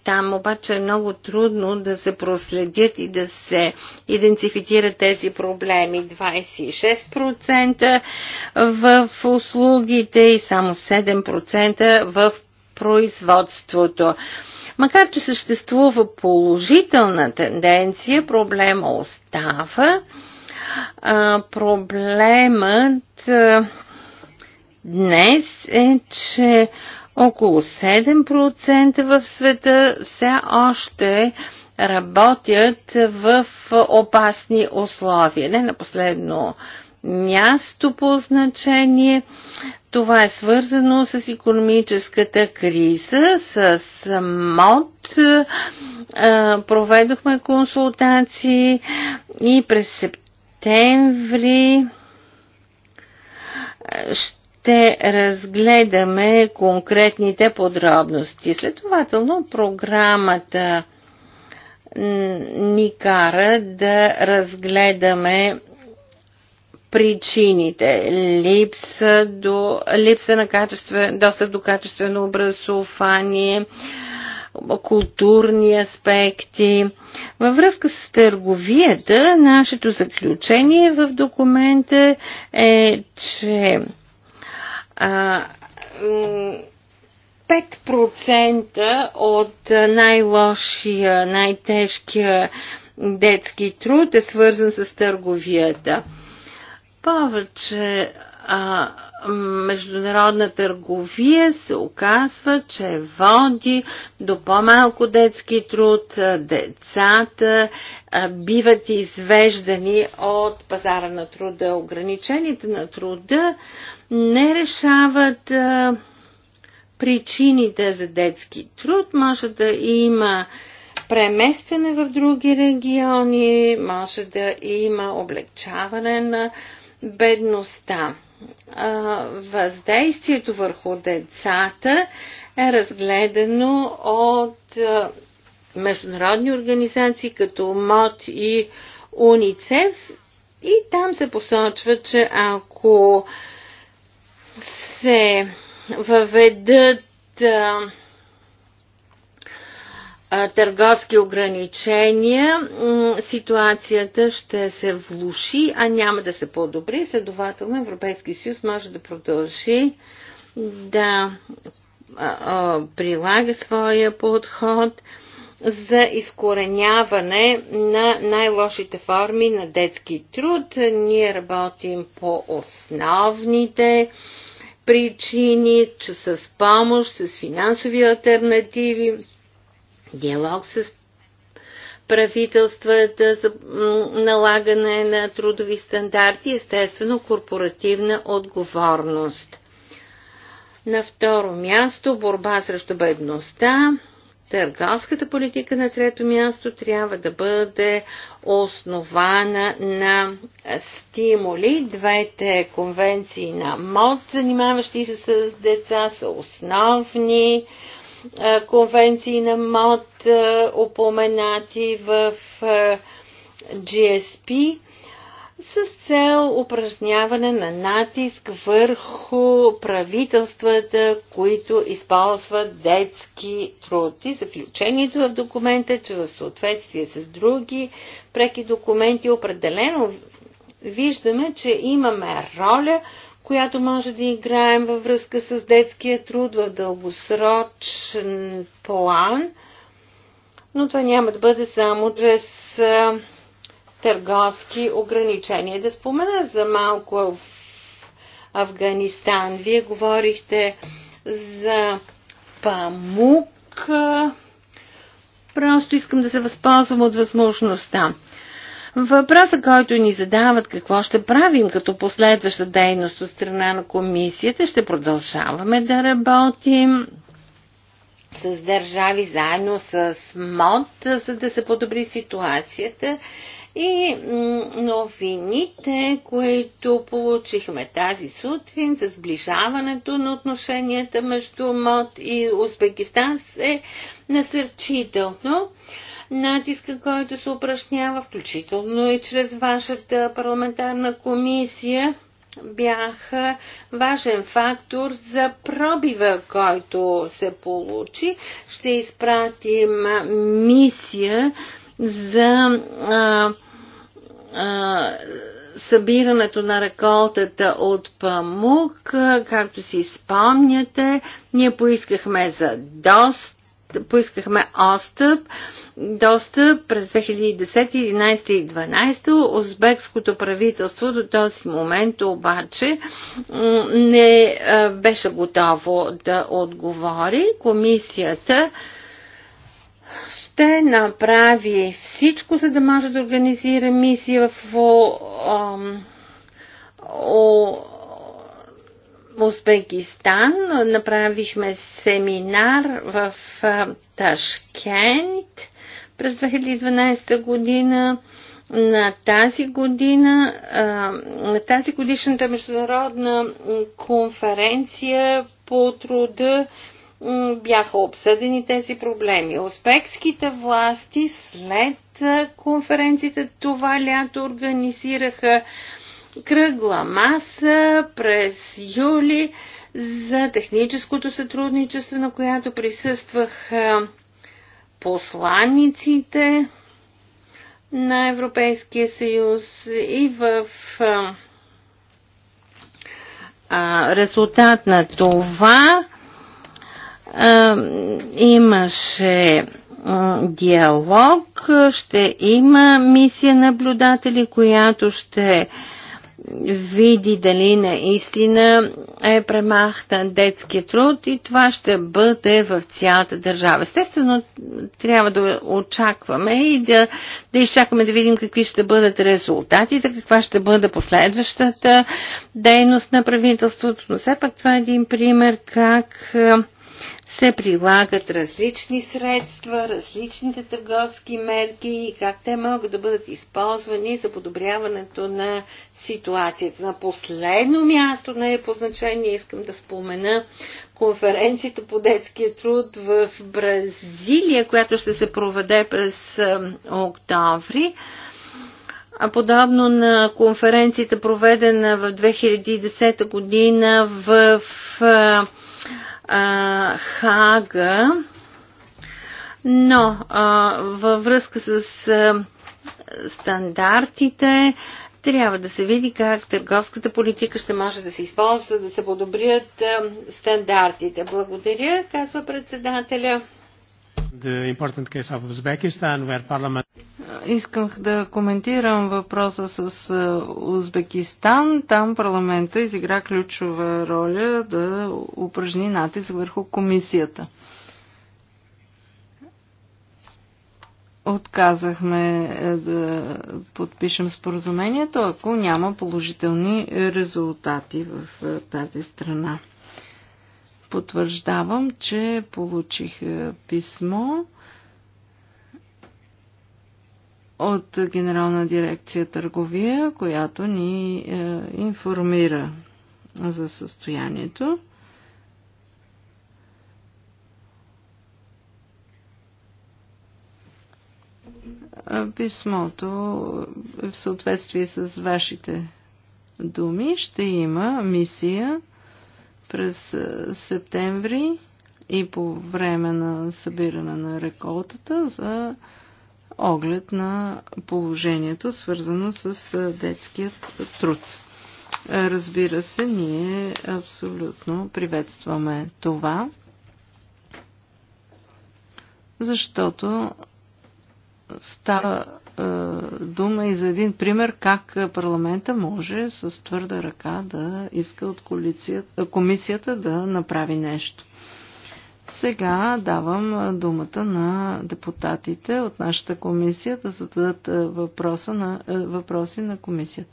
Там обаче е много трудно да се проследят и да се идентифицират тези проблеми. 26% в услугите и само 7% в производството. Макар, че съществува положителна тенденция, проблема остава. А, проблемът а, днес е, че около 7% в света все още работят в опасни условия. Не на последно а, място по значение. Това е свързано с економическата криза, с МОД. Проведохме консултации и през септември ще разгледаме конкретните подробности. Следователно, програмата ни кара да разгледаме причините. Липса, до, липса на качество, достъп до качествено образование, културни аспекти. Във връзка с търговията, нашето заключение в документа е, че а, 5% от най-лошия, най-тежкия детски труд е свързан с търговията повече а, международна търговия се оказва, че води до по-малко детски труд, децата а, биват извеждани от пазара на труда. Ограничените на труда не решават а, причините за детски труд. Може да има преместване в други региони, може да има облегчаване на бедността. Въздействието върху децата е разгледано от международни организации като МОД и УНИЦЕФ и там се посочва, че ако се въведат търговски ограничения, ситуацията ще се влуши, а няма да се подобри. Следователно Европейски съюз може да продължи да прилага своя подход за изкореняване на най-лошите форми на детски труд. Ние работим по основните причини, че с помощ, с финансови альтернативи, диалог с правителствата за налагане на трудови стандарти, естествено корпоративна отговорност. На второ място борба срещу бедността. Търговската политика на трето място трябва да бъде основана на стимули. Двете конвенции на МОД, занимаващи се с деца, са основни. Е, конвенции на МОД, е, упоменати в GSP, е, с цел упражняване на натиск върху правителствата, които използват детски труд. И заключението в документа че в съответствие с други преки документи определено виждаме, че имаме роля която може да играем във връзка с детския труд в дългосрочен план, но това няма да бъде само чрез търговски ограничения. Да спомена за малко в Афганистан. Вие говорихте за памук. Просто искам да се възползвам от възможността. Въпросът, който ни задават какво ще правим като последваща дейност от страна на комисията, ще продължаваме да работим с държави заедно с МОД, за да се подобри ситуацията. И новините, които получихме тази сутрин за сближаването на отношенията между МОД и Узбекистан е насърчително натиска, който се упражнява, включително и чрез вашата парламентарна комисия, бяха важен фактор за пробива, който се получи. Ще изпратим мисия за а, а, събирането на реколтата от памук. Както си спомняте, ние поискахме за доста поискахме остъп, достъп през 2010, 2011 и 2012. Узбекското правителство до този момент обаче не е, беше готово да отговори. Комисията ще направи всичко, за да може да организира мисия в о, о, Узбекистан. Направихме семинар в Ташкент през 2012 година. На тази година, на тази годишната международна конференция по труда бяха обсъдени тези проблеми. Узбекските власти след конференцията това лято организираха кръгла маса през юли за техническото сътрудничество, на която присъствах посланниците на Европейския съюз и в резултат на това имаше диалог, ще има мисия наблюдатели, която ще види дали наистина е премахтан детския труд и това ще бъде в цялата държава. Естествено, трябва да очакваме и да, да изчакаме да видим какви ще бъдат резултатите, каква ще бъде последващата дейност на правителството. Но все пак това е един пример как се прилагат различни средства, различните търговски мерки и как те могат да бъдат използвани за подобряването на ситуацията. На последно място не е по значение, искам да спомена конференцията по детския труд в Бразилия, която ще се проведе през октомври. А подобно на конференцията, проведена в 2010 година в е, Хага, но а, във връзка с а, стандартите трябва да се види как търговската политика ще може да се използва, да се подобрят а, стандартите. Благодаря, казва председателя. Исках да коментирам въпроса с е, Узбекистан. Там парламента изигра ключова роля да упражни натиск върху комисията. Отказахме е, да подпишем споразумението, ако няма положителни резултати в е, тази страна потвърждавам, че получих е, писмо от Генерална дирекция търговия, която ни е, информира за състоянието. Е, писмото е в съответствие с вашите думи ще има мисия през септември и по време на събиране на реколтата за оглед на положението, свързано с детският труд. Разбира се, ние абсолютно приветстваме това, защото става е, дума и за един пример как парламента може с твърда ръка да иска от е, комисията да направи нещо. Сега давам е, думата на депутатите от нашата комисия да зададат е, въпроса на, въпроси на комисията.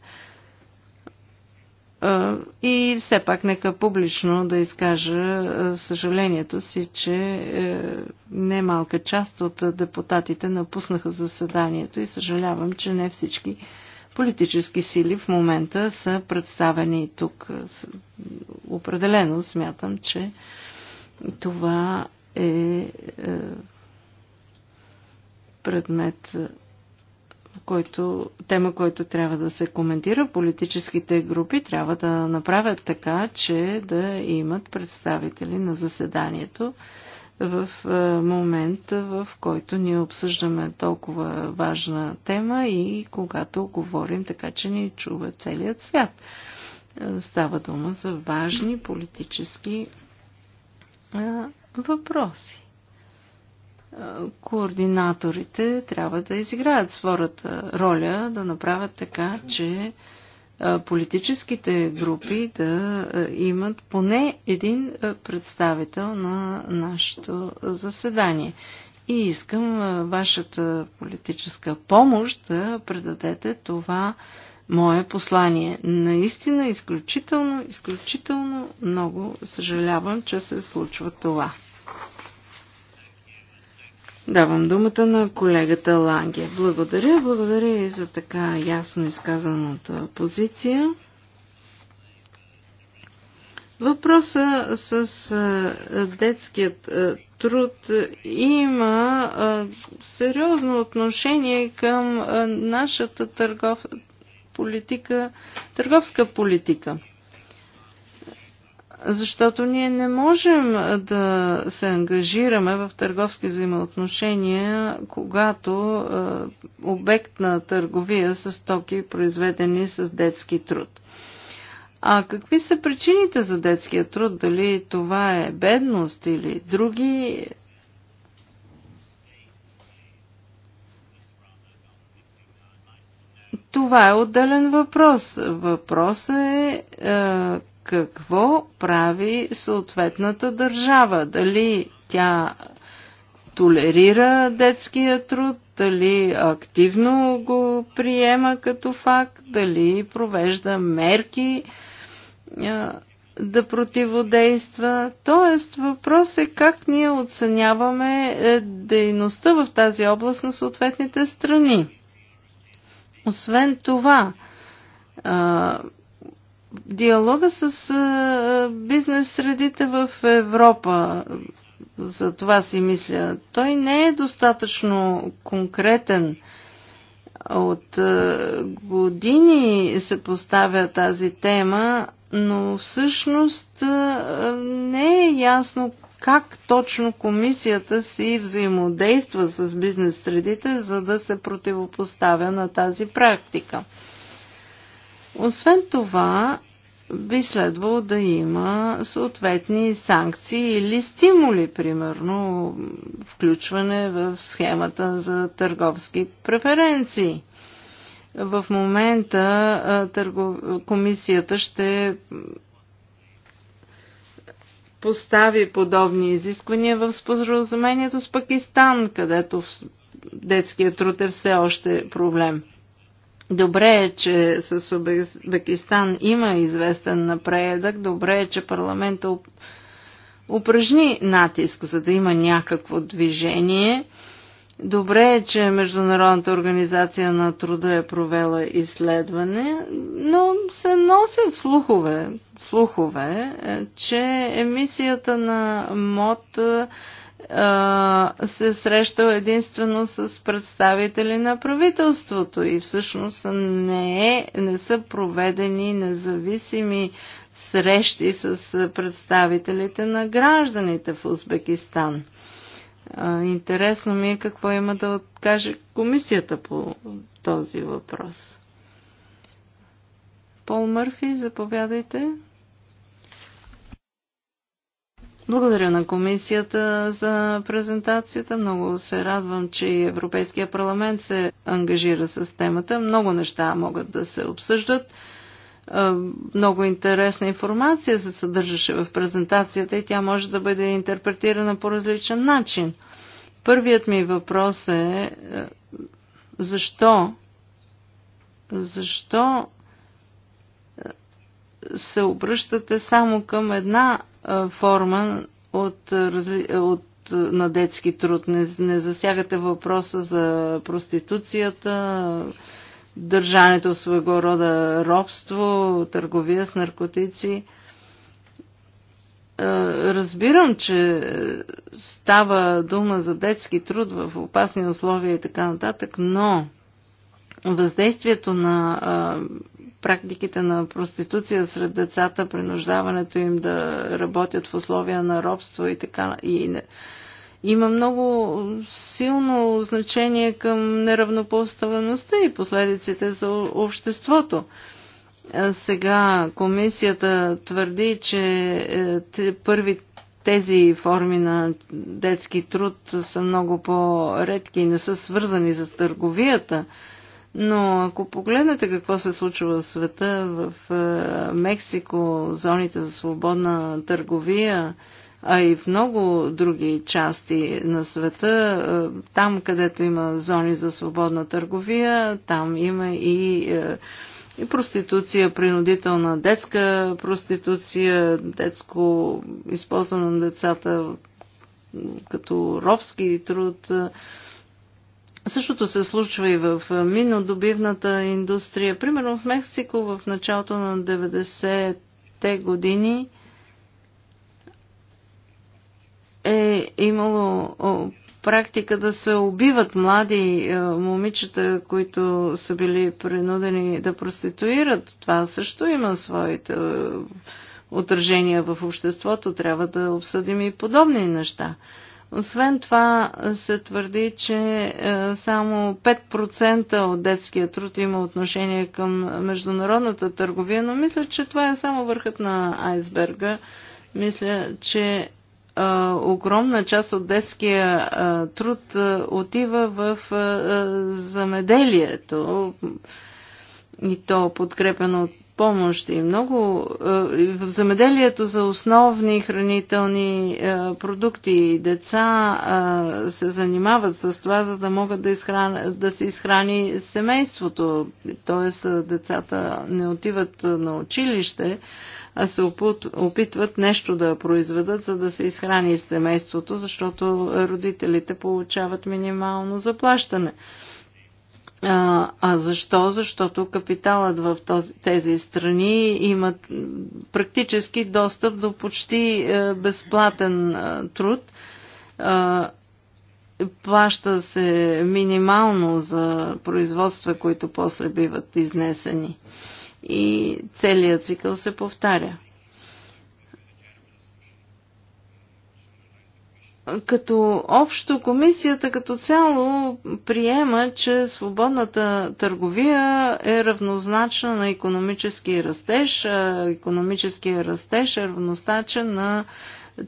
И все пак нека публично да изкажа съжалението си, че е, немалка част от депутатите напуснаха заседанието и съжалявам, че не всички политически сили в момента са представени тук. Определено смятам, че това е, е предмет който, тема, който трябва да се коментира. Политическите групи трябва да направят така, че да имат представители на заседанието в е, момента, в който ние обсъждаме толкова важна тема и когато говорим така, че ни чува целият свят. Е, става дума за важни политически е, въпроси координаторите трябва да изиграят своята роля, да направят така, че политическите групи да имат поне един представител на нашето заседание. И искам вашата политическа помощ да предадете това мое послание. Наистина, изключително, изключително много съжалявам, че се случва това. Давам думата на колегата Ланге. Благодаря, благодаря и за така ясно изказаната позиция. Въпроса с детският труд има сериозно отношение към нашата търгов... политика, търговска политика защото ние не можем да се ангажираме в търговски взаимоотношения, когато е, обект на търговия са стоки, произведени с детски труд. А какви са причините за детския труд? Дали това е бедност или други? Това е отделен въпрос. Въпросът е, е какво прави съответната държава. Дали тя толерира детския труд, дали активно го приема като факт, дали провежда мерки да противодейства. Тоест, въпрос е как ние оценяваме е, дейността в тази област на съответните страни. Освен това, диалога с бизнес средите в Европа, за това си мисля, той не е достатъчно конкретен. От години се поставя тази тема, но всъщност не е ясно как точно комисията си взаимодейства с бизнес средите, за да се противопоставя на тази практика. Освен това, би следвало да има съответни санкции или стимули, примерно включване в схемата за търговски преференции. В момента търгов... комисията ще постави подобни изисквания в споразумението с Пакистан, където детският труд е все още проблем. Добре е, че с Узбекистан има известен напредък. Добре е, че парламента упражни натиск, за да има някакво движение. Добре е, че Международната организация на труда е провела изследване, но се носят слухове, слухове е, че емисията на МОД е, се срещал единствено с представители на правителството и всъщност не, е, не са проведени независими срещи с представителите на гражданите в Узбекистан. Интересно ми е какво има да откаже комисията по този въпрос. Пол Мърфи, заповядайте. Благодаря на комисията за презентацията. Много се радвам, че и Европейския парламент се ангажира с темата. Много неща могат да се обсъждат. Е, много интересна информация се съдържаше в презентацията и тя може да бъде интерпретирана по различен начин. Първият ми въпрос е, е защо защо се обръщате само към една форма от, от, на детски труд. Не, не засягате въпроса за проституцията, държането в своего рода робство, търговия с наркотици. Разбирам, че става дума за детски труд в опасни условия и така нататък, но въздействието на практиките на проституция сред децата, принуждаването им да работят в условия на робство и така. И не. Има много силно значение към неравнопоставеността и последиците за обществото. Сега комисията твърди, че е, първи тези форми на детски труд са много по-редки и не са свързани с търговията. Но ако погледнете какво се случва в света, в е, Мексико, зоните за свободна търговия, а и в много други части на света, е, там където има зони за свободна търговия, там има и, е, и проституция, принудителна детска проституция, детско използване на децата като робски труд. Същото се случва и в минодобивната индустрия. Примерно в Мексико в началото на 90-те години е имало практика да се убиват млади момичета, които са били принудени да проституират. Това също има своите отражения в обществото. Трябва да обсъдим и подобни неща. Освен това се твърди, че е, само 5% от детския труд има отношение към международната търговия, но мисля, че това е само върхът на айсберга. Мисля, че а, е, огромна част от детския а, е, труд а, отива в а, а, замеделието и то подкрепено от помощи. Много е, в замеделието за основни хранителни е, продукти деца е, се занимават с това, за да могат да, изхран, да се изхрани семейството. Тоест децата не отиват на училище, а се опитват нещо да произведат, за да се изхрани семейството, защото родителите получават минимално заплащане. А, а защо? Защото капиталът в този, тези страни има практически достъп до почти е, безплатен е, труд. Е, плаща се минимално за производства, които после биват изнесени. И целият цикъл се повтаря. като общо комисията като цяло приема, че свободната търговия е равнозначна на економически растеж, а економическия растеж е равностачен на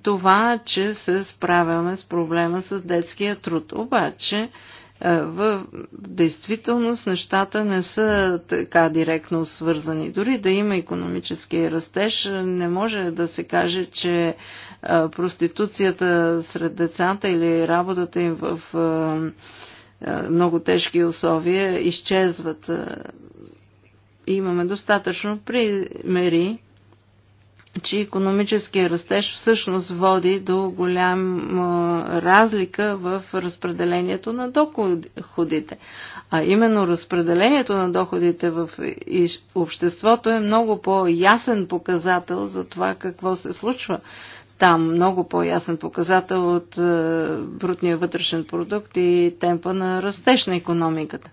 това, че се справяме с проблема с детския труд. Обаче, е, в действителност нещата не са така директно свързани. Дори да има економически растеж, не може да се каже, че е, проституцията сред децата или работата им в е, много тежки условия изчезват. Имаме достатъчно примери че економическия растеж всъщност води до голяма разлика в разпределението на доходите. А именно разпределението на доходите в обществото е много по-ясен показател за това какво се случва там. Много по-ясен показател от брутния вътрешен продукт и темпа на растеж на економиката.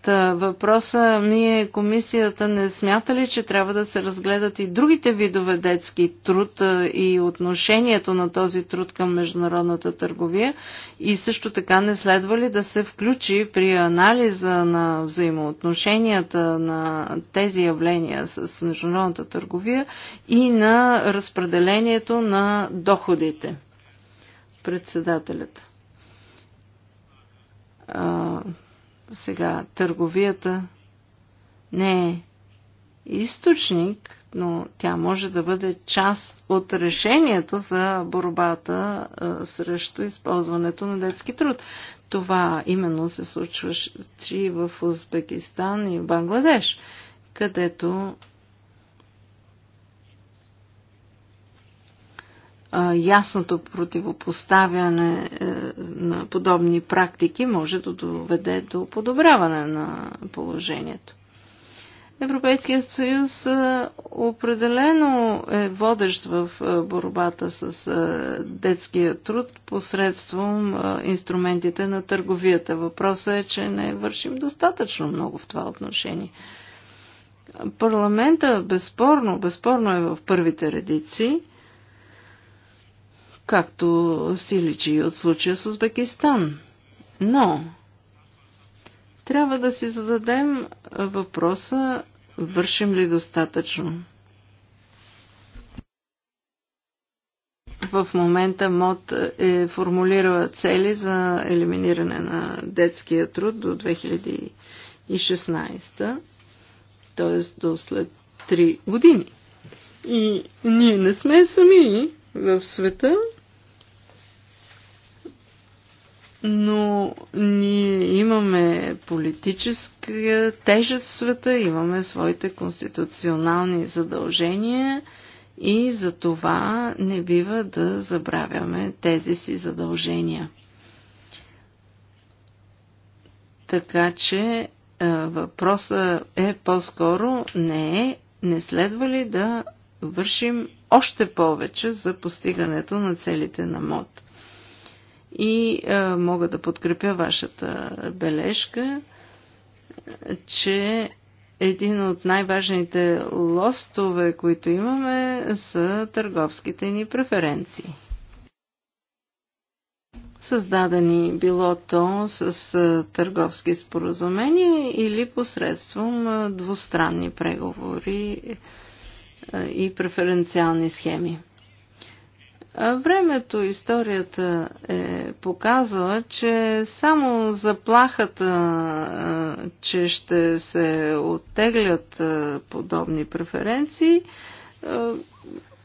Та, въпроса ми е, комисията не смята ли, че трябва да се разгледат и другите видове детски труд и отношението на този труд към международната търговия и също така не следва ли да се включи при анализа на взаимоотношенията на тези явления с международната търговия и на разпределението на доходите? Председателят. Сега търговията не е източник, но тя може да бъде част от решението за борбата а, срещу използването на детски труд. Това именно се случваше и в Узбекистан и в Бангладеш, където ясното противопоставяне е, на подобни практики може да доведе до подобряване на положението. Европейският съюз е, определено е водещ в е, борбата с детския труд посредством инструментите на търговията. Въпросът е, че не вършим достатъчно много в това отношение. Парламента безспорно, безспорно е в първите редици както си личи и от случая с Узбекистан. Но трябва да си зададем въпроса, вършим ли достатъчно. В момента МОД е формулирала цели за елиминиране на детския труд до 2016, т.е. до след 3 години. И ние не сме сами в света, но ние имаме политическа тежест в света, имаме своите конституционални задължения и за това не бива да забравяме тези си задължения. Така че въпросът е по-скоро не е, не следва ли да вършим още повече за постигането на целите на МОД и а, мога да подкрепя вашата бележка, че един от най-важните лостове, които имаме, са търговските ни преференции. Създадени било то с търговски споразумения или посредством двустранни преговори и преференциални схеми. Времето, историята е показала, че само заплахата, че ще се оттеглят подобни преференции,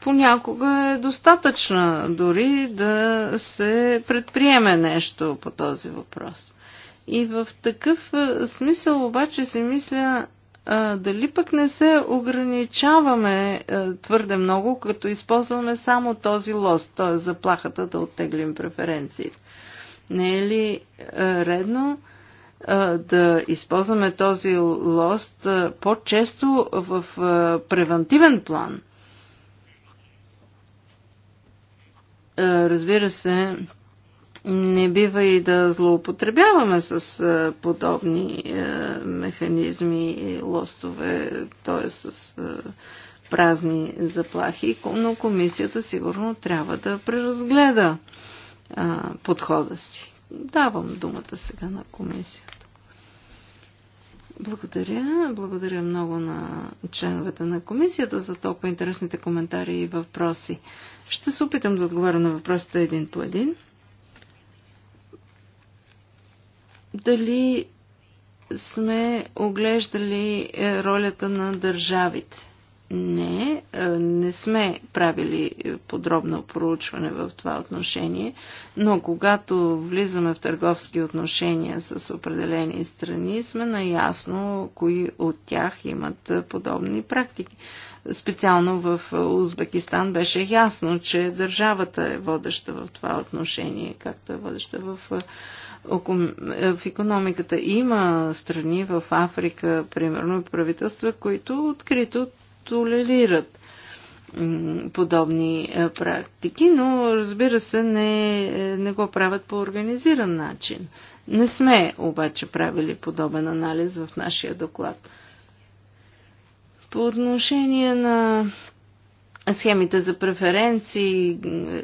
понякога е достатъчна дори да се предприеме нещо по този въпрос. И в такъв смисъл обаче се мисля, а, дали пък не се ограничаваме а, е, твърде много, като използваме само този лост, т.е. заплахата да оттеглим преференциите. Не е ли а, е, редно а, е, да използваме този лост а, по-често в а, превентивен план? А, разбира се, не бива и да злоупотребяваме с е, подобни е, механизми и лостове, т.е. с е, празни заплахи, но комисията сигурно трябва да преразгледа подхода си. Давам думата сега на комисията. Благодаря. Благодаря много на членовете на комисията за толкова интересните коментари и въпроси. Ще се опитам да отговоря на въпросите един по един. дали сме оглеждали е, ролята на държавите? Не, е, не сме правили е, подробно проучване в това отношение, но когато влизаме в търговски отношения с определени страни, сме наясно кои от тях имат подобни практики. Специално в Узбекистан беше ясно, че държавата е водеща в това отношение, както е водеща в е, в економиката има страни в Африка, примерно, правителства, които открито толерират подобни е, практики, но разбира се не, е, не го правят по организиран начин. Не сме обаче правили подобен анализ в нашия доклад. По отношение на схемите за преференции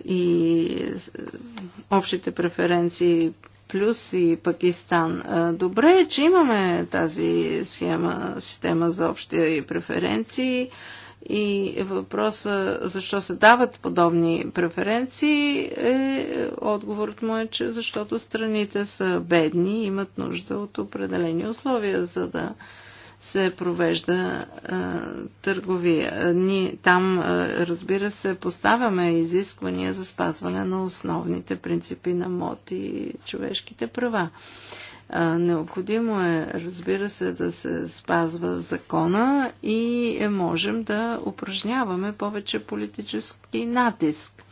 и общите преференции плюс и Пакистан. Добре е, че имаме тази схема, система за общи и преференции и въпроса защо се дават подобни преференции е, отговорът му е, че защото страните са бедни, и имат нужда от определени условия, за да се провежда а, търговия. Ни, там, а, разбира се, поставяме изисквания за спазване на основните принципи на МОД и човешките права. А, необходимо е, разбира се, да се спазва закона и е, можем да упражняваме повече политически натиск.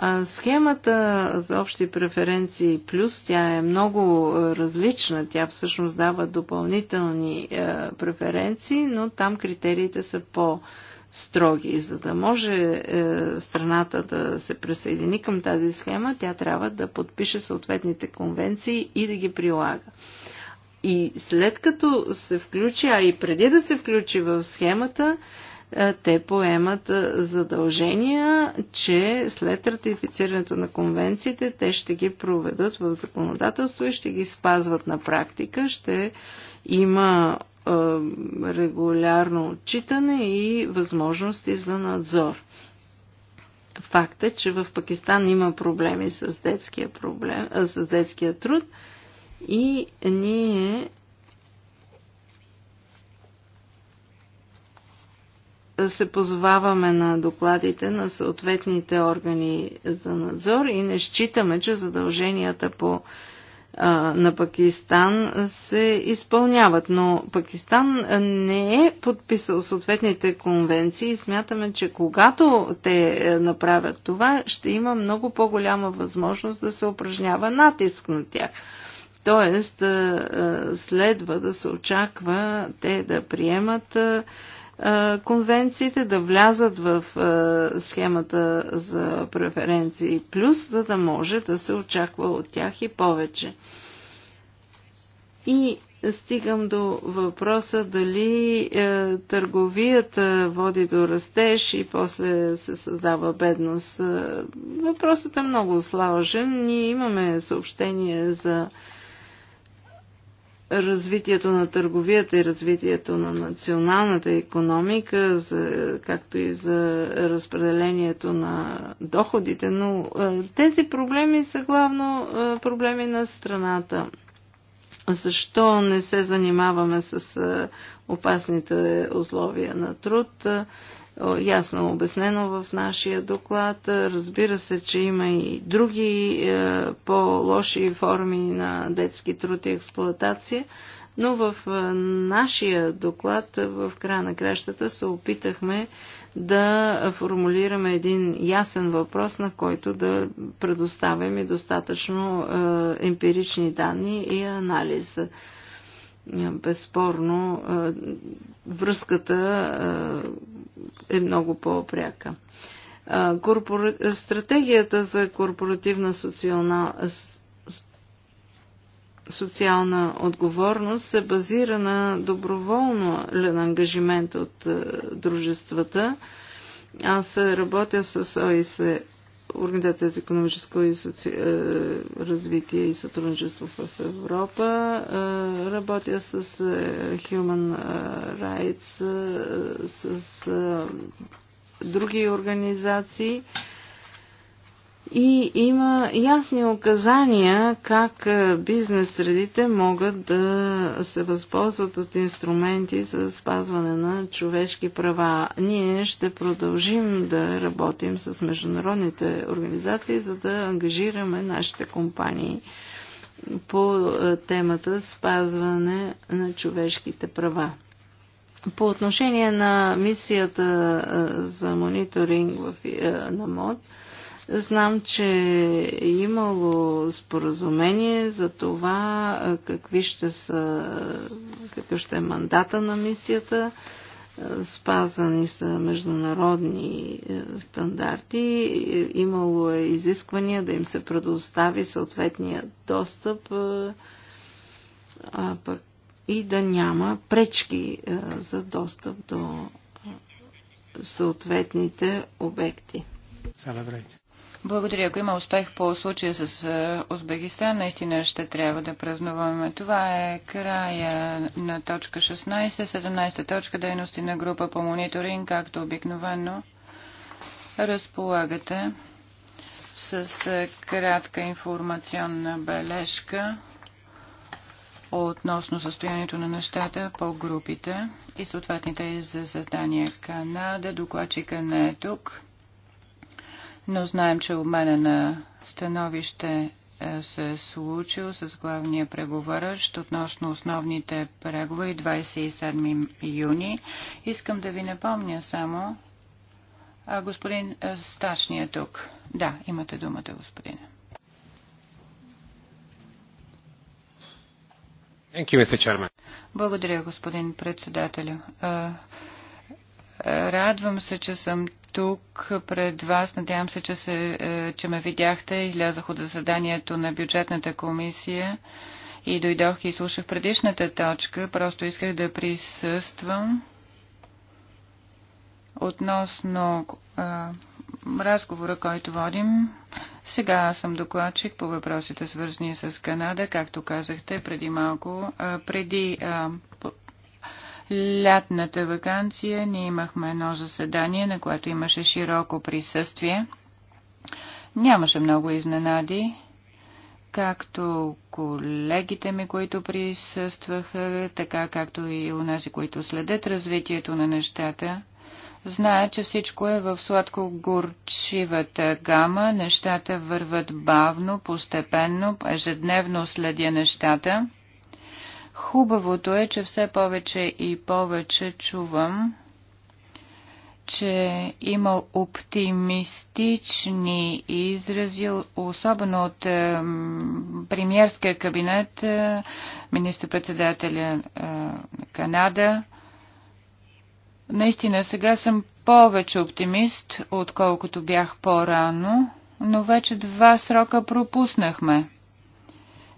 А схемата за общи преференции плюс, тя е много различна. Тя всъщност дава допълнителни преференции, но там критериите са по- строги. За да може е, страната да се присъедини към тази схема, тя трябва да подпише съответните конвенции и да ги прилага. И след като се включи, а и преди да се включи в схемата, е, те поемат е, задължения, че след ратифицирането на конвенциите те ще ги проведат в законодателство и ще ги спазват на практика, ще има е, регулярно отчитане и възможности за надзор. Факт е, че в Пакистан има проблеми с детския, проблем, е, с детския труд и ние се позоваваме на докладите на съответните органи за надзор и не считаме, че задълженията по, а, на Пакистан се изпълняват. Но Пакистан не е подписал съответните конвенции и смятаме, че когато те е, направят това, ще има много по-голяма възможност да се упражнява натиск на тях. Тоест, следва да се очаква те да приемат конвенциите, да влязат в схемата за преференции плюс, за да може да се очаква от тях и повече. И стигам до въпроса дали е, търговията води до растеж и после се създава бедност. Е, въпросът е много сложен. Ние имаме съобщение за развитието на търговията и развитието на националната економика, за, както и за разпределението на доходите, но е, тези проблеми са главно е, проблеми на страната. Защо не се занимаваме с е, опасните условия на труд? ясно обяснено в нашия доклад. Разбира се, че има и други е, по-лоши форми на детски труд и експлоатация, но в е, нашия доклад в края на кращата се опитахме да формулираме един ясен въпрос, на който да предоставим и достатъчно е, емпирични данни и анализ безспорно връзката е много по-пряка. Корпора... Стратегията за корпоративна социална... социална отговорност се базира на доброволно ангажимент от дружествата. Аз работя с ОИСЕ Организацията за економическо и соци... Е, развитие и сътрудничество в Европа. Е, работя с е, Human Rights, с други организации и има ясни указания как е, бизнес средите могат да се възползват от инструменти за спазване на човешки права. Ние ще продължим да работим с международните организации, за да ангажираме нашите компании по е, темата спазване на човешките права. По отношение на мисията е, за мониторинг на МОД, Знам, че е имало споразумение за това какви ще са, какъв ще е мандата на мисията. Спазани са международни стандарти. Имало е изисквания да им се предостави съответния достъп а пък и да няма пречки за достъп до съответните обекти. Салаврайте. Благодаря. Ако има успех по случая с е, Узбекистан, наистина ще трябва да празнуваме. Това е края на точка 16, 17 точка дейности на група по мониторинг, както обикновено разполагате с е, кратка информационна бележка относно състоянието на нещата по групите и съответните за задания Канада. Докладчика не е тук но знаем, че обмена на становище е, се е случил с главния преговарящ относно основните преговори 27 юни. Искам да ви напомня само. А, господин е, Стачния е тук. Да, имате думата, господине. Благодаря, господин председател. Е, радвам се, че съм тук пред вас. Надявам се, че, се, е, че ме видяхте. Излязах от заседанието на бюджетната комисия и дойдох и слушах предишната точка. Просто исках да присъствам относно а, е, разговора, който водим. Сега съм докладчик по въпросите свързани с Канада, както казахте преди малко. А, е, преди а, лятната вакансия ние имахме едно заседание, на което имаше широко присъствие. Нямаше много изненади, както колегите ми, които присъстваха, така както и у нас, които следят развитието на нещата. Знаят, че всичко е в сладко-горчивата гама, нещата върват бавно, постепенно, ежедневно следя нещата Хубавото е, че все повече и повече чувам, че има оптимистични изрази, особено от е, премьерския кабинет, е, министър-председателя е, Канада. Наистина, сега съм повече оптимист, отколкото бях по-рано, но вече два срока пропуснахме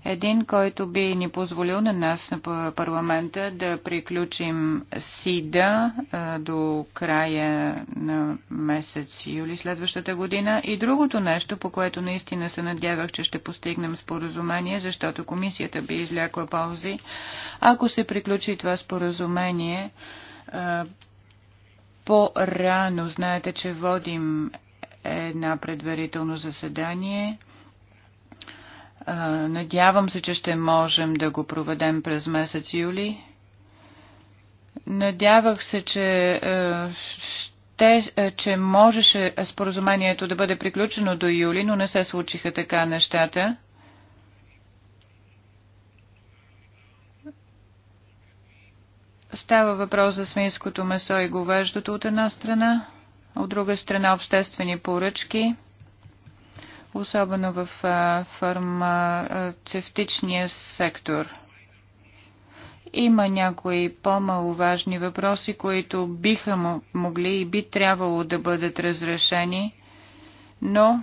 един, който би ни позволил на нас на парламента да приключим СИДА до края на месец юли следващата година. И другото нещо, по което наистина се надявах, че ще постигнем споразумение, защото комисията би излякла ползи, ако се приключи това споразумение по-рано. Знаете, че водим една предварително заседание – Надявам се, че ще можем да го проведем през месец юли. Надявах се, че е, ще, е, че можеше споразумението да бъде приключено до юли, но не се случиха така нещата. Става въпрос за смейското месо и говеждото от една страна, от друга страна обществени поръчки – особено в фармацевтичния сектор. Има някои по-маловажни въпроси, които биха могли и би трябвало да бъдат разрешени, но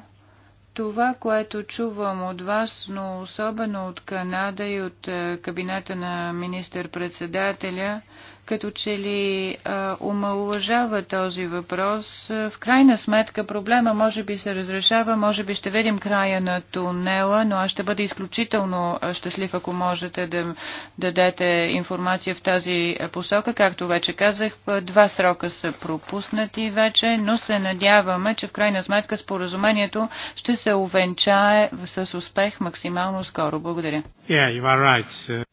това, което чувам от вас, но особено от Канада и от кабинета на министър-председателя, като че ли омалуважава този въпрос. В крайна сметка проблема може би се разрешава, може би ще видим края на тунела, но аз ще бъда изключително щастлив, ако можете да дадете информация в тази посока. Както вече казах, два срока са пропуснати вече, но се надяваме, че в крайна сметка споразумението ще се увенчае с успех максимално скоро. Благодаря. Yeah, you are right.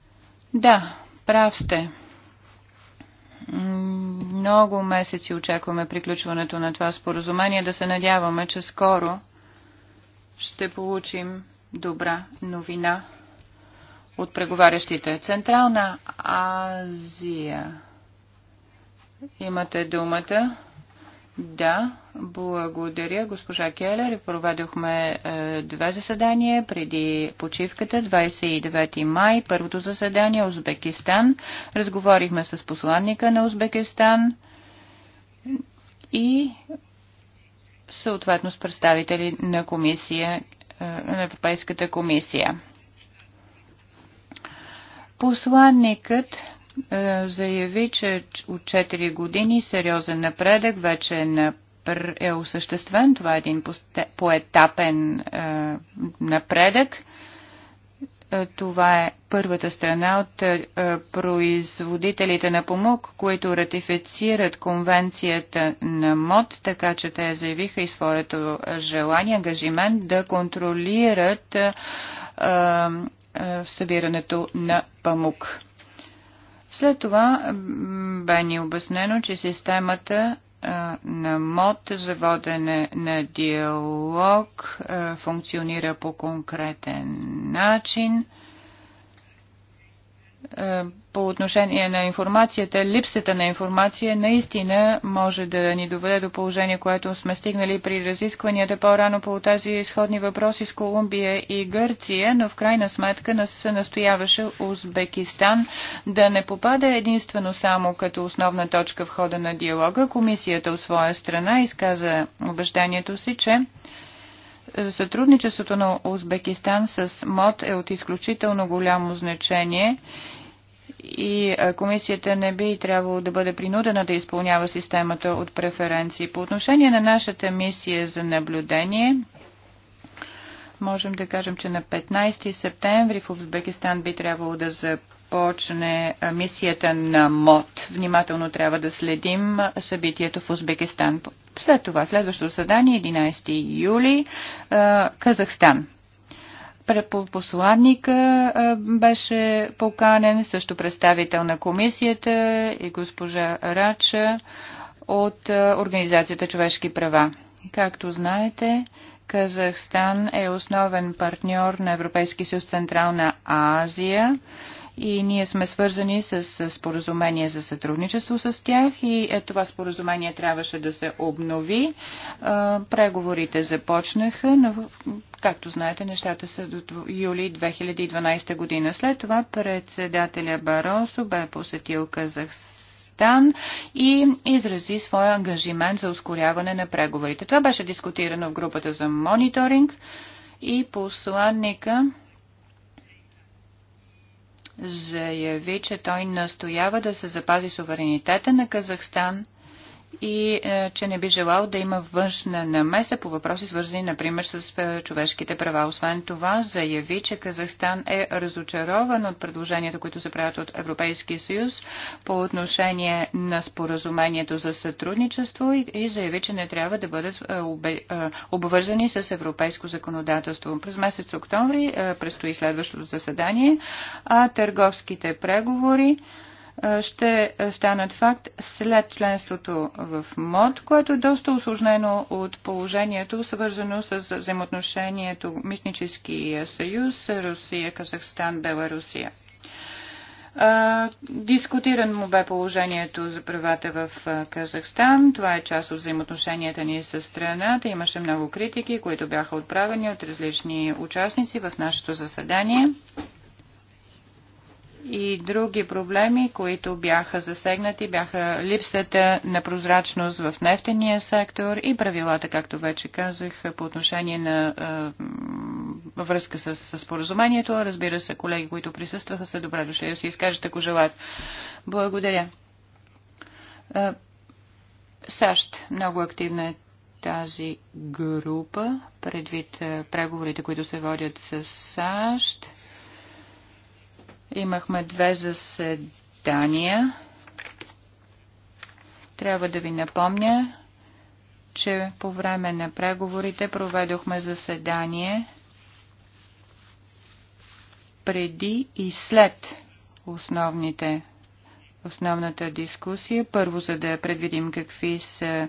Да, прав сте. Много месеци очакваме приключването на това споразумение. Да се надяваме, че скоро ще получим добра новина от преговарящите. Централна Азия. Имате думата. Да, благодаря, госпожа Келер. Проведохме е, две заседания преди почивката, 29 май, първото заседание Узбекистан. Разговорихме с посланника на Узбекистан и съответно с представители на комисия, е, на Европейската комисия. Посланникът е, заяви, че от 4 години сериозен напредък вече е на е осъществен. Това е един поетапен е, напредък. Е, това е първата страна от производителите на помок, които ратифицират конвенцията на МОД, така че те заявиха и своето желание, ангажимент да контролират събирането на памук. След това бе ни обяснено, че системата на МОД за водене на диалог функционира по конкретен начин – е, по отношение на информацията, липсата на информация наистина може да ни доведе до положение, което сме стигнали при разискванията по-рано по тези изходни въпроси с Колумбия и Гърция, но в крайна сметка се настояваше Узбекистан да не попада единствено само като основна точка в хода на диалога. Комисията от своя страна изказа убеждението си, че Сътрудничеството на Узбекистан с МОД е от изключително голямо значение и комисията не би трябвало да бъде принудена да изпълнява системата от преференции. По отношение на нашата мисия за наблюдение, можем да кажем, че на 15 септември в Узбекистан би трябвало да започне мисията на МОД. Внимателно трябва да следим събитието в Узбекистан. След това, следващото задание, 11 юли, е, Казахстан. Посланник е, беше поканен, също представител на комисията и госпожа Рача от е, Организацията човешки права. Както знаете, Казахстан е основен партньор на Европейски съюз Централна Азия и ние сме свързани с споразумение за сътрудничество с тях и е, това споразумение трябваше да се обнови. Преговорите започнаха, но както знаете, нещата са до юли 2012 година. След това председателя Баросо бе посетил Казахстан Казахстан и изрази своя ангажимент за ускоряване на преговорите. Това беше дискутирано в групата за мониторинг и посланника заяви, че той настоява да се запази суверенитета на Казахстан и е, че не би желал да има външна намеса по въпроси, свързани, например, с е, човешките права. Освен това, заяви, че Казахстан е разочарован от предложенията, които се правят от Европейския съюз по отношение на споразумението за сътрудничество и заяви, че не трябва да бъдат е, обвързани с европейско законодателство. През месец октомври предстои следващото заседание, а търговските преговори ще станат факт след членството в МОД, което е доста осложнено от положението, свързано с взаимоотношението Митническия съюз Русия, Казахстан, Беларусия. Дискутиран му бе положението за правата в Казахстан. Това е част от взаимоотношенията ни с страната. Имаше много критики, които бяха отправени от различни участници в нашето заседание и други проблеми, които бяха засегнати, бяха липсата на прозрачност в нефтения сектор и правилата, както вече казах, по отношение на във връзка с, с споразумението. Разбира се, колеги, които присъстваха, са добре дошли да се изкажат, ако желаят. Благодаря. САЩ много активна е тази група, предвид преговорите, които се водят с САЩ Имахме две заседания. Трябва да ви напомня, че по време на преговорите проведохме заседание преди и след основните, основната дискусия. Първо, за да предвидим какви са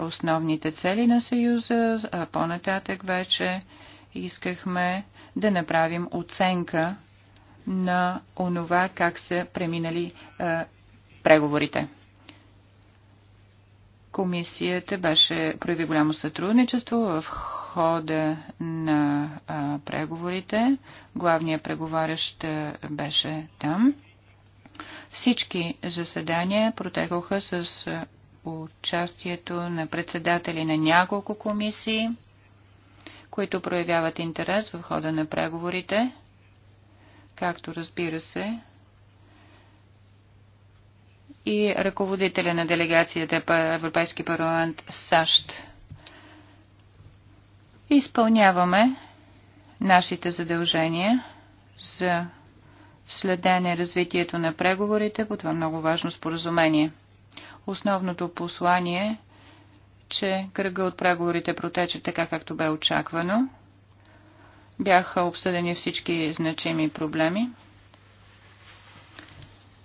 основните цели на Съюза, а по-нататък вече искахме да направим оценка на онова как са преминали е, преговорите. Комисията беше прояви голямо сътрудничество в хода на а, преговорите. Главният преговарящ беше там. Всички заседания протекоха с участието на председатели на няколко комисии, които проявяват интерес в хода на преговорите както разбира се и ръководителя на делегацията по Европейски парламент САЩ. Изпълняваме нашите задължения за следене развитието на преговорите по това много важно споразумение. Основното послание е, че кръга от преговорите протече така, както бе очаквано – бяха обсъдени всички значими проблеми.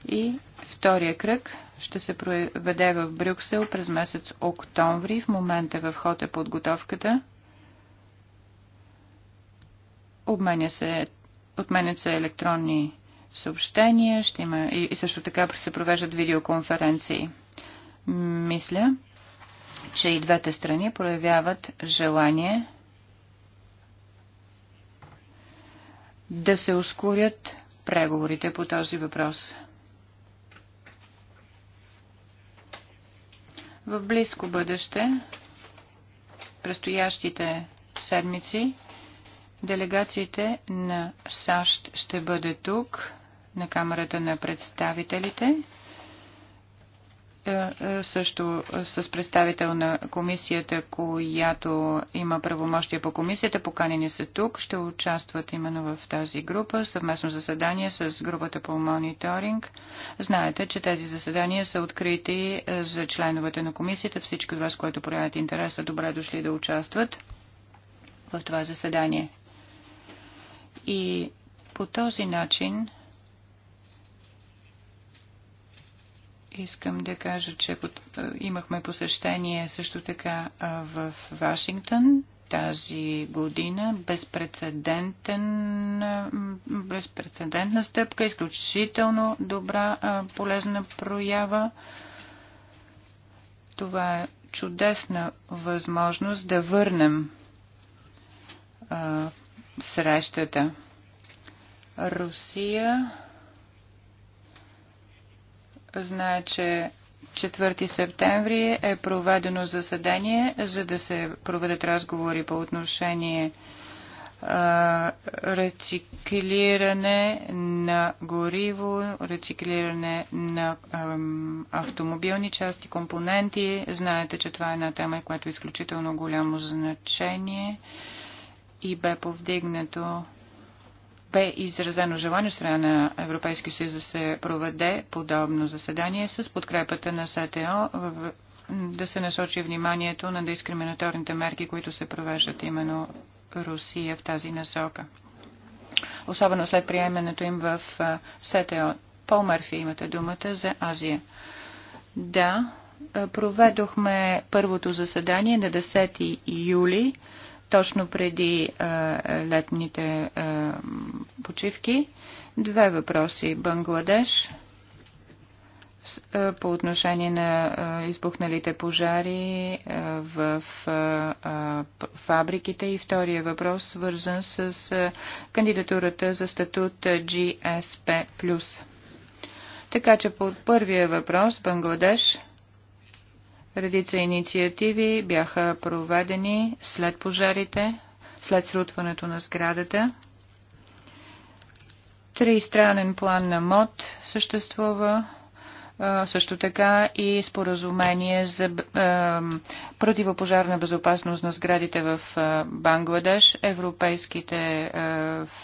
И втория кръг ще се проведе в Брюксел през месец октомври. В момента в ход е подготовката. Обменя се, отменят се електронни съобщения, ще има и, и също така се провеждат видеоконференции. Мисля, че и двете страни проявяват желание да се ускорят преговорите по този въпрос. В близко бъдеще, предстоящите седмици, делегациите на САЩ ще бъде тук, на Камерата на представителите е, е, също с представител на комисията, която има правомощия по комисията. Поканени са тук. Ще участват именно в тази група. Съвместно заседание с групата по мониторинг. Знаете, че тези заседания са открити е, за членовете на комисията. Всички от вас, които проявят интерес, са добре дошли да участват в това заседание. И по този начин Искам да кажа, че под, е, имахме посещение също така в Вашингтон тази година. Безпредседентен, безпредседентна стъпка, изключително добра, полезна проява. Това е чудесна възможност да върнем срещата. Русия знае, че 4 септември е проведено заседание, за да се проведат разговори по отношение а, рециклиране на гориво, рециклиране на автомобилни части, компоненти. Знаете, че това е една тема, която е изключително голямо значение и бе повдигнато бе изразено желание от страна на Европейския съюз да се проведе подобно заседание с подкрепата на СТО в да се насочи вниманието на дискриминаторните мерки, които се провеждат именно Русия в тази насока. Особено след приемането им в СТО. Пол Мърфи имате думата за Азия. Да, проведохме първото заседание на 10 юли точно преди а, летните а, почивки. Две въпроси. Бангладеш по отношение на избухналите пожари в фабриките и втория въпрос свързан с кандидатурата за статут GSP+. Така че по първия въпрос Бангладеш – Редица инициативи бяха проведени след пожарите, след срутването на сградата. Тристранен план на МОД съществува също така и споразумение за противопожарна безопасност на сградите в Бангладеш. Европейските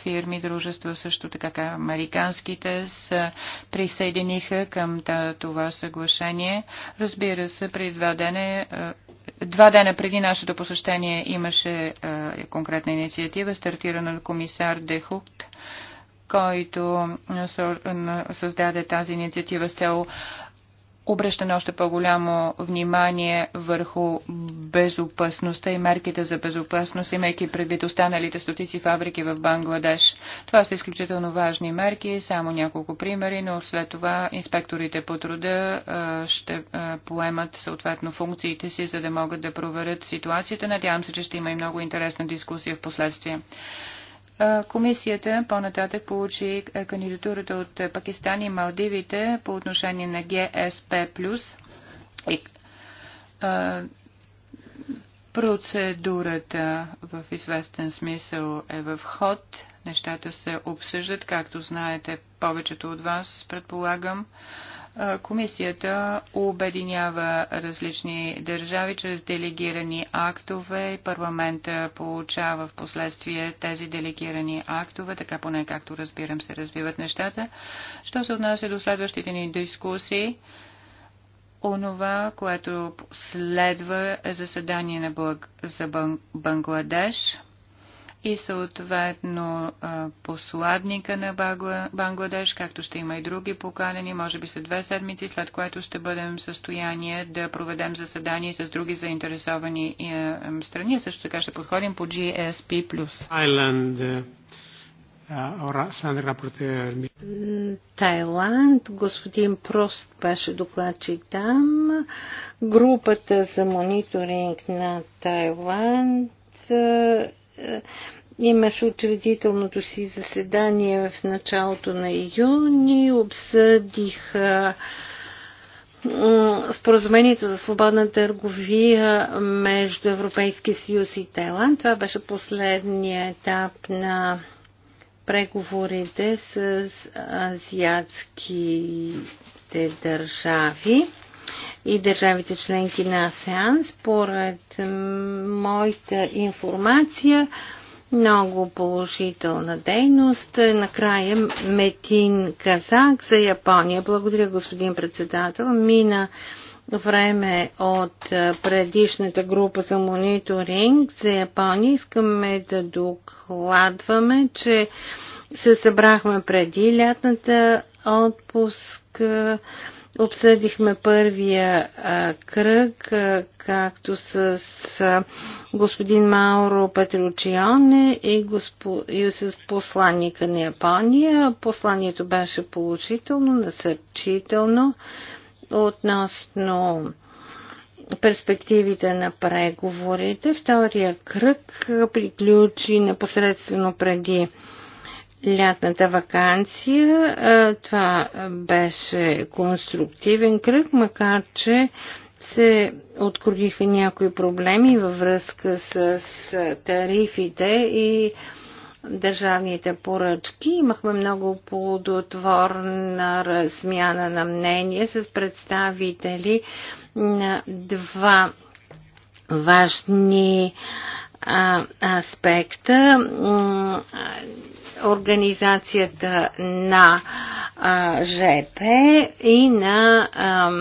фирми, дружества, също така американските, се присъединиха към това съглашение. Разбира се, при два дена Два дена преди нашето посещение имаше конкретна инициатива, стартирана от комисар Дехукт който създаде тази инициатива с цел обръщане още по-голямо внимание върху безопасността и мерките за безопасност, имайки предвид останалите стотици фабрики в Бангладеш. Това са изключително важни мерки, само няколко примери, но след това инспекторите по труда ще поемат съответно функциите си, за да могат да проверят ситуацията. Надявам се, че ще има и много интересна дискусия в последствие. Комисията по-нататък получи кандидатурата от Пакистан и Малдивите по отношение на ГСП+. Процедурата в известен смисъл е в ход. Нещата се обсъждат, както знаете повечето от вас, предполагам. Комисията обединява различни държави чрез делегирани актове и парламента получава в последствие тези делегирани актове, така поне както разбирам се развиват нещата. Що се отнася до следващите ни дискусии, онова, което следва е заседание на за Бангладеш – и съответно посладника на Бангладеш, както ще има и други поканени, може би след две седмици, след което ще бъдем в състояние да проведем заседание с други заинтересовани е, страни. Също така ще подходим по GSP+. Island, е, Тайланд. Господин Прост беше докладчик там. Групата за мониторинг на Тайланд е, е, имаше учредителното си заседание в началото на юни, обсъдих е, споразумението за свободна търговия между Европейския съюз и Тайланд. Това беше последният етап на преговорите с азиатските държави и държавите членки на АСЕАН. Според моята информация, много положителна дейност. Накрая Метин Казак за Япония. Благодаря, господин председател. Мина време от предишната група за мониторинг за Япония. Искаме да докладваме, че се събрахме преди лятната отпуск Обсъдихме първия а, кръг, а, както с а, господин Мауро Петручионе и, госпо, и с посланника на Япония. Посланието беше положително, насърчително относно перспективите на преговорите. Втория кръг приключи непосредствено преди лятната вакансия. Това беше конструктивен кръг, макар че се откроиха някои проблеми във връзка с тарифите и държавните поръчки. Имахме много плодотворна размяна на мнение с представители на два важни аспекта организацията на а, ЖП е и на а,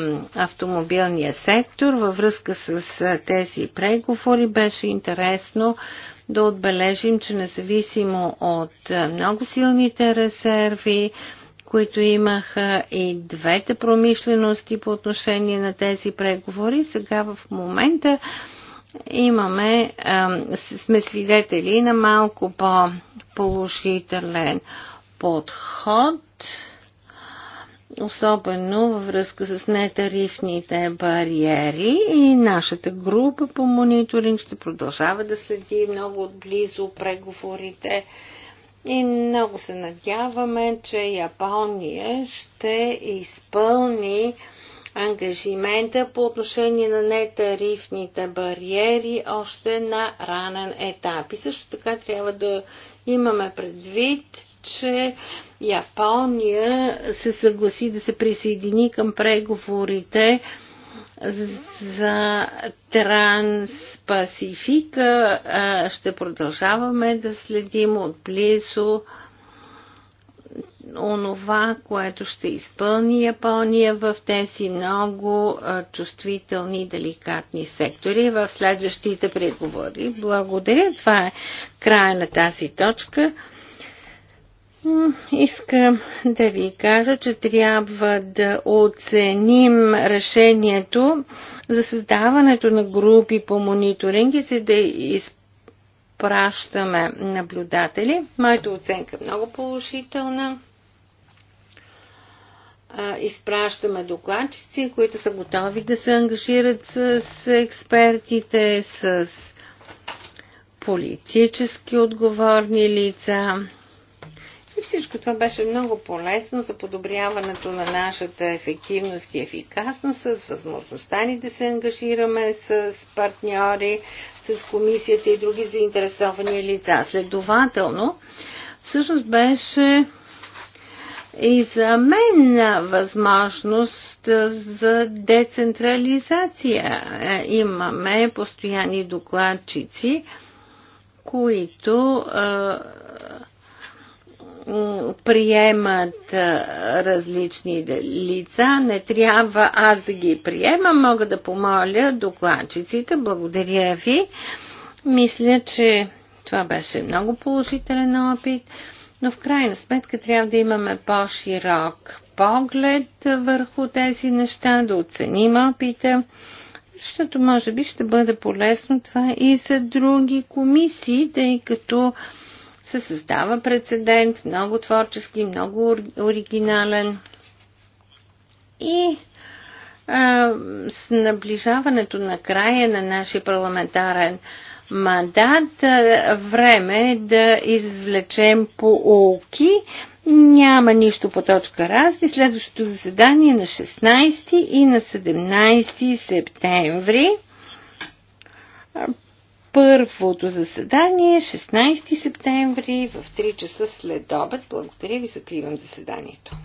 автомобилния сектор. Във връзка с а, тези преговори беше интересно да отбележим, че независимо от а, много силните резерви, които имаха и двете промишлености по отношение на тези преговори, сега в момента а, имаме, сме свидетели на малко по-положителен подход, особено във връзка с нетарифните бариери и нашата група по мониторинг ще продължава да следи много отблизо преговорите и много се надяваме, че Япония ще изпълни ангажимента по отношение на нетарифните бариери още на ранен етап. И също така трябва да имаме предвид, че Япония се съгласи да се присъедини към преговорите за Транспасифика. Ще продължаваме да следим отблизо онова, което ще изпълни Япония в тези много чувствителни и деликатни сектори в следващите преговори. Благодаря. Това е края на тази точка. Искам да ви кажа, че трябва да оценим решението за създаването на групи по мониторинг и за да изпращаме наблюдатели. Моята оценка е много положителна изпращаме докладчици, които са готови да се ангажират с експертите, с политически отговорни лица. И всичко това беше много полезно за подобряването на нашата ефективност и ефикасност, с възможността ни да се ангажираме с партньори, с комисията и други заинтересовани лица. Следователно, всъщност беше и за мен възможност за децентрализация. Имаме постоянни докладчици, които приемат различни лица, не трябва аз да ги приема, мога да помоля докладчиците. Благодаря ви. Мисля, че това беше много положителен опит но в крайна сметка трябва да имаме по-широк поглед върху тези неща, да оценим опита, защото може би ще бъде полезно това и за други комисии, тъй като се създава прецедент, много творчески, много оригинален. И а, с наближаването на края на нашия парламентарен мандат. Време е да извлечем поуки. Няма нищо по точка разни. Следващото заседание е на 16 и на 17 септември. Първото заседание 16 е септември в 3 часа след обед. Благодаря ви, закривам заседанието.